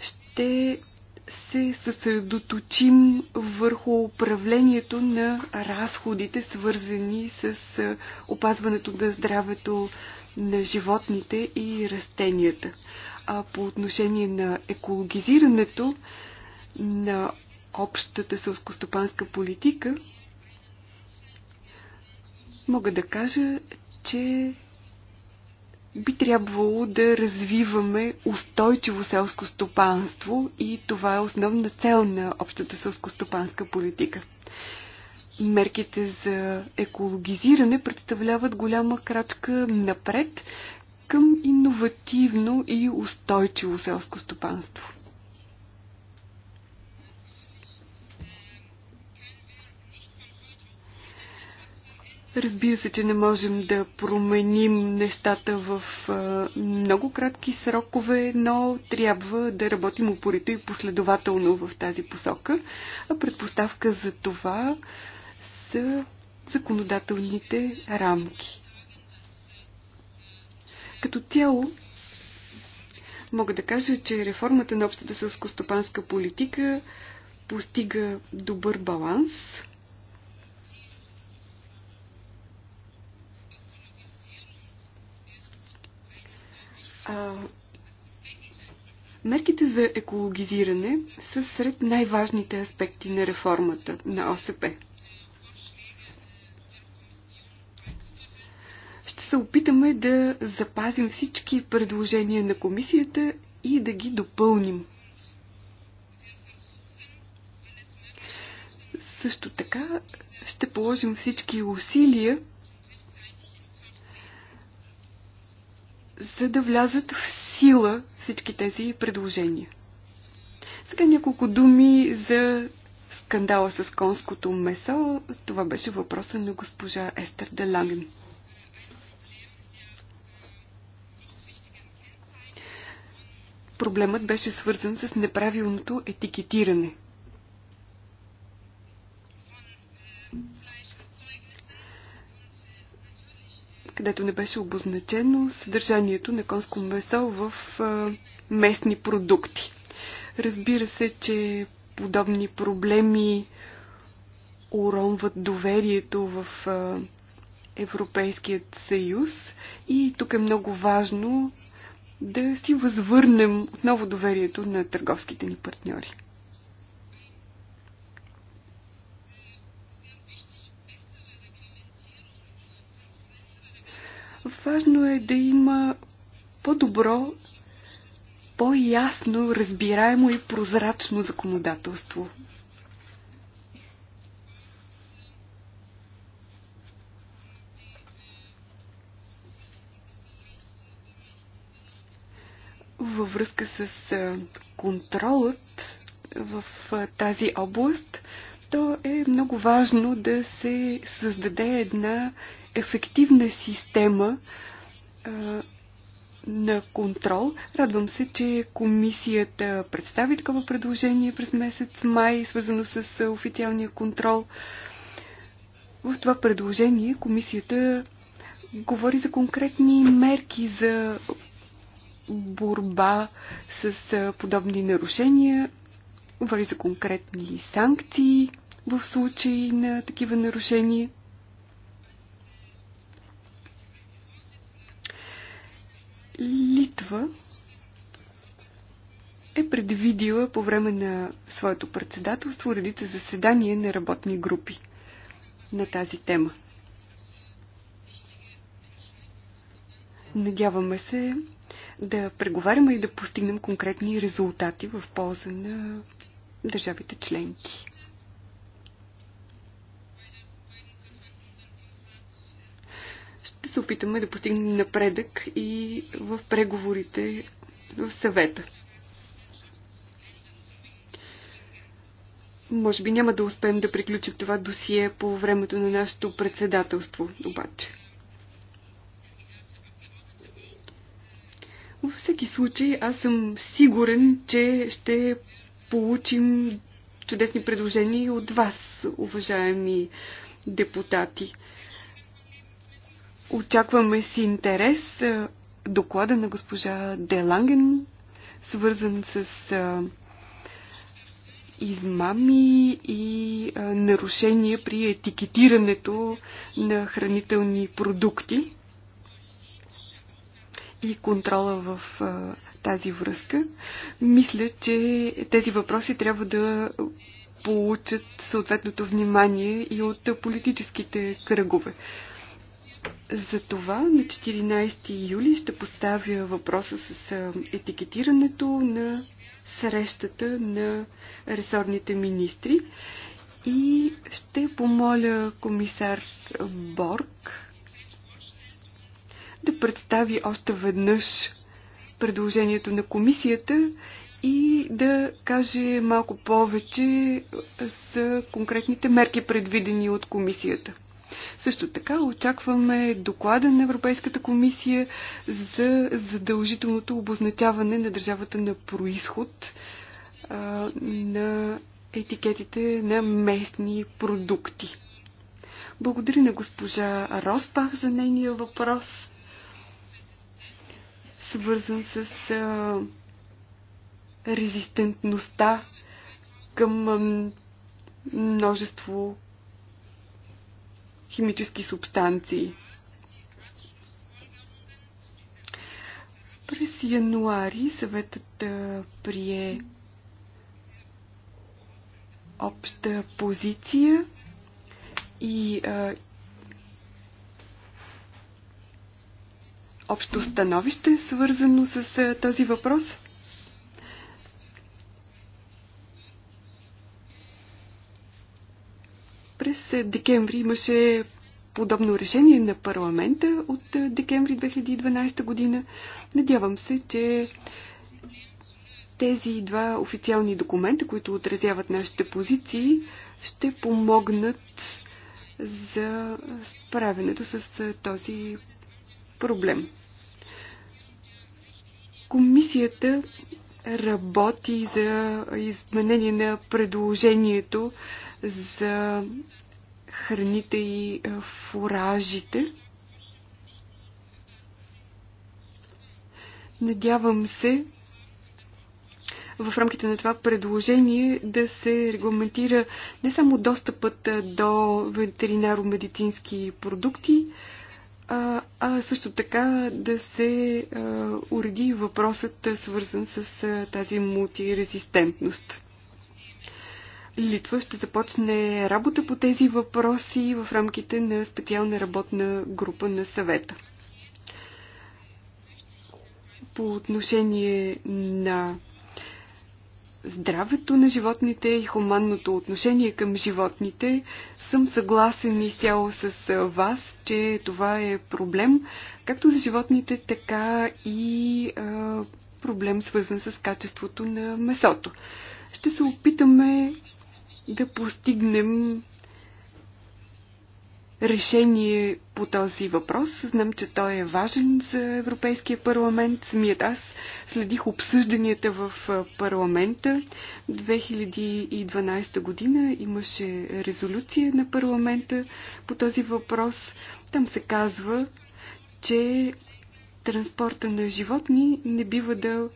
ще се съсредоточим върху управлението на разходите, свързани с опазването на здравето на животните и растенията. А по отношение на екологизирането на общата селскостопанска политика, мога да кажа, че би трябвало да развиваме устойчиво селско стопанство и това е основна цел на общата селско-стопанска политика. Мерките за екологизиране представляват голяма крачка напред към иновативно и устойчиво селско стопанство. Разбира се, че не можем да променим нещата в много кратки срокове, но трябва да работим упорито и последователно в тази посока. А предпоставка за това са законодателните рамки. Като цяло, мога да кажа, че реформата на общата сълско-стопанска политика постига добър баланс – А, мерките за екологизиране са сред най-важните аспекти на реформата на ОСП. Ще се опитаме да запазим всички предложения на комисията и да ги допълним. Също така ще положим всички усилия за да влязат в сила всички тези предложения. Сега няколко думи за скандала с конското месо. Това беше въпроса на госпожа Естер Деланген. Проблемът беше свързан с неправилното етикетиране – където не беше обозначено съдържанието на конско месо в местни продукти. Разбира се, че подобни проблеми уронват доверието в Европейският съюз и тук е много важно да си възвърнем отново доверието на търговските ни партньори. Важно е да има по-добро, по-ясно, разбираемо и прозрачно законодателство. Във връзка с контролът в тази област, то е много важно да се създаде една ефективна система а, на контрол. Радвам се, че комисията представи такова предложение през месец май, свързано с официалния контрол. В това предложение комисията говори за конкретни мерки за борба с подобни нарушения Говори за конкретни санкции в случай на такива нарушения. Литва е предвидила по време на своето председателство редица заседания на работни групи на тази тема. Надяваме се да преговаряме и да постигнем конкретни резултати в полза на държавите членки. Ще се опитаме да постигнем напредък и в преговорите в съвета. Може би няма да успеем да приключим това досие по времето на нашето председателство, обаче. Във всеки случай, аз съм сигурен, че ще получим чудесни предложения и от вас, уважаеми депутати. Очакваме с интерес доклада на госпожа Деланген, свързан с измами и нарушения при етикетирането на хранителни продукти и контрола в тази връзка, мисля, че тези въпроси трябва да получат съответното внимание и от политическите кръгове. Затова на 14 юли ще поставя въпроса с етикетирането на срещата на ресорните министри и ще помоля комисар Борг да представи още веднъж предложението на комисията и да каже малко повече за конкретните мерки, предвидени от комисията. Също така очакваме доклада на Европейската комисия за задължителното обозначаване на държавата на происход а, на етикетите на местни продукти. Благодаря на госпожа Роспах за нейния въпрос свързан с а, резистентността към а, множество химически субстанции. През януари съветът а, прие обща позиция и а, общо становище, свързано с този въпрос? През декември имаше подобно решение на парламента от декември 2012 година. Надявам се, че тези два официални документа, които отразяват нашите позиции, ще помогнат за справянето с този проблем. Комисията работи за изменение на предложението за храните и фуражите. Надявам се в рамките на това предложение да се регламентира не само достъпът до ветеринаро-медицински продукти, а, а също така да се а, уреди въпросът, свързан с а, тази мултирезистентност. Литва ще започне работа по тези въпроси в рамките на специална работна група на съвета. По отношение на здравето на животните и хуманното отношение към животните. Съм съгласен изцяло с вас, че това е проблем, както за животните, така и а, проблем свързан с качеството на месото. Ще се опитаме да постигнем решение по този въпрос. Знам, че той е важен за Европейския парламент. Самият аз следих обсъжданията в парламента. 2012 година имаше резолюция на парламента по този въпрос. Там се казва, че транспорта на животни не бива да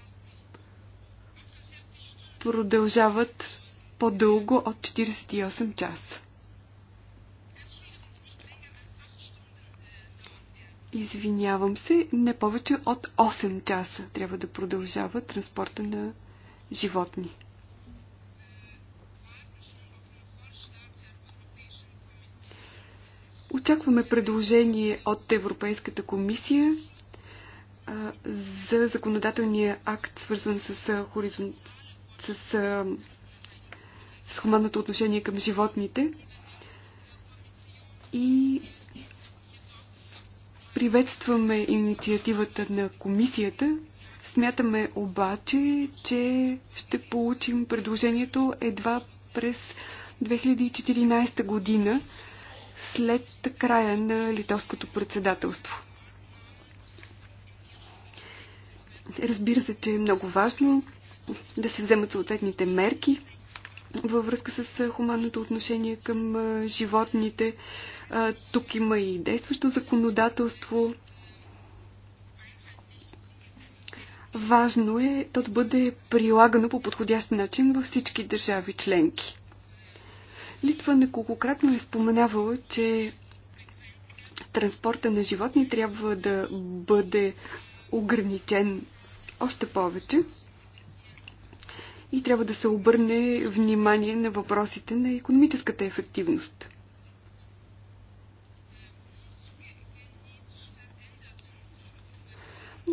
продължават по-дълго от 48 часа. Извинявам се, не повече от 8 часа трябва да продължава транспорта на животни. Очакваме предложение от Европейската комисия а, за законодателния акт, свързан с, а, хоризон... с, а, с хуманното отношение към животните. И Приветстваме инициативата на комисията. Смятаме обаче, че ще получим предложението едва през 2014 година, след края на литовското председателство. Разбира се, че е много важно да се вземат съответните мерки във връзка с хуманното отношение към животните, тук има и действащо законодателство. Важно е то да бъде прилагано по подходящ начин във всички държави членки. Литва неколкократно е споменавала, че транспорта на животни трябва да бъде ограничен още повече и трябва да се обърне внимание на въпросите на економическата ефективност.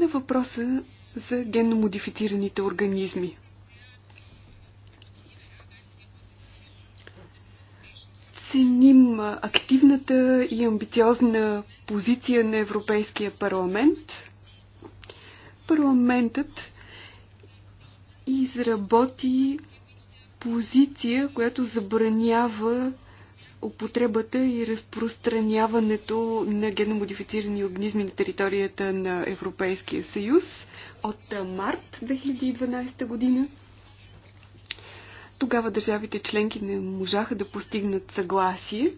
въпроса за генномодифицираните организми. Ценим активната и амбициозна позиция на Европейския парламент. Парламентът изработи позиция, която забранява употребата и разпространяването на геномодифицирани организми на територията на Европейския съюз от март 2012 година. Тогава държавите членки не можаха да постигнат съгласие.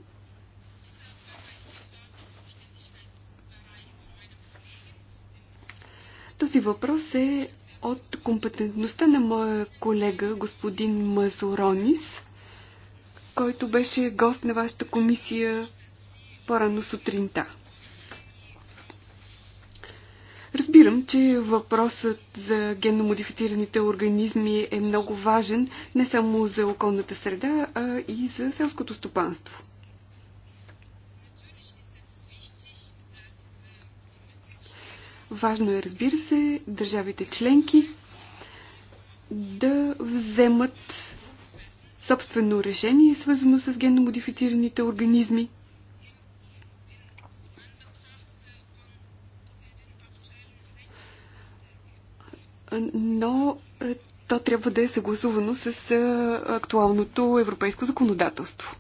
Този въпрос е от компетентността на моя колега господин Мазуронис – който беше гост на вашата комисия по-рано сутринта. Разбирам, че въпросът за генномодифицираните организми е много важен не само за околната среда, а и за селското стопанство. Важно е, разбира се, държавите членки да вземат собствено решение, свързано с генномодифицираните организми. Но е, то трябва да е съгласувано с е, актуалното европейско законодателство.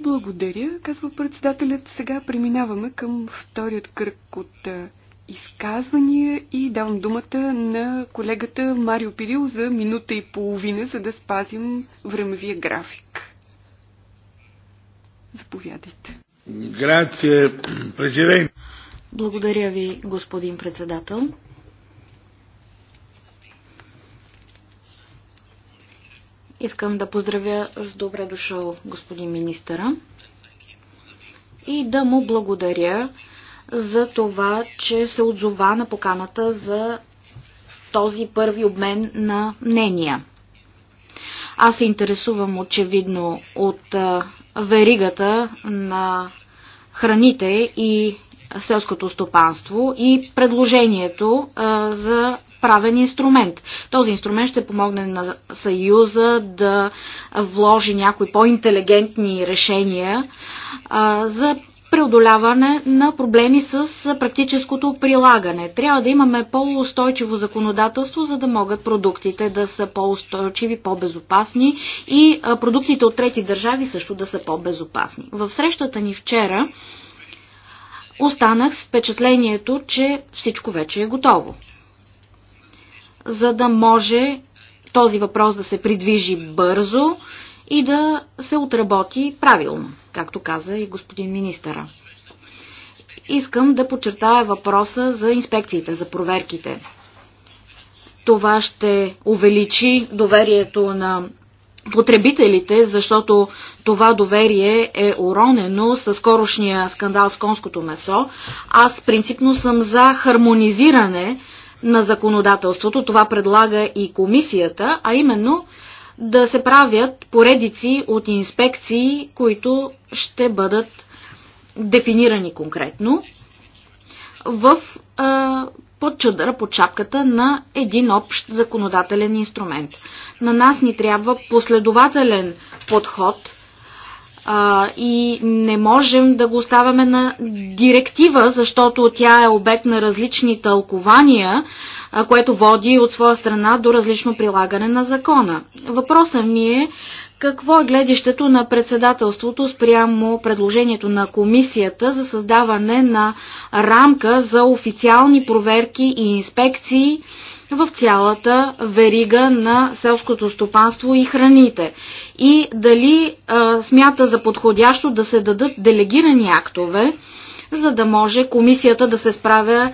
Благодаря, казва председателят. Сега преминаваме към вторият кръг от е, изказвания и давам думата на колегата Марио Пирил за минута и половина, за да спазим времевия график. Заповядайте. Грация, преживей. Благодаря ви, господин председател. Искам да поздравя с добре дошъл господин министъра и да му благодаря за това, че се отзова на поканата за този първи обмен на мнения. Аз се интересувам очевидно от веригата на храните и селското стопанство и предложението за правен инструмент. Този инструмент ще помогне на Съюза да вложи някои по-интелигентни решения за преодоляване на проблеми с практическото прилагане. Трябва да имаме по-устойчиво законодателство, за да могат продуктите да са по-устойчиви, по-безопасни и продуктите от трети държави също да са по-безопасни. В срещата ни вчера останах с впечатлението, че всичко вече е готово. За да може този въпрос да се придвижи бързо, и да се отработи правилно, както каза и господин министъра. Искам да подчертая въпроса за инспекциите, за проверките. Това ще увеличи доверието на потребителите, защото това доверие е уронено с скорошния скандал с конското месо. Аз принципно съм за хармонизиране на законодателството. Това предлага и комисията, а именно да се правят поредици от инспекции, които ще бъдат дефинирани конкретно в а, под чадъра, под шапката на един общ законодателен инструмент. На нас ни трябва последователен подход а, и не можем да го оставяме на директива, защото тя е обект на различни тълкования, а, което води от своя страна до различно прилагане на закона. Въпросът ми е какво е гледището на председателството спрямо предложението на комисията за създаване на рамка за официални проверки и инспекции в цялата верига на селското стопанство и храните. И дали а, смята за подходящо да се дадат делегирани актове, за да може комисията да се справя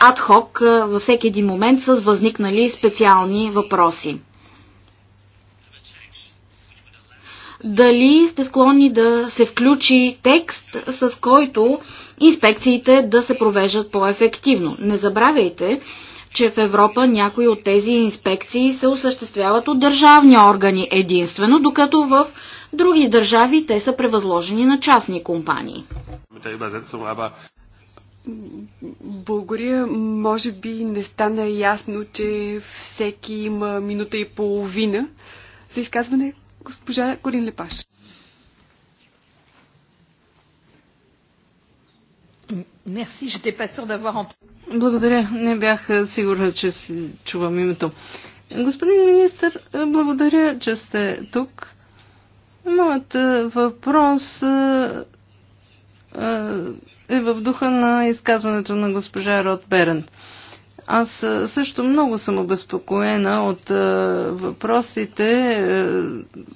адхок във всеки един момент с възникнали специални въпроси. Дали сте склонни да се включи текст, с който инспекциите да се провеждат по-ефективно? Не забравяйте, че в Европа някои от тези инспекции се осъществяват от държавни органи единствено, докато в други държави те са превъзложени на частни компании. Благодаря. Може би не стана ясно, че всеки има минута и половина за изказване. Госпожа Корин Лепаш. Благодаря. Не бях сигурна, че си чувам името. Господин министр, благодаря, че сте тук. Моят въпрос е в духа на изказването на госпожа Рот Берент. Аз също много съм обезпокоена от въпросите,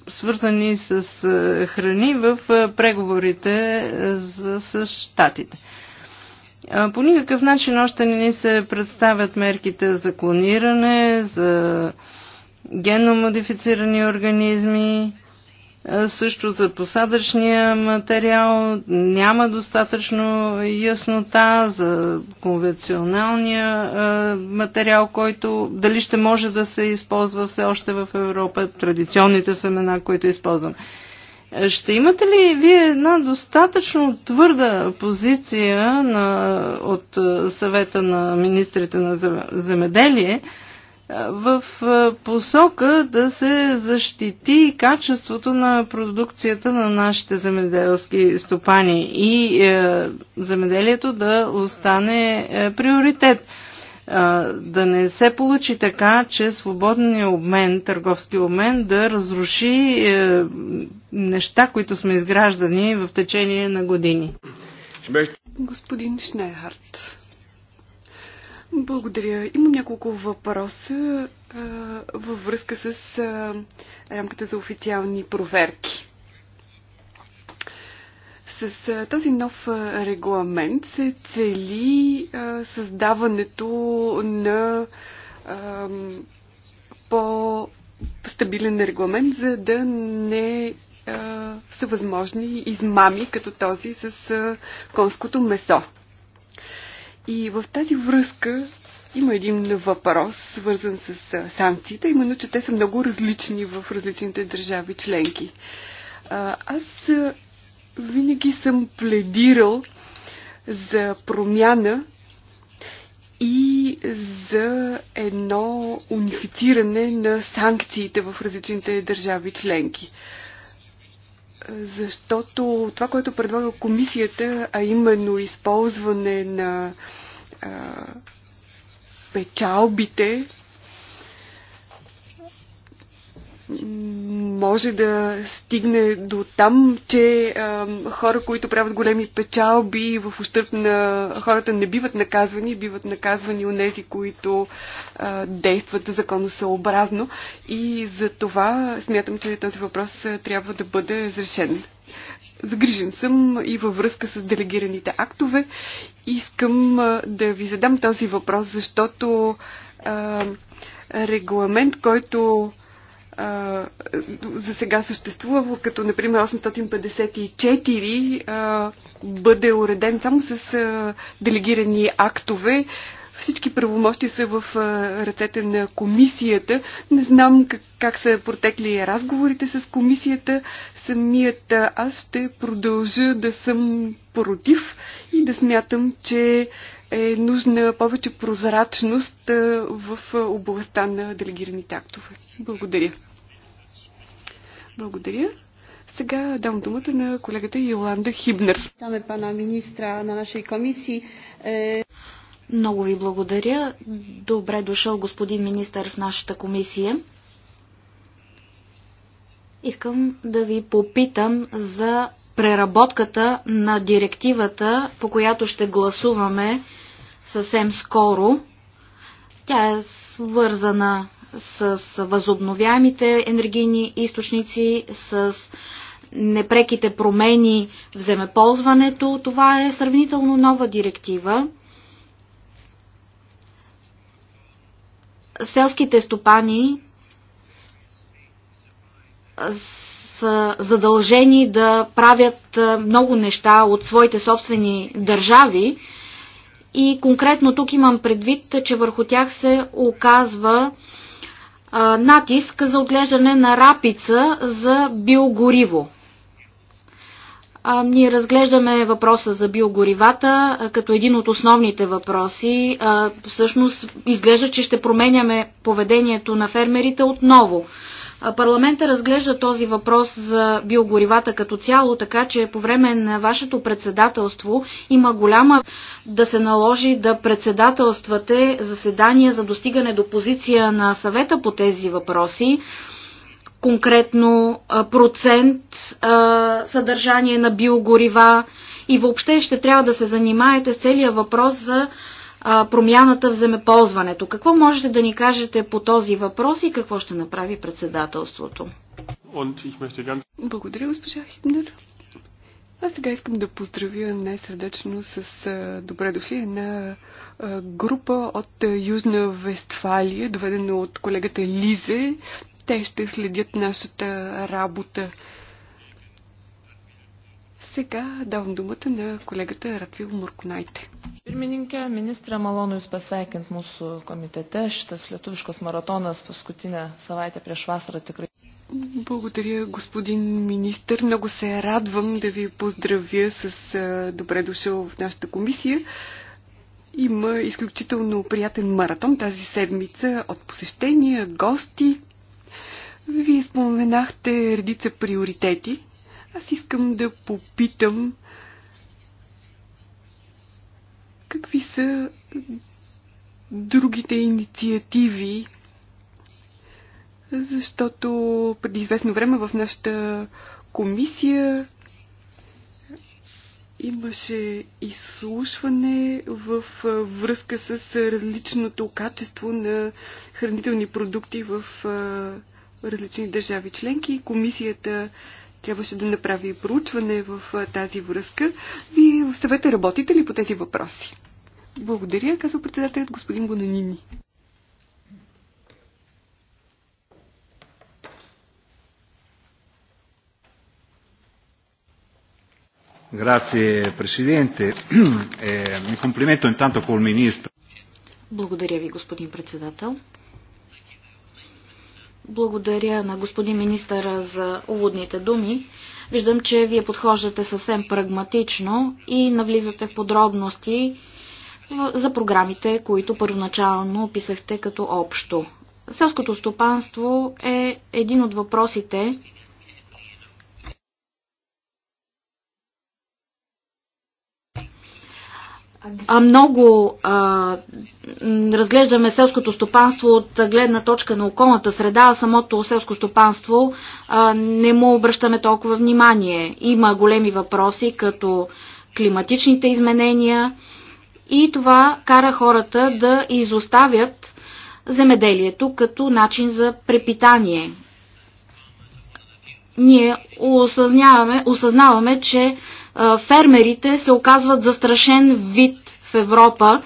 свързани с храни в преговорите с щатите. По никакъв начин още не ни се представят мерките за клониране, за генномодифицирани модифицирани организми, също за посадъчния материал. Няма достатъчно яснота за конвенционалния материал, който дали ще може да се използва все още в Европа, традиционните семена, които използваме. Ще имате ли вие една достатъчно твърда позиция на, от съвета на министрите на земеделие в посока да се защити качеството на продукцията на нашите земеделски стопани и е, земеделието да остане е, приоритет? да не се получи така, че свободният обмен, търговски обмен, да разруши е, неща, които сме изграждани в течение на години. Господин Шнейхарт, благодаря. Имам няколко въпроса а, във връзка с а, рамката за официални проверки. С този нов регламент се цели създаването на по-стабилен регламент, за да не са възможни измами, като този с конското месо. И в тази връзка има един въпрос, свързан с санкциите, именно, че те са много различни в различните държави членки. Аз винаги съм пледирал за промяна и за едно унифициране на санкциите в различните държави членки. Защото това, което предлага комисията, а именно използване на а, печалбите може да стигне до там, че а, хора, които правят големи печалби в ущърп на хората не биват наказвани, биват наказвани от тези, които а, действат законосъобразно. И за това смятам, че този въпрос трябва да бъде разрешен. Загрижен съм и във връзка с делегираните актове. Искам а, да ви задам този въпрос, защото а, регламент, който а, а, за сега съществува, като например 854 а, бъде уреден само с а, делегирани актове. Всички правомощи са в ръцете на комисията. Не знам как, как са протекли разговорите с комисията. Самият аз ще продължа да съм против и да смятам, че е нужна повече прозрачност е, в областта на делегираните актове. Благодаря. Благодаря. Сега дам думата на колегата Йоланда Хибнер. Даме пана министра на нашей комисии. Е, Много ви благодаря. Добре дошъл господин министър в нашата комисия. Искам да ви попитам за преработката на директивата, по която ще гласуваме съвсем скоро. Тя е свързана с възобновяемите енергийни източници, с непреките промени в земеползването. Това е сравнително нова директива. Селските стопани са задължени да правят много неща от своите собствени държави, и конкретно тук имам предвид, че върху тях се оказва натиск за отглеждане на рапица за биогориво. ние разглеждаме въпроса за биогоривата като един от основните въпроси. всъщност изглежда, че ще променяме поведението на фермерите отново. Парламента разглежда този въпрос за биогоривата като цяло, така че по време на вашето председателство има голяма да се наложи да председателствате заседания за достигане до позиция на съвета по тези въпроси конкретно процент съдържание на биогорива и въобще ще трябва да се занимаете с целия въпрос за промяната в земеползването. Какво можете да ни кажете по този въпрос и какво ще направи председателството? Благодаря, госпожа Хибнер. Аз сега искам да поздравя най-сърдечно с добре дошли една група от Южна Вестфалия, доведена от колегата Лизе. Те ще следят нашата работа сега давам думата на колегата Ратвил Мурконайте. Pirmininkė, ministrė, malonu Jūs комитета ще komitete. с маратона с паскотина савайте преш vasarą tikrai. Благодаря, господин министр. Много се радвам да ви поздравя с добре дошъл в нашата комисия. Има изключително приятен маратон тази седмица от посещения, гости. Вие споменахте редица приоритети, аз искам да попитам какви са другите инициативи, защото преди известно време в нашата комисия имаше изслушване в връзка с различното качество на хранителни продукти в различни държави членки. Комисията трябваше да направи проучване в тази връзка. Вие в съвета работите ли по тези въпроси? Благодаря, казва председателят господин Бонанини. Grazie Presidente. mi complimento intanto col Ministro. Благодаря ви, господин председател. Благодаря на господин министъра за уводните думи. Виждам, че вие подхождате съвсем прагматично и навлизате в подробности е, за програмите, които първоначално описахте като общо. Селското стопанство е един от въпросите, а много а, разглеждаме селското стопанство от гледна точка на околната среда, а самото селско стопанство а, не му обръщаме толкова внимание. Има големи въпроси, като климатичните изменения и това кара хората да изоставят земеделието като начин за препитание. Ние осъзнаваме, осъзнаваме че фермерите се оказват застрашен вид в Европа.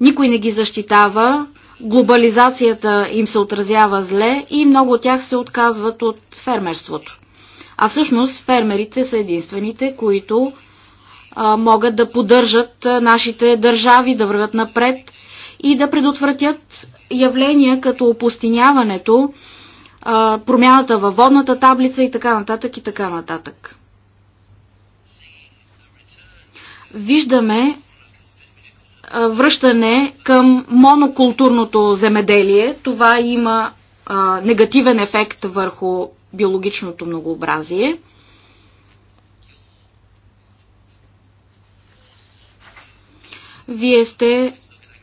Никой не ги защитава, глобализацията им се отразява зле и много от тях се отказват от фермерството. А всъщност фермерите са единствените, които могат да поддържат нашите държави, да вървят напред и да предотвратят явления като опустиняването, промяната във водната таблица и така нататък и така нататък. виждаме връщане към монокултурното земеделие. Това има негативен ефект върху биологичното многообразие. Вие сте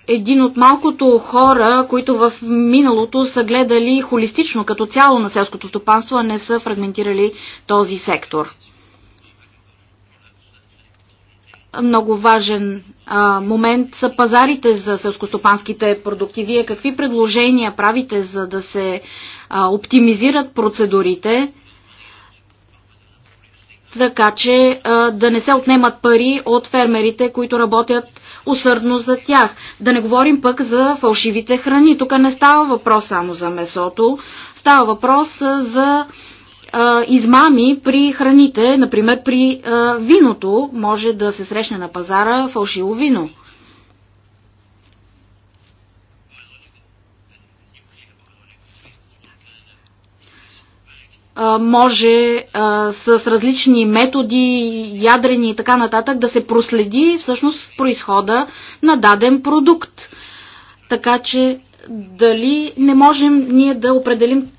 един от малкото хора, които в миналото са гледали холистично като цяло на селското стопанство, а не са фрагментирали този сектор. много важен а, момент са пазарите за селскостопанските продукти. Вие какви предложения правите, за да се а, оптимизират процедурите, така че а, да не се отнемат пари от фермерите, които работят усърдно за тях. Да не говорим пък за фалшивите храни. Тук не става въпрос само за месото, става въпрос за а, измами при храните, например при а, виното, може да се срещне на пазара фалшиво вино. може а, с различни методи, ядрени и така нататък, да се проследи всъщност происхода на даден продукт. Така че дали не можем ние да определим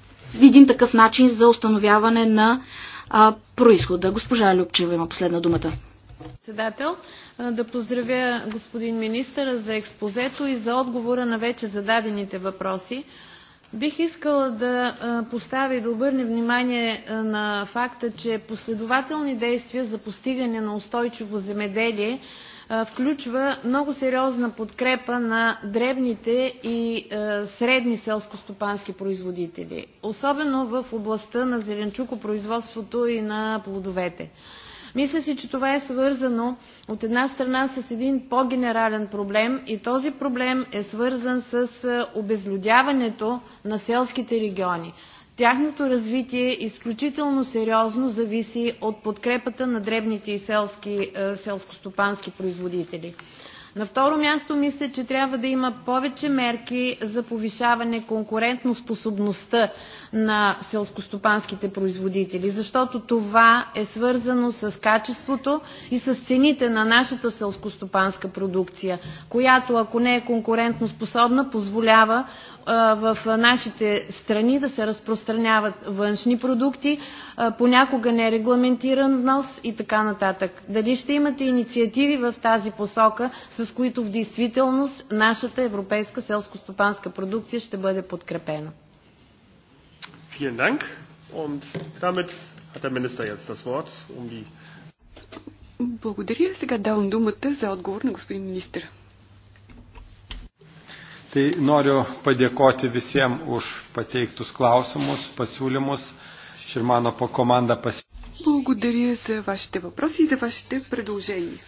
един такъв начин за установяване на а, происхода. Госпожа Любчева има последна думата. Председател, да поздравя господин министър за експозето и за отговора на вече зададените въпроси. Бих искала да поставя и да обърне внимание на факта, че последователни действия за постигане на устойчиво земеделие включва много сериозна подкрепа на дребните и средни селскостопански производители, особено в областта на зеленчукопроизводството и на плодовете. Мисля си, че това е свързано от една страна с един по-генерален проблем и този проблем е свързан с обезлюдяването на селските региони. Тяхното развитие изключително сериозно зависи от подкрепата на дребните и селски, е, селскостопански производители. На второ място мисля, че трябва да има повече мерки за повишаване конкурентоспособността на селскостопанските производители, защото това е свързано с качеството и с цените на нашата селскостопанска продукция, която ако не е конкурентоспособна, позволява в нашите страни да се разпространяват външни продукти, понякога нерегламентиран внос и така нататък. Дали ще имате инициативи в тази посока, с които в действителност нашата европейска селско-стопанска продукция ще бъде подкрепена? Vielen Dank. Und damit hat der Minister jetzt das Wort, um die Благодаря. Сега давам думата за отговор на господин министър. Tai noriu padėkoti visiems už pateiktus klausimus, pasiūlymus. Шерманов по команда пас. Благодаря за вашите въпроси и за вашите предложения.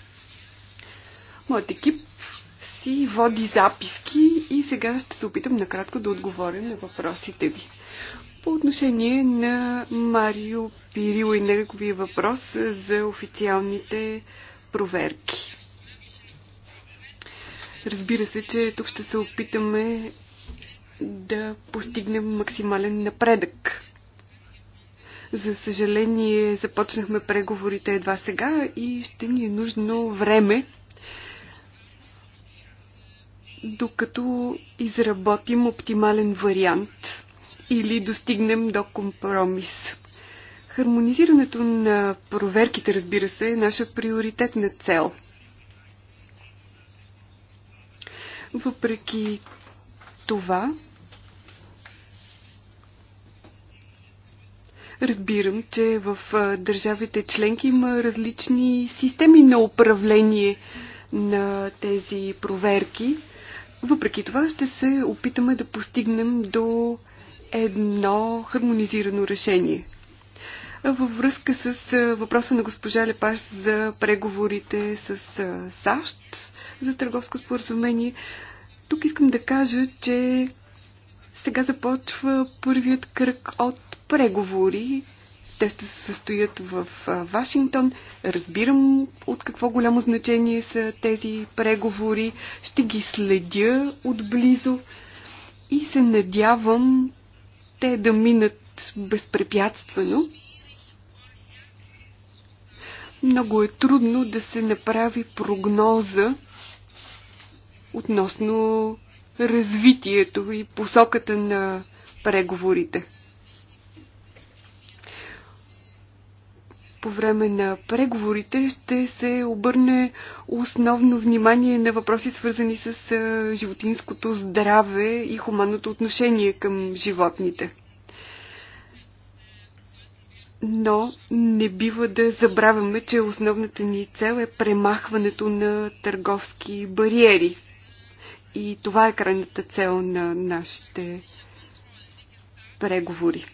Моят екип си води записки и сега ще се опитам накратко да отговоря на въпросите ви. По отношение на Марио Пирил и неговия въпрос за официалните проверки. Разбира се, че тук ще се опитаме да постигнем максимален напредък. За съжаление, започнахме преговорите едва сега и ще ни е нужно време, докато изработим оптимален вариант или достигнем до компромис. Хармонизирането на проверките, разбира се, е наша приоритетна цел – Въпреки това, разбирам, че в държавите членки има различни системи на управление на тези проверки. Въпреки това ще се опитаме да постигнем до едно хармонизирано решение във връзка с въпроса на госпожа Лепаш за преговорите с САЩ за търговско споразумение. Тук искам да кажа, че сега започва първият кръг от преговори. Те ще се състоят в Вашингтон. Разбирам от какво голямо значение са тези преговори. Ще ги следя отблизо и се надявам те да минат безпрепятствено. Много е трудно да се направи прогноза относно развитието и посоката на преговорите. По време на преговорите ще се обърне основно внимание на въпроси свързани с животинското здраве и хуманното отношение към животните но не бива да забравяме, че основната ни цел е премахването на търговски бариери. И това е крайната цел на нашите преговори.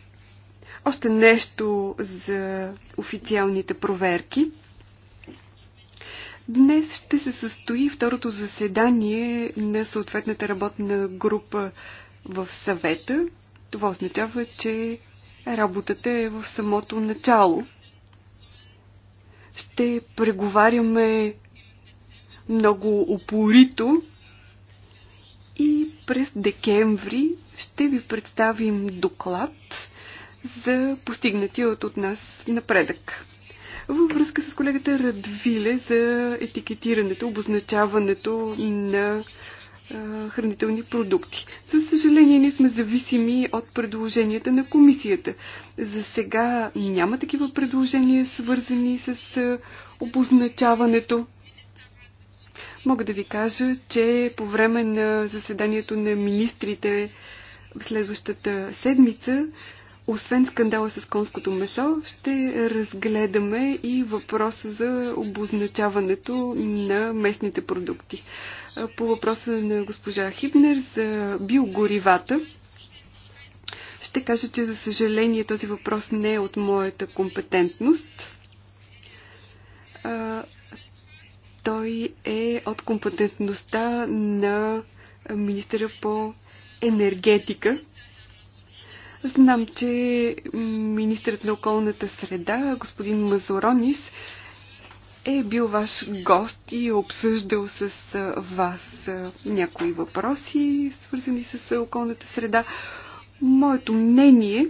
Още нещо за официалните проверки. Днес ще се състои второто заседание на съответната работна група в съвета. Това означава, че Работата е в самото начало. Ще преговаряме много опорито и през декември ще ви представим доклад за постигнатия от нас напредък. Във връзка с колегата Радвиле за етикетирането, обозначаването на хранителни продукти. За съжаление, ние сме зависими от предложенията на комисията. За сега няма такива предложения, свързани с обозначаването. Мога да ви кажа, че по време на заседанието на министрите в следващата седмица, освен скандала с конското месо, ще разгледаме и въпроса за обозначаването на местните продукти по въпроса на госпожа Хибнер за биогоривата. Ще кажа, че за съжаление този въпрос не е от моята компетентност. Той е от компетентността на министъра по енергетика. Знам, че министрът на околната среда, господин Мазуронис, е бил ваш гост и е обсъждал с вас някои въпроси, свързани с околната среда. Моето мнение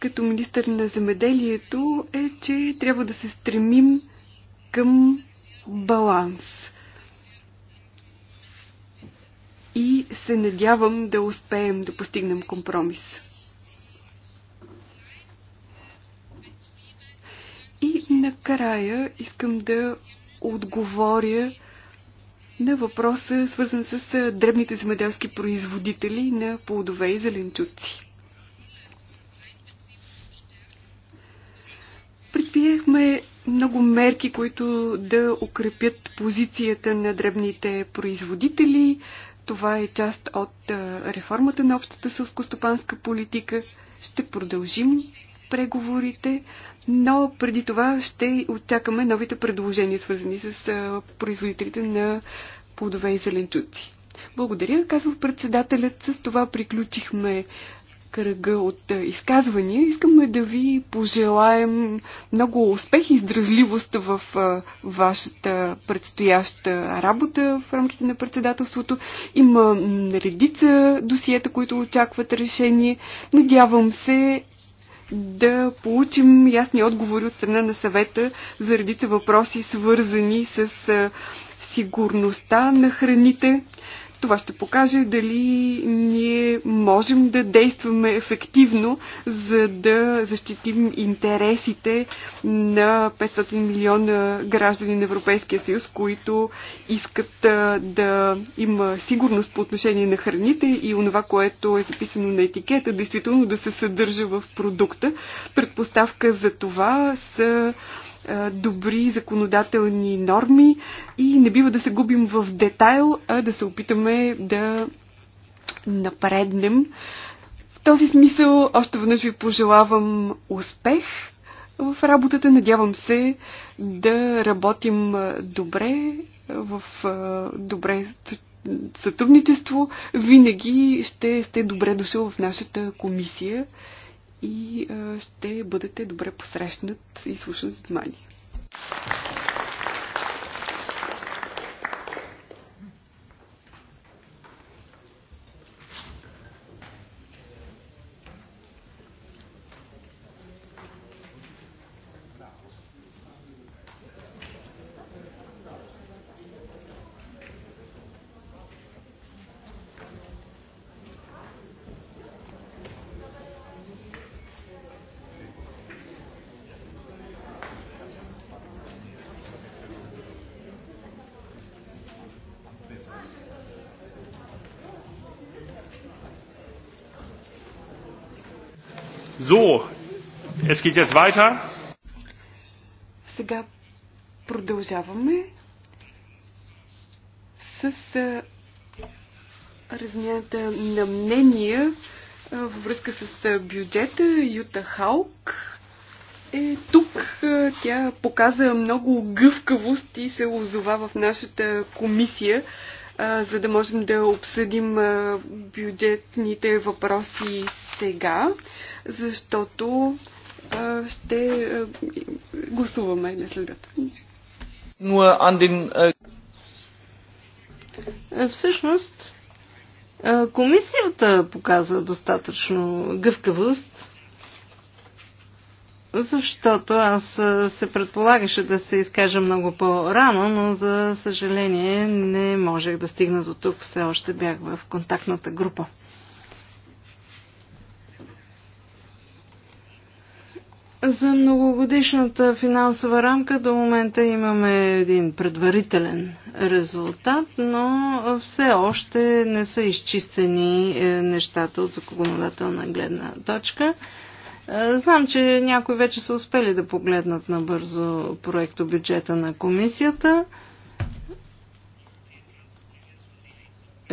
като министър на земеделието е, че трябва да се стремим към баланс. И се надявам да успеем да постигнем компромис. И накрая искам да отговоря на въпроса, свързан с дребните земеделски производители на плодове и зеленчуци. Предприехме много мерки, които да укрепят позицията на дребните производители. Това е част от реформата на общата сълскостопанска политика. Ще продължим преговорите, но преди това ще очакаме новите предложения, свързани с производителите на плодове и зеленчуци. Благодаря, казва председателят. С това приключихме кръга от изказвания. Искаме да ви пожелаем много успех и издръжливост в вашата предстояща работа в рамките на председателството. Има редица досиета, които очакват решение. Надявам се да получим ясни отговори от страна на съвета за редица въпроси, свързани с сигурността на храните, това ще покаже дали ние можем да действаме ефективно, за да защитим интересите на 500 милиона граждани на Европейския съюз, които искат да има сигурност по отношение на храните и онова, което е записано на етикета, действително да се съдържа в продукта. Предпоставка за това са е, добри законодателни норми и не бива да се губим в детайл, а да се опитаме да напреднем. В този смисъл още веднъж ви пожелавам успех в работата. Надявам се да работим е, добре, е, в добре сътрудничество. Винаги ще сте добре дошъл в нашата комисия и ще бъдете добре посрещнат и слушан с внимание. Сега продължаваме с размяната на мнения във връзка с бюджета. Юта Халк е тук. Тя показа много гъвкавост и се озова в нашата комисия, за да можем да обсъдим бюджетните въпроси сега, защото ще гласуваме на следата. Всъщност, комисията показва достатъчно гъвкавост, защото аз се предполагаше да се изкажа много по-рано, но за съжаление не можех да стигна до тук. Все още бях в контактната група. За многогодишната финансова рамка до момента имаме един предварителен резултат, но все още не са изчистени е, нещата от законодателна гледна точка. Е, знам, че някои вече са успели да погледнат набързо проекто бюджета на комисията.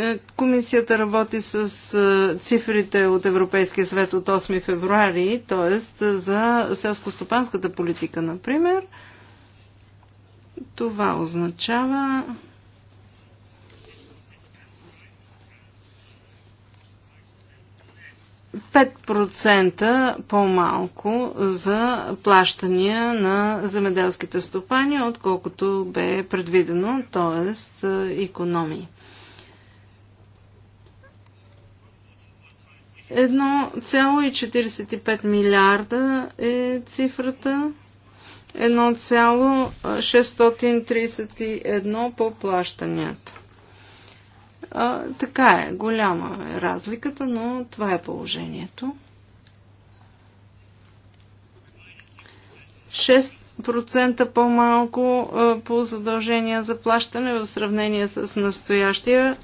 Е, комисията работи с е, цифрите от Европейския свет от 8 февруари, т.е. за селско-стопанската политика, например. Това означава Пет процента по-малко за плащания на земеделските стопани, отколкото бе предвидено, т.е. економии. 1,45 милиарда е цифрата. 1,631 по плащанията. А, така е, голяма е разликата, но това е положението. 6 процента по-малко по задължения за плащане в сравнение с настоящия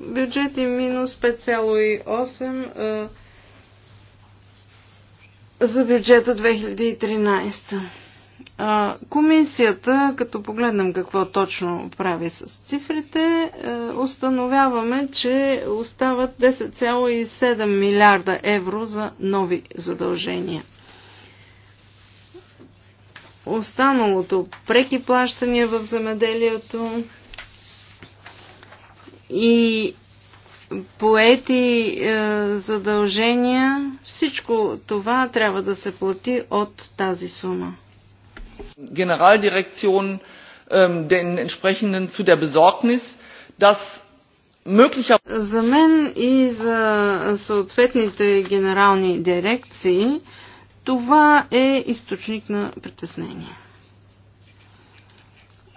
бюджет и минус 5,8 за бюджета 2013. Комисията, като погледнем какво точно прави с цифрите, установяваме, че остават 10,7 милиарда евро за нови задължения – останалото. Преки плащания в земеделието и поети е, задължения, всичко това трябва да се плати от тази сума. Генерал den entsprechenden zu der Besorgnis, dass möglicher... За мен и за съответните генерални дирекции това е източник на притеснение.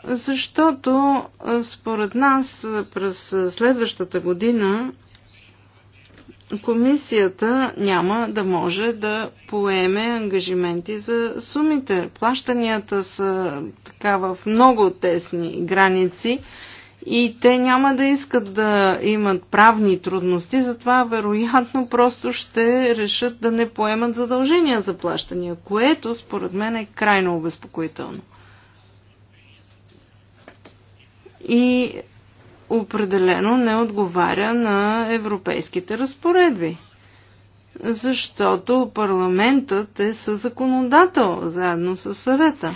Защото според нас през следващата година комисията няма да може да поеме ангажименти за сумите. Плащанията са така в много тесни граници и те няма да искат да имат правни трудности, затова вероятно просто ще решат да не поемат задължения за плащания, което според мен е крайно обезпокоително. И определено не отговаря на европейските разпоредби. Защото парламентът е със законодател, заедно с съвета.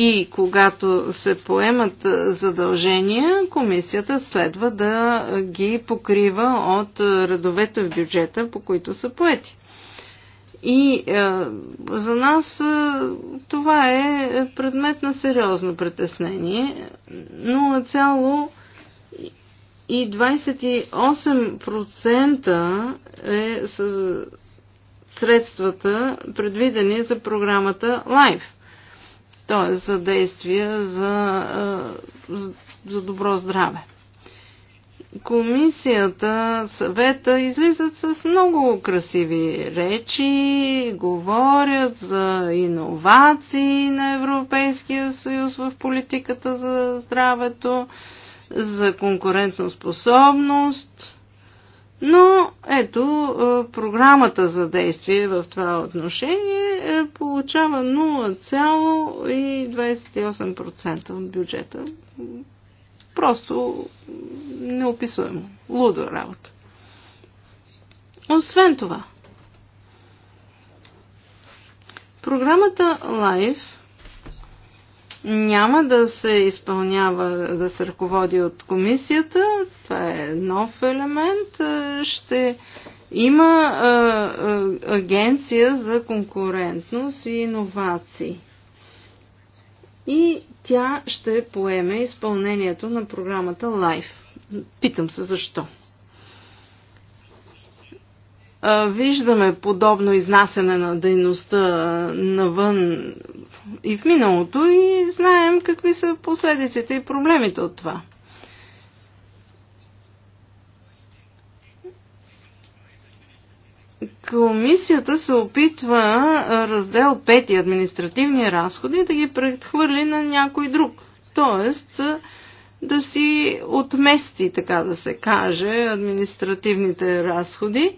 И когато се поемат задължения, комисията следва да ги покрива от редовете в бюджета, по които са поети. И е, за нас е, това е предмет на сериозно притеснение. 0,28% е с средствата предвидени за програмата LIFE т.е. за действия за, за добро здраве. Комисията, съвета излизат с много красиви речи, говорят за иновации на Европейския съюз в политиката за здравето, за конкурентоспособност но ето, е, програмата за действие в това отношение е, получава 0,28% от бюджета. Просто неописуемо. Лудо е работа. Освен това, програмата LIFE няма да се изпълнява, да се ръководи от комисията. Това е нов елемент. Е, ще има а, е, а, е, агенция за конкурентност и иновации. И тя ще поеме изпълнението на програмата LIFE. Питам се защо. Виждаме подобно изнасяне на дейността навън и в миналото и знаем какви са последиците и проблемите от това. Комисията се опитва раздел 5 административни разходи да ги прехвърли на някой друг. Тоест да си отмести, така да се каже, административните разходи,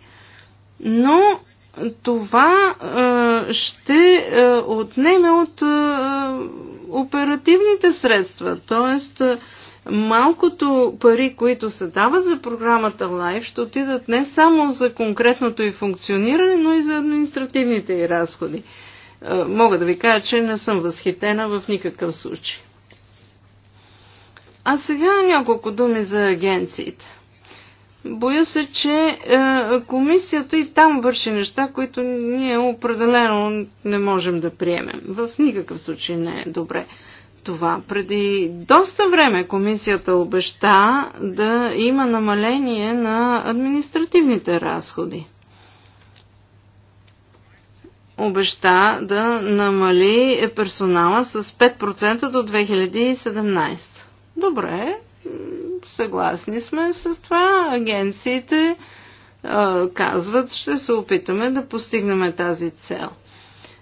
но това е, ще е, отнеме от е, оперативните средства. Тоест, малкото пари, които се дават за програмата Live, ще отидат не само за конкретното и функциониране, но и за административните и разходи. мога да ви кажа, че не съм възхитена в никакъв случай. А сега няколко думи за агенциите. Боя се, че е, комисията и там върши неща, които ние определено не можем да приемем. В никакъв случай не е добре това. Преди доста време комисията обеща да има намаление на административните разходи. Обеща да намали персонала с 5% до 2017. Добре, Съгласни сме с това. Агенциите казват, ще се опитаме да постигнем тази цел.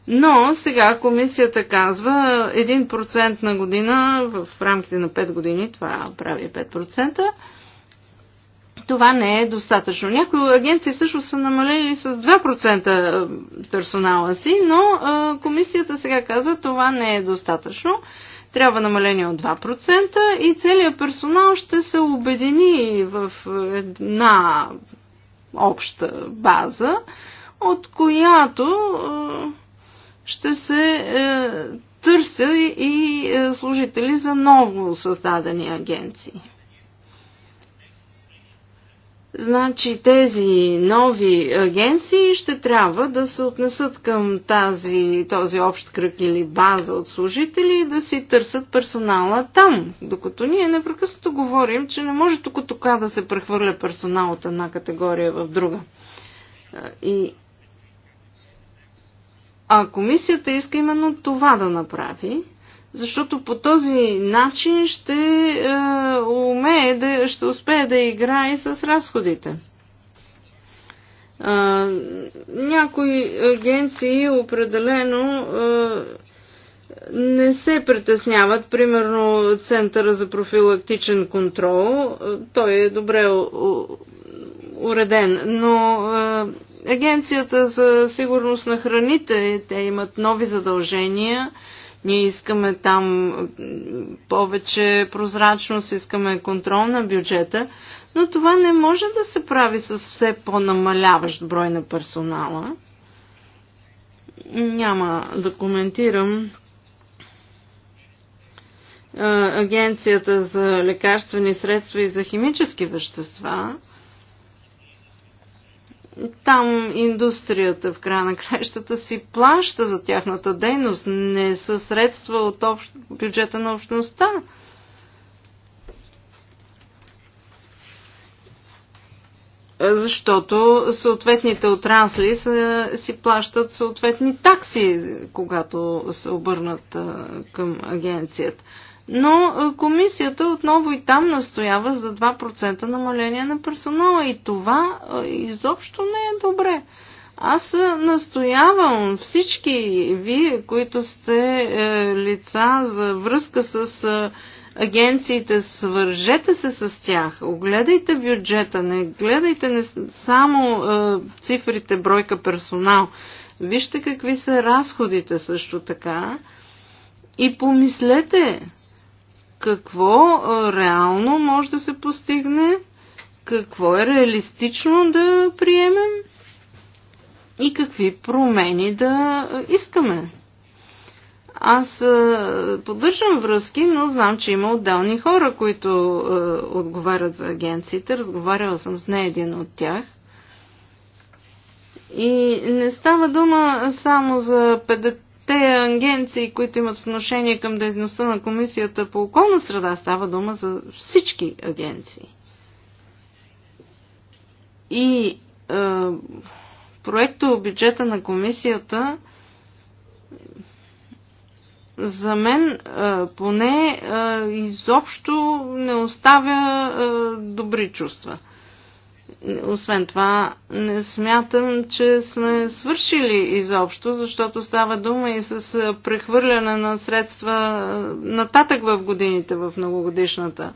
Но сега комисията казва 1% на година в рамките на 5 години, това прави 5%. Това не е достатъчно. Някои агенции също са намалили с 2% персонала си, но комисията сега казва това не е достатъчно трябва намаление от 2% и целият персонал ще се обедини в една обща база, от която е, ще се е, търся и е, служители за ново създадени агенции. Значи тези нови агенции ще трябва да се отнесат към тази, този общ кръг или база от служители и да си търсят персонала там. Докато ние непрекъснато говорим, че не може тук тук да се прехвърля персонал от една категория в друга. И а комисията иска именно това да направи, защото по този начин ще е, умее да, ще успее да играе с разходите. Е, някои агенции определено е, не се притесняват. Примерно Центъра за профилактичен контрол, е, той е добре уреден, но е, Агенцията за сигурност на храните, те имат нови задължения, ние искаме там повече прозрачност, искаме контрол на бюджета, но това не може да се прави с все по-намаляващ брой на персонала. Няма да коментирам Агенцията за лекарствени средства и за химически вещества. Там индустрията в края на краищата си плаща за тяхната дейност, не са средства от общ... бюджета на общността. защото съответните отрасли са, си плащат съответни такси, когато се обърнат а, към агенцията. Но комисията отново и там настоява за 2% намаление на персонала и това изобщо не е добре. Аз настоявам всички вие, които сте е, лица за връзка с агенциите, свържете се с тях, огледайте бюджета, не гледайте не само цифрите бройка персонал, вижте какви са разходите също така и помислете какво реално може да се постигне, какво е реалистично да приемем и какви промени да искаме. Аз поддържам връзки, но знам, че има отделни хора, които отговарят за агенциите. Разговаряла съм с не един от тях. И не става дума само за те агенции, които имат отношение към дейността на Комисията по околна среда, става дума за всички агенции. И е, проекто бюджета на Комисията за мен е, поне е, изобщо не оставя е, добри чувства. Освен това, не смятам, че сме свършили изобщо, защото става дума и с прехвърляне на средства нататък в годините в многогодишната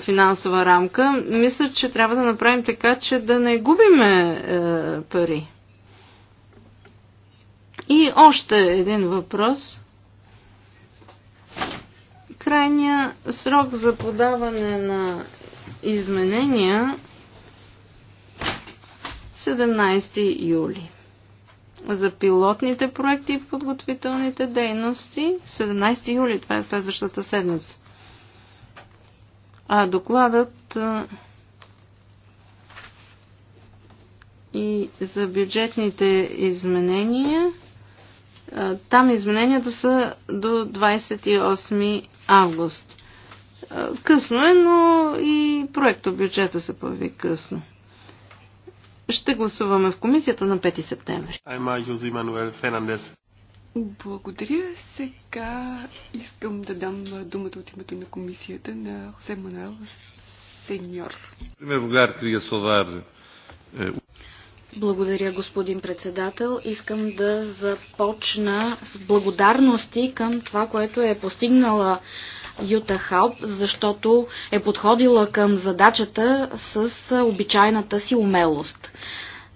финансова рамка. Мисля, че трябва да направим така, че да не губиме е, пари. И още един въпрос. Крайния срок за подаване на изменения 17 юли. За пилотните проекти и подготвителните дейности 17 юли, това е следващата седмица. А докладът и за бюджетните изменения. Там измененията са до 28 август. Късно е, но и проекто бюджета се появи късно ще гласуваме в комисията на 5 септември. Благодаря. Сега искам да дам думата от името на комисията на Хосе Мануел Сеньор. Благодаря, господин председател. Искам да започна с благодарности към това, което е постигнала Юта Халп, защото е подходила към задачата с обичайната си умелост.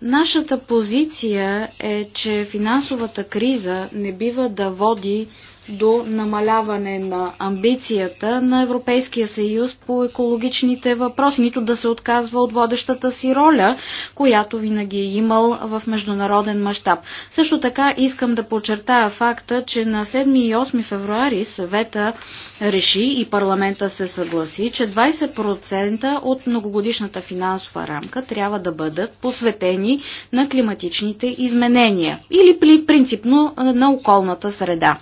Нашата позиция е, че финансовата криза не бива да води до намаляване на амбицията на Европейския съюз по екологичните въпроси, нито да се отказва от водещата си роля, която винаги е имал в международен мащаб. Също така искам да подчертая факта, че на 7 и 8 февруари съвета реши и парламента се съгласи, че 20% от многогодишната финансова рамка трябва да бъдат посветени на климатичните изменения или принципно на околната среда.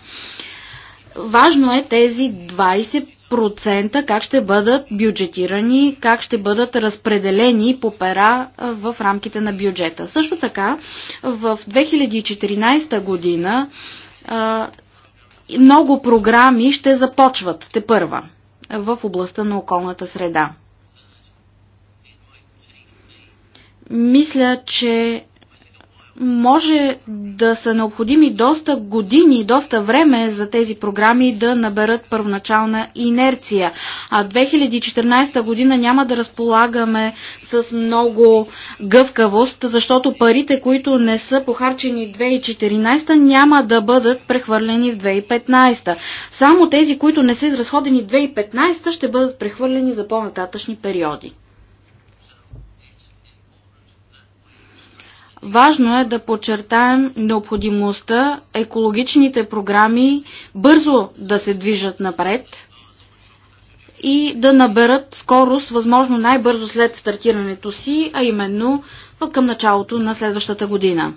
Важно е тези 20% как ще бъдат бюджетирани, как ще бъдат разпределени по пера в рамките на бюджета. Също така, в 2014 година много програми ще започват те първа в областта на околната среда. Мисля, че може да са необходими доста години, доста време за тези програми да наберат първоначална инерция. А 2014 година няма да разполагаме с много гъвкавост, защото парите, които не са похарчени 2014, няма да бъдат прехвърлени в 2015. Само тези, които не са изразходени 2015, ще бъдат прехвърлени за по-нататъчни периоди. Важно е да подчертаем необходимостта екологичните програми бързо да се движат напред и да наберат скорост, възможно най-бързо след стартирането си, а именно към началото на следващата година.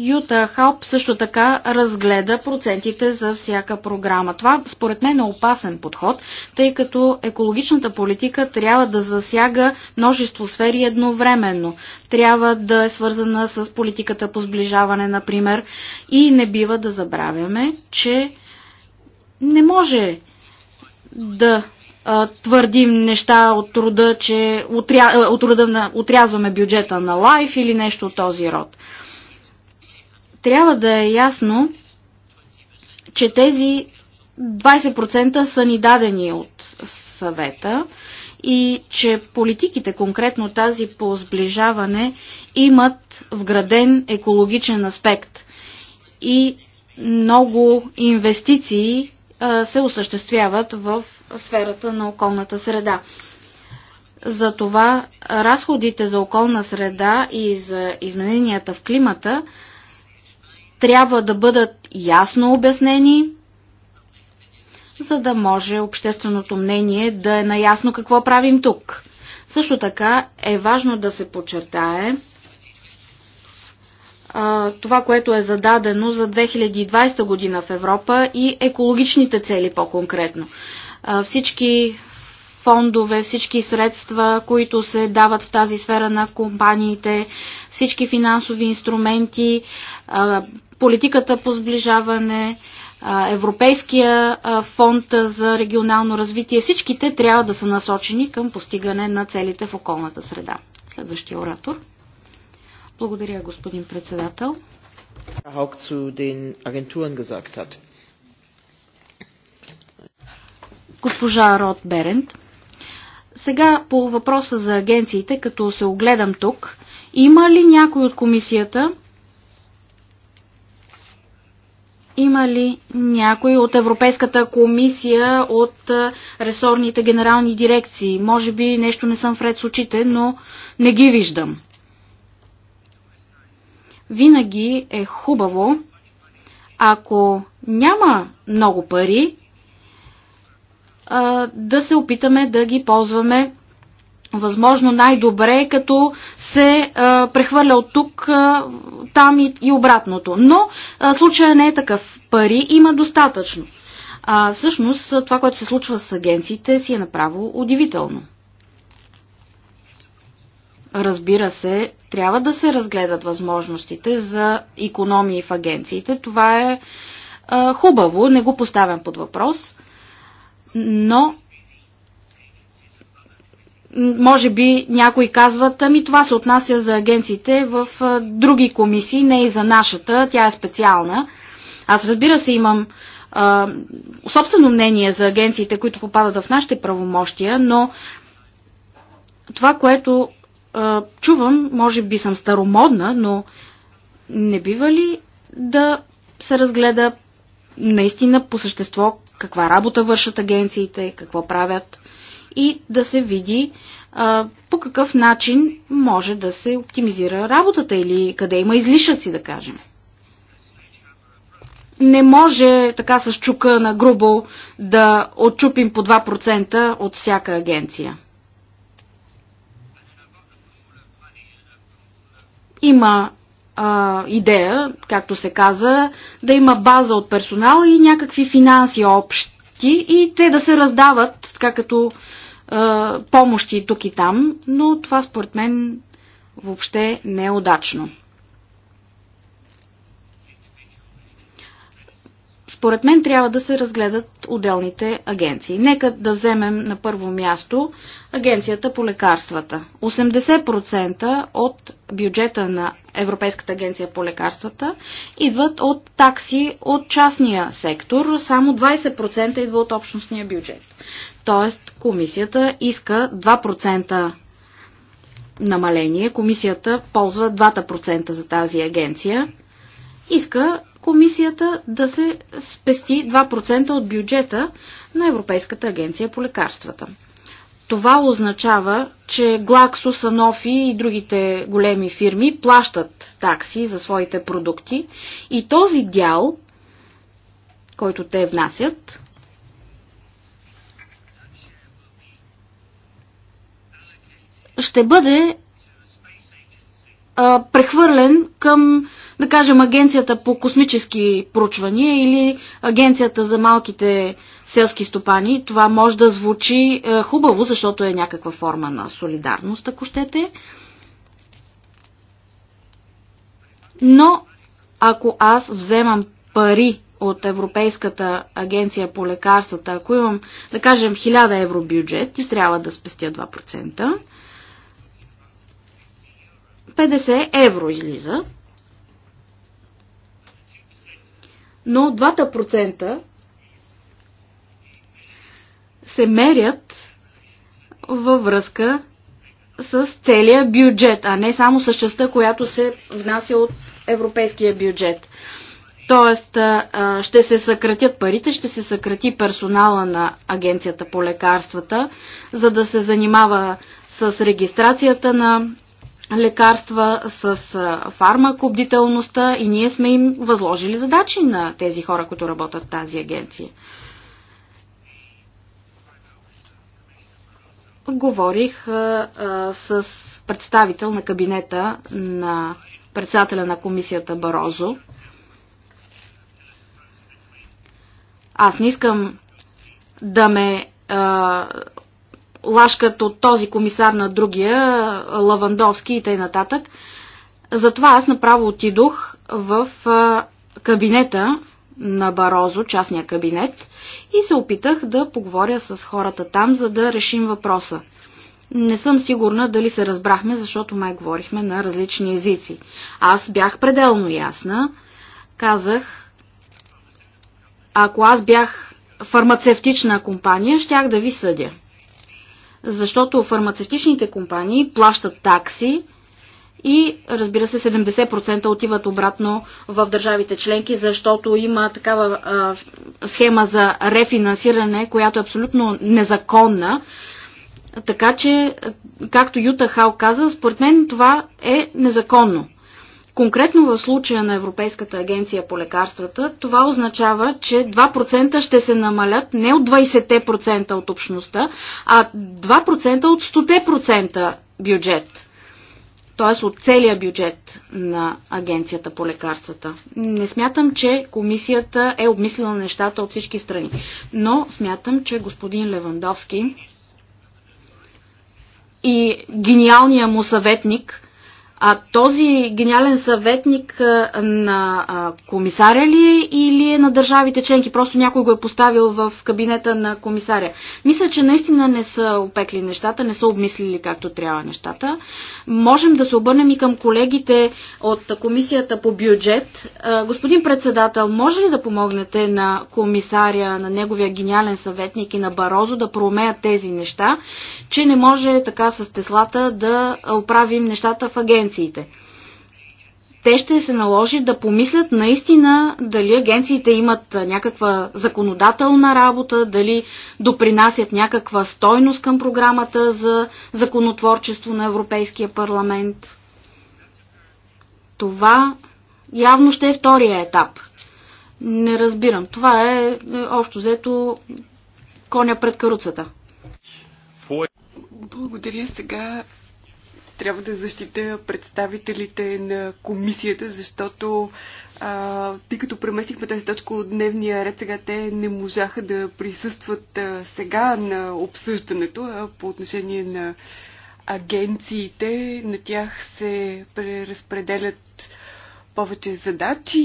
Юта Халп също така разгледа процентите за всяка програма. Това според мен е опасен подход, тъй като екологичната политика трябва да засяга множество сфери едновременно. Трябва да е свързана с политиката по сближаване, например, и не бива да забравяме, че не може да твърдим неща от труда, че отря... от на... отрязваме бюджета на лайф или нещо от този род трябва да е ясно, че тези 20% са ни дадени от съвета и че политиките, конкретно тази по сближаване, имат вграден екологичен аспект и много инвестиции се осъществяват в сферата на околната среда. Затова разходите за околна среда и за измененията в климата трябва да бъдат ясно обяснени, за да може общественото мнение да е наясно какво правим тук. Също така е важно да се подчертае а, това, което е зададено за 2020 година в Европа и екологичните цели по-конкретно. всички фондове, всички средства, които се дават в тази сфера на компаниите, всички финансови инструменти, политиката по сближаване, Европейския фонд за регионално развитие, всички те трябва да са насочени към постигане на целите в околната среда. Следващия оратор. Благодаря, господин председател. Госпожа Рот Беренд. Сега по въпроса за агенциите, като се огледам тук, има ли някой от комисията, има ли някой от Европейската комисия, от ресорните генерални дирекции? Може би нещо не съм вред с очите, но не ги виждам. Винаги е хубаво, ако няма много пари, да се опитаме да ги ползваме възможно най-добре, като се а, прехвърля от тук а, там и, и обратното. Но а, случая не е такъв. Пари има достатъчно. А, всъщност това, което се случва с агенциите, си е направо удивително. Разбира се, трябва да се разгледат възможностите за економии в агенциите. Това е а, хубаво, не го поставям под въпрос, но може би някои казват, ами това се отнася за агенциите в други комисии, не и за нашата, тя е специална. Аз разбира се имам а, собствено мнение за агенциите, които попадат в нашите правомощия, но това, което а, чувам, може би съм старомодна, но не бива ли да се разгледа наистина по същество каква работа вършат агенциите, какво правят? и да се види а, по какъв начин може да се оптимизира работата или къде има излишъци, да кажем. Не може така с чука на грубо да отчупим по 2% от всяка агенция. Има а, идея, както се каза, да има база от персонала и някакви финанси общ и те да се раздават, така като е, помощи тук и там, но това според мен въобще не е удачно. Според мен трябва да се разгледат отделните агенции. Нека да вземем на първо място агенцията по лекарствата. 80% от бюджета на Европейската агенция по лекарствата, идват от такси от частния сектор. Само 20% идва от общностния бюджет. Тоест, комисията иска 2% намаление. Комисията ползва 2% за тази агенция. Иска комисията да се спести 2% от бюджета на Европейската агенция по лекарствата. Това означава, че Глаксо, Санофи и другите големи фирми плащат такси за своите продукти и този дял, който те внасят, ще бъде а, прехвърлен към, да кажем, агенцията по космически проучвания или агенцията за малките селски стопани. Това може да звучи а, е, хубаво, защото е някаква форма на солидарност, ако щете. Но ако аз вземам пари от Европейската агенция по лекарствата, ако имам, да кажем, 1000 евро бюджет и трябва да спестя 2%, 50 евро излиза. Но 2% се мерят във връзка с целия бюджет, а не само с частта, която се внася от европейския бюджет. Тоест, ще се съкратят парите, ще се съкрати персонала на Агенцията по лекарствата, за да се занимава с регистрацията на лекарства, с фармакобдителността и ние сме им възложили задачи на тези хора, които работят в тази агенция. Говорих а, с представител на кабинета на председателя на комисията Барозо. Аз не искам да ме а, лашкат от този комисар на другия, Лавандовски и т.н. Затова аз направо отидох в кабинета на Барозо, частния кабинет, и се опитах да поговоря с хората там, за да решим въпроса. Не съм сигурна дали се разбрахме, защото май говорихме на различни езици. Аз бях пределно ясна. Казах, ако аз бях фармацевтична компания, щях да ви съдя защото фармацевтичните компании плащат такси и разбира се 70% отиват обратно в държавите членки, защото има такава а, схема за рефинансиране, която е абсолютно незаконна. Така че, както Юта Хал каза, според мен това е незаконно. Конкретно в случая на Европейската агенция по лекарствата, това означава, че 2% ще се намалят не от 20% от общността, а 2% от 100% бюджет. Т.е. от целия бюджет на агенцията по лекарствата. Не смятам, че комисията е обмислила нещата от всички страни. Но смятам, че господин Левандовски и гениалния му съветник – а този гениален съветник на комисаря ли е или е на държавите членки? Просто някой го е поставил в кабинета на комисаря. Мисля, че наистина не са опекли нещата, не са обмислили както трябва нещата. Можем да се обърнем и към колегите от комисията по бюджет. Господин председател, може ли да помогнете на комисаря, на неговия гениален съветник и на Барозо да проумеят тези неща, че не може така с Теслата да оправим нещата в агенция? агенциите. Те ще се наложи да помислят наистина дали агенциите имат някаква законодателна работа, дали допринасят някаква стойност към програмата за законотворчество на Европейския парламент. Това явно ще е втория етап. Не разбирам. Това е, е общо взето коня пред каруцата. Благодаря сега трябва да защита представителите на комисията, защото а, тъй като преместихме тази точка от дневния ред, сега те не можаха да присъстват а, сега на обсъждането а, по отношение на агенциите. На тях се преразпределят повече задачи,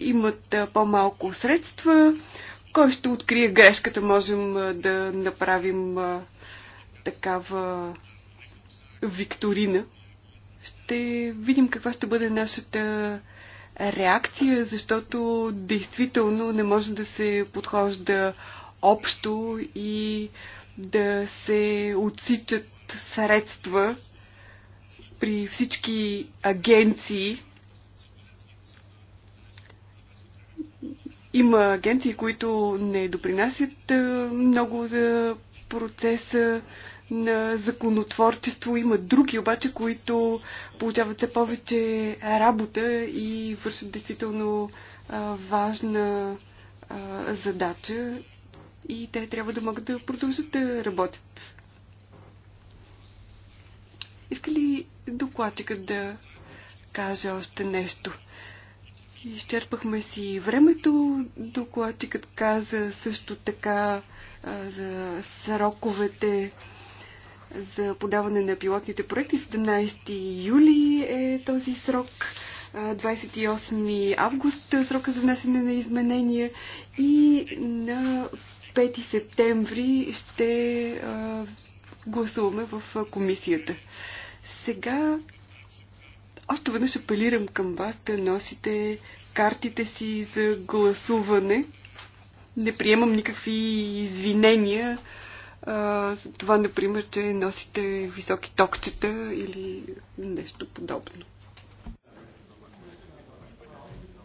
имат по-малко средства. Кой ще открие грешката, можем да направим такава викторина. Ще видим каква ще бъде нашата реакция, защото действително не може да се подхожда общо и да се отсичат средства при всички агенции. Има агенции, които не допринасят много за процеса на законотворчество. Има други обаче, които получават все повече работа и вършат действително а, важна а, задача и те трябва да могат да продължат да работят. Иска ли докладчикът да каже още нещо? Изчерпахме си времето. Докладчикът каза също така а, за сроковете за подаване на пилотните проекти. 17 юли е този срок, 28 август е срока за внесене на изменения и на 5 септември ще гласуваме в комисията. Сега още веднъж апелирам към вас да носите картите си за гласуване. Не приемам никакви извинения а, това, например, че носите високи токчета или нещо подобно.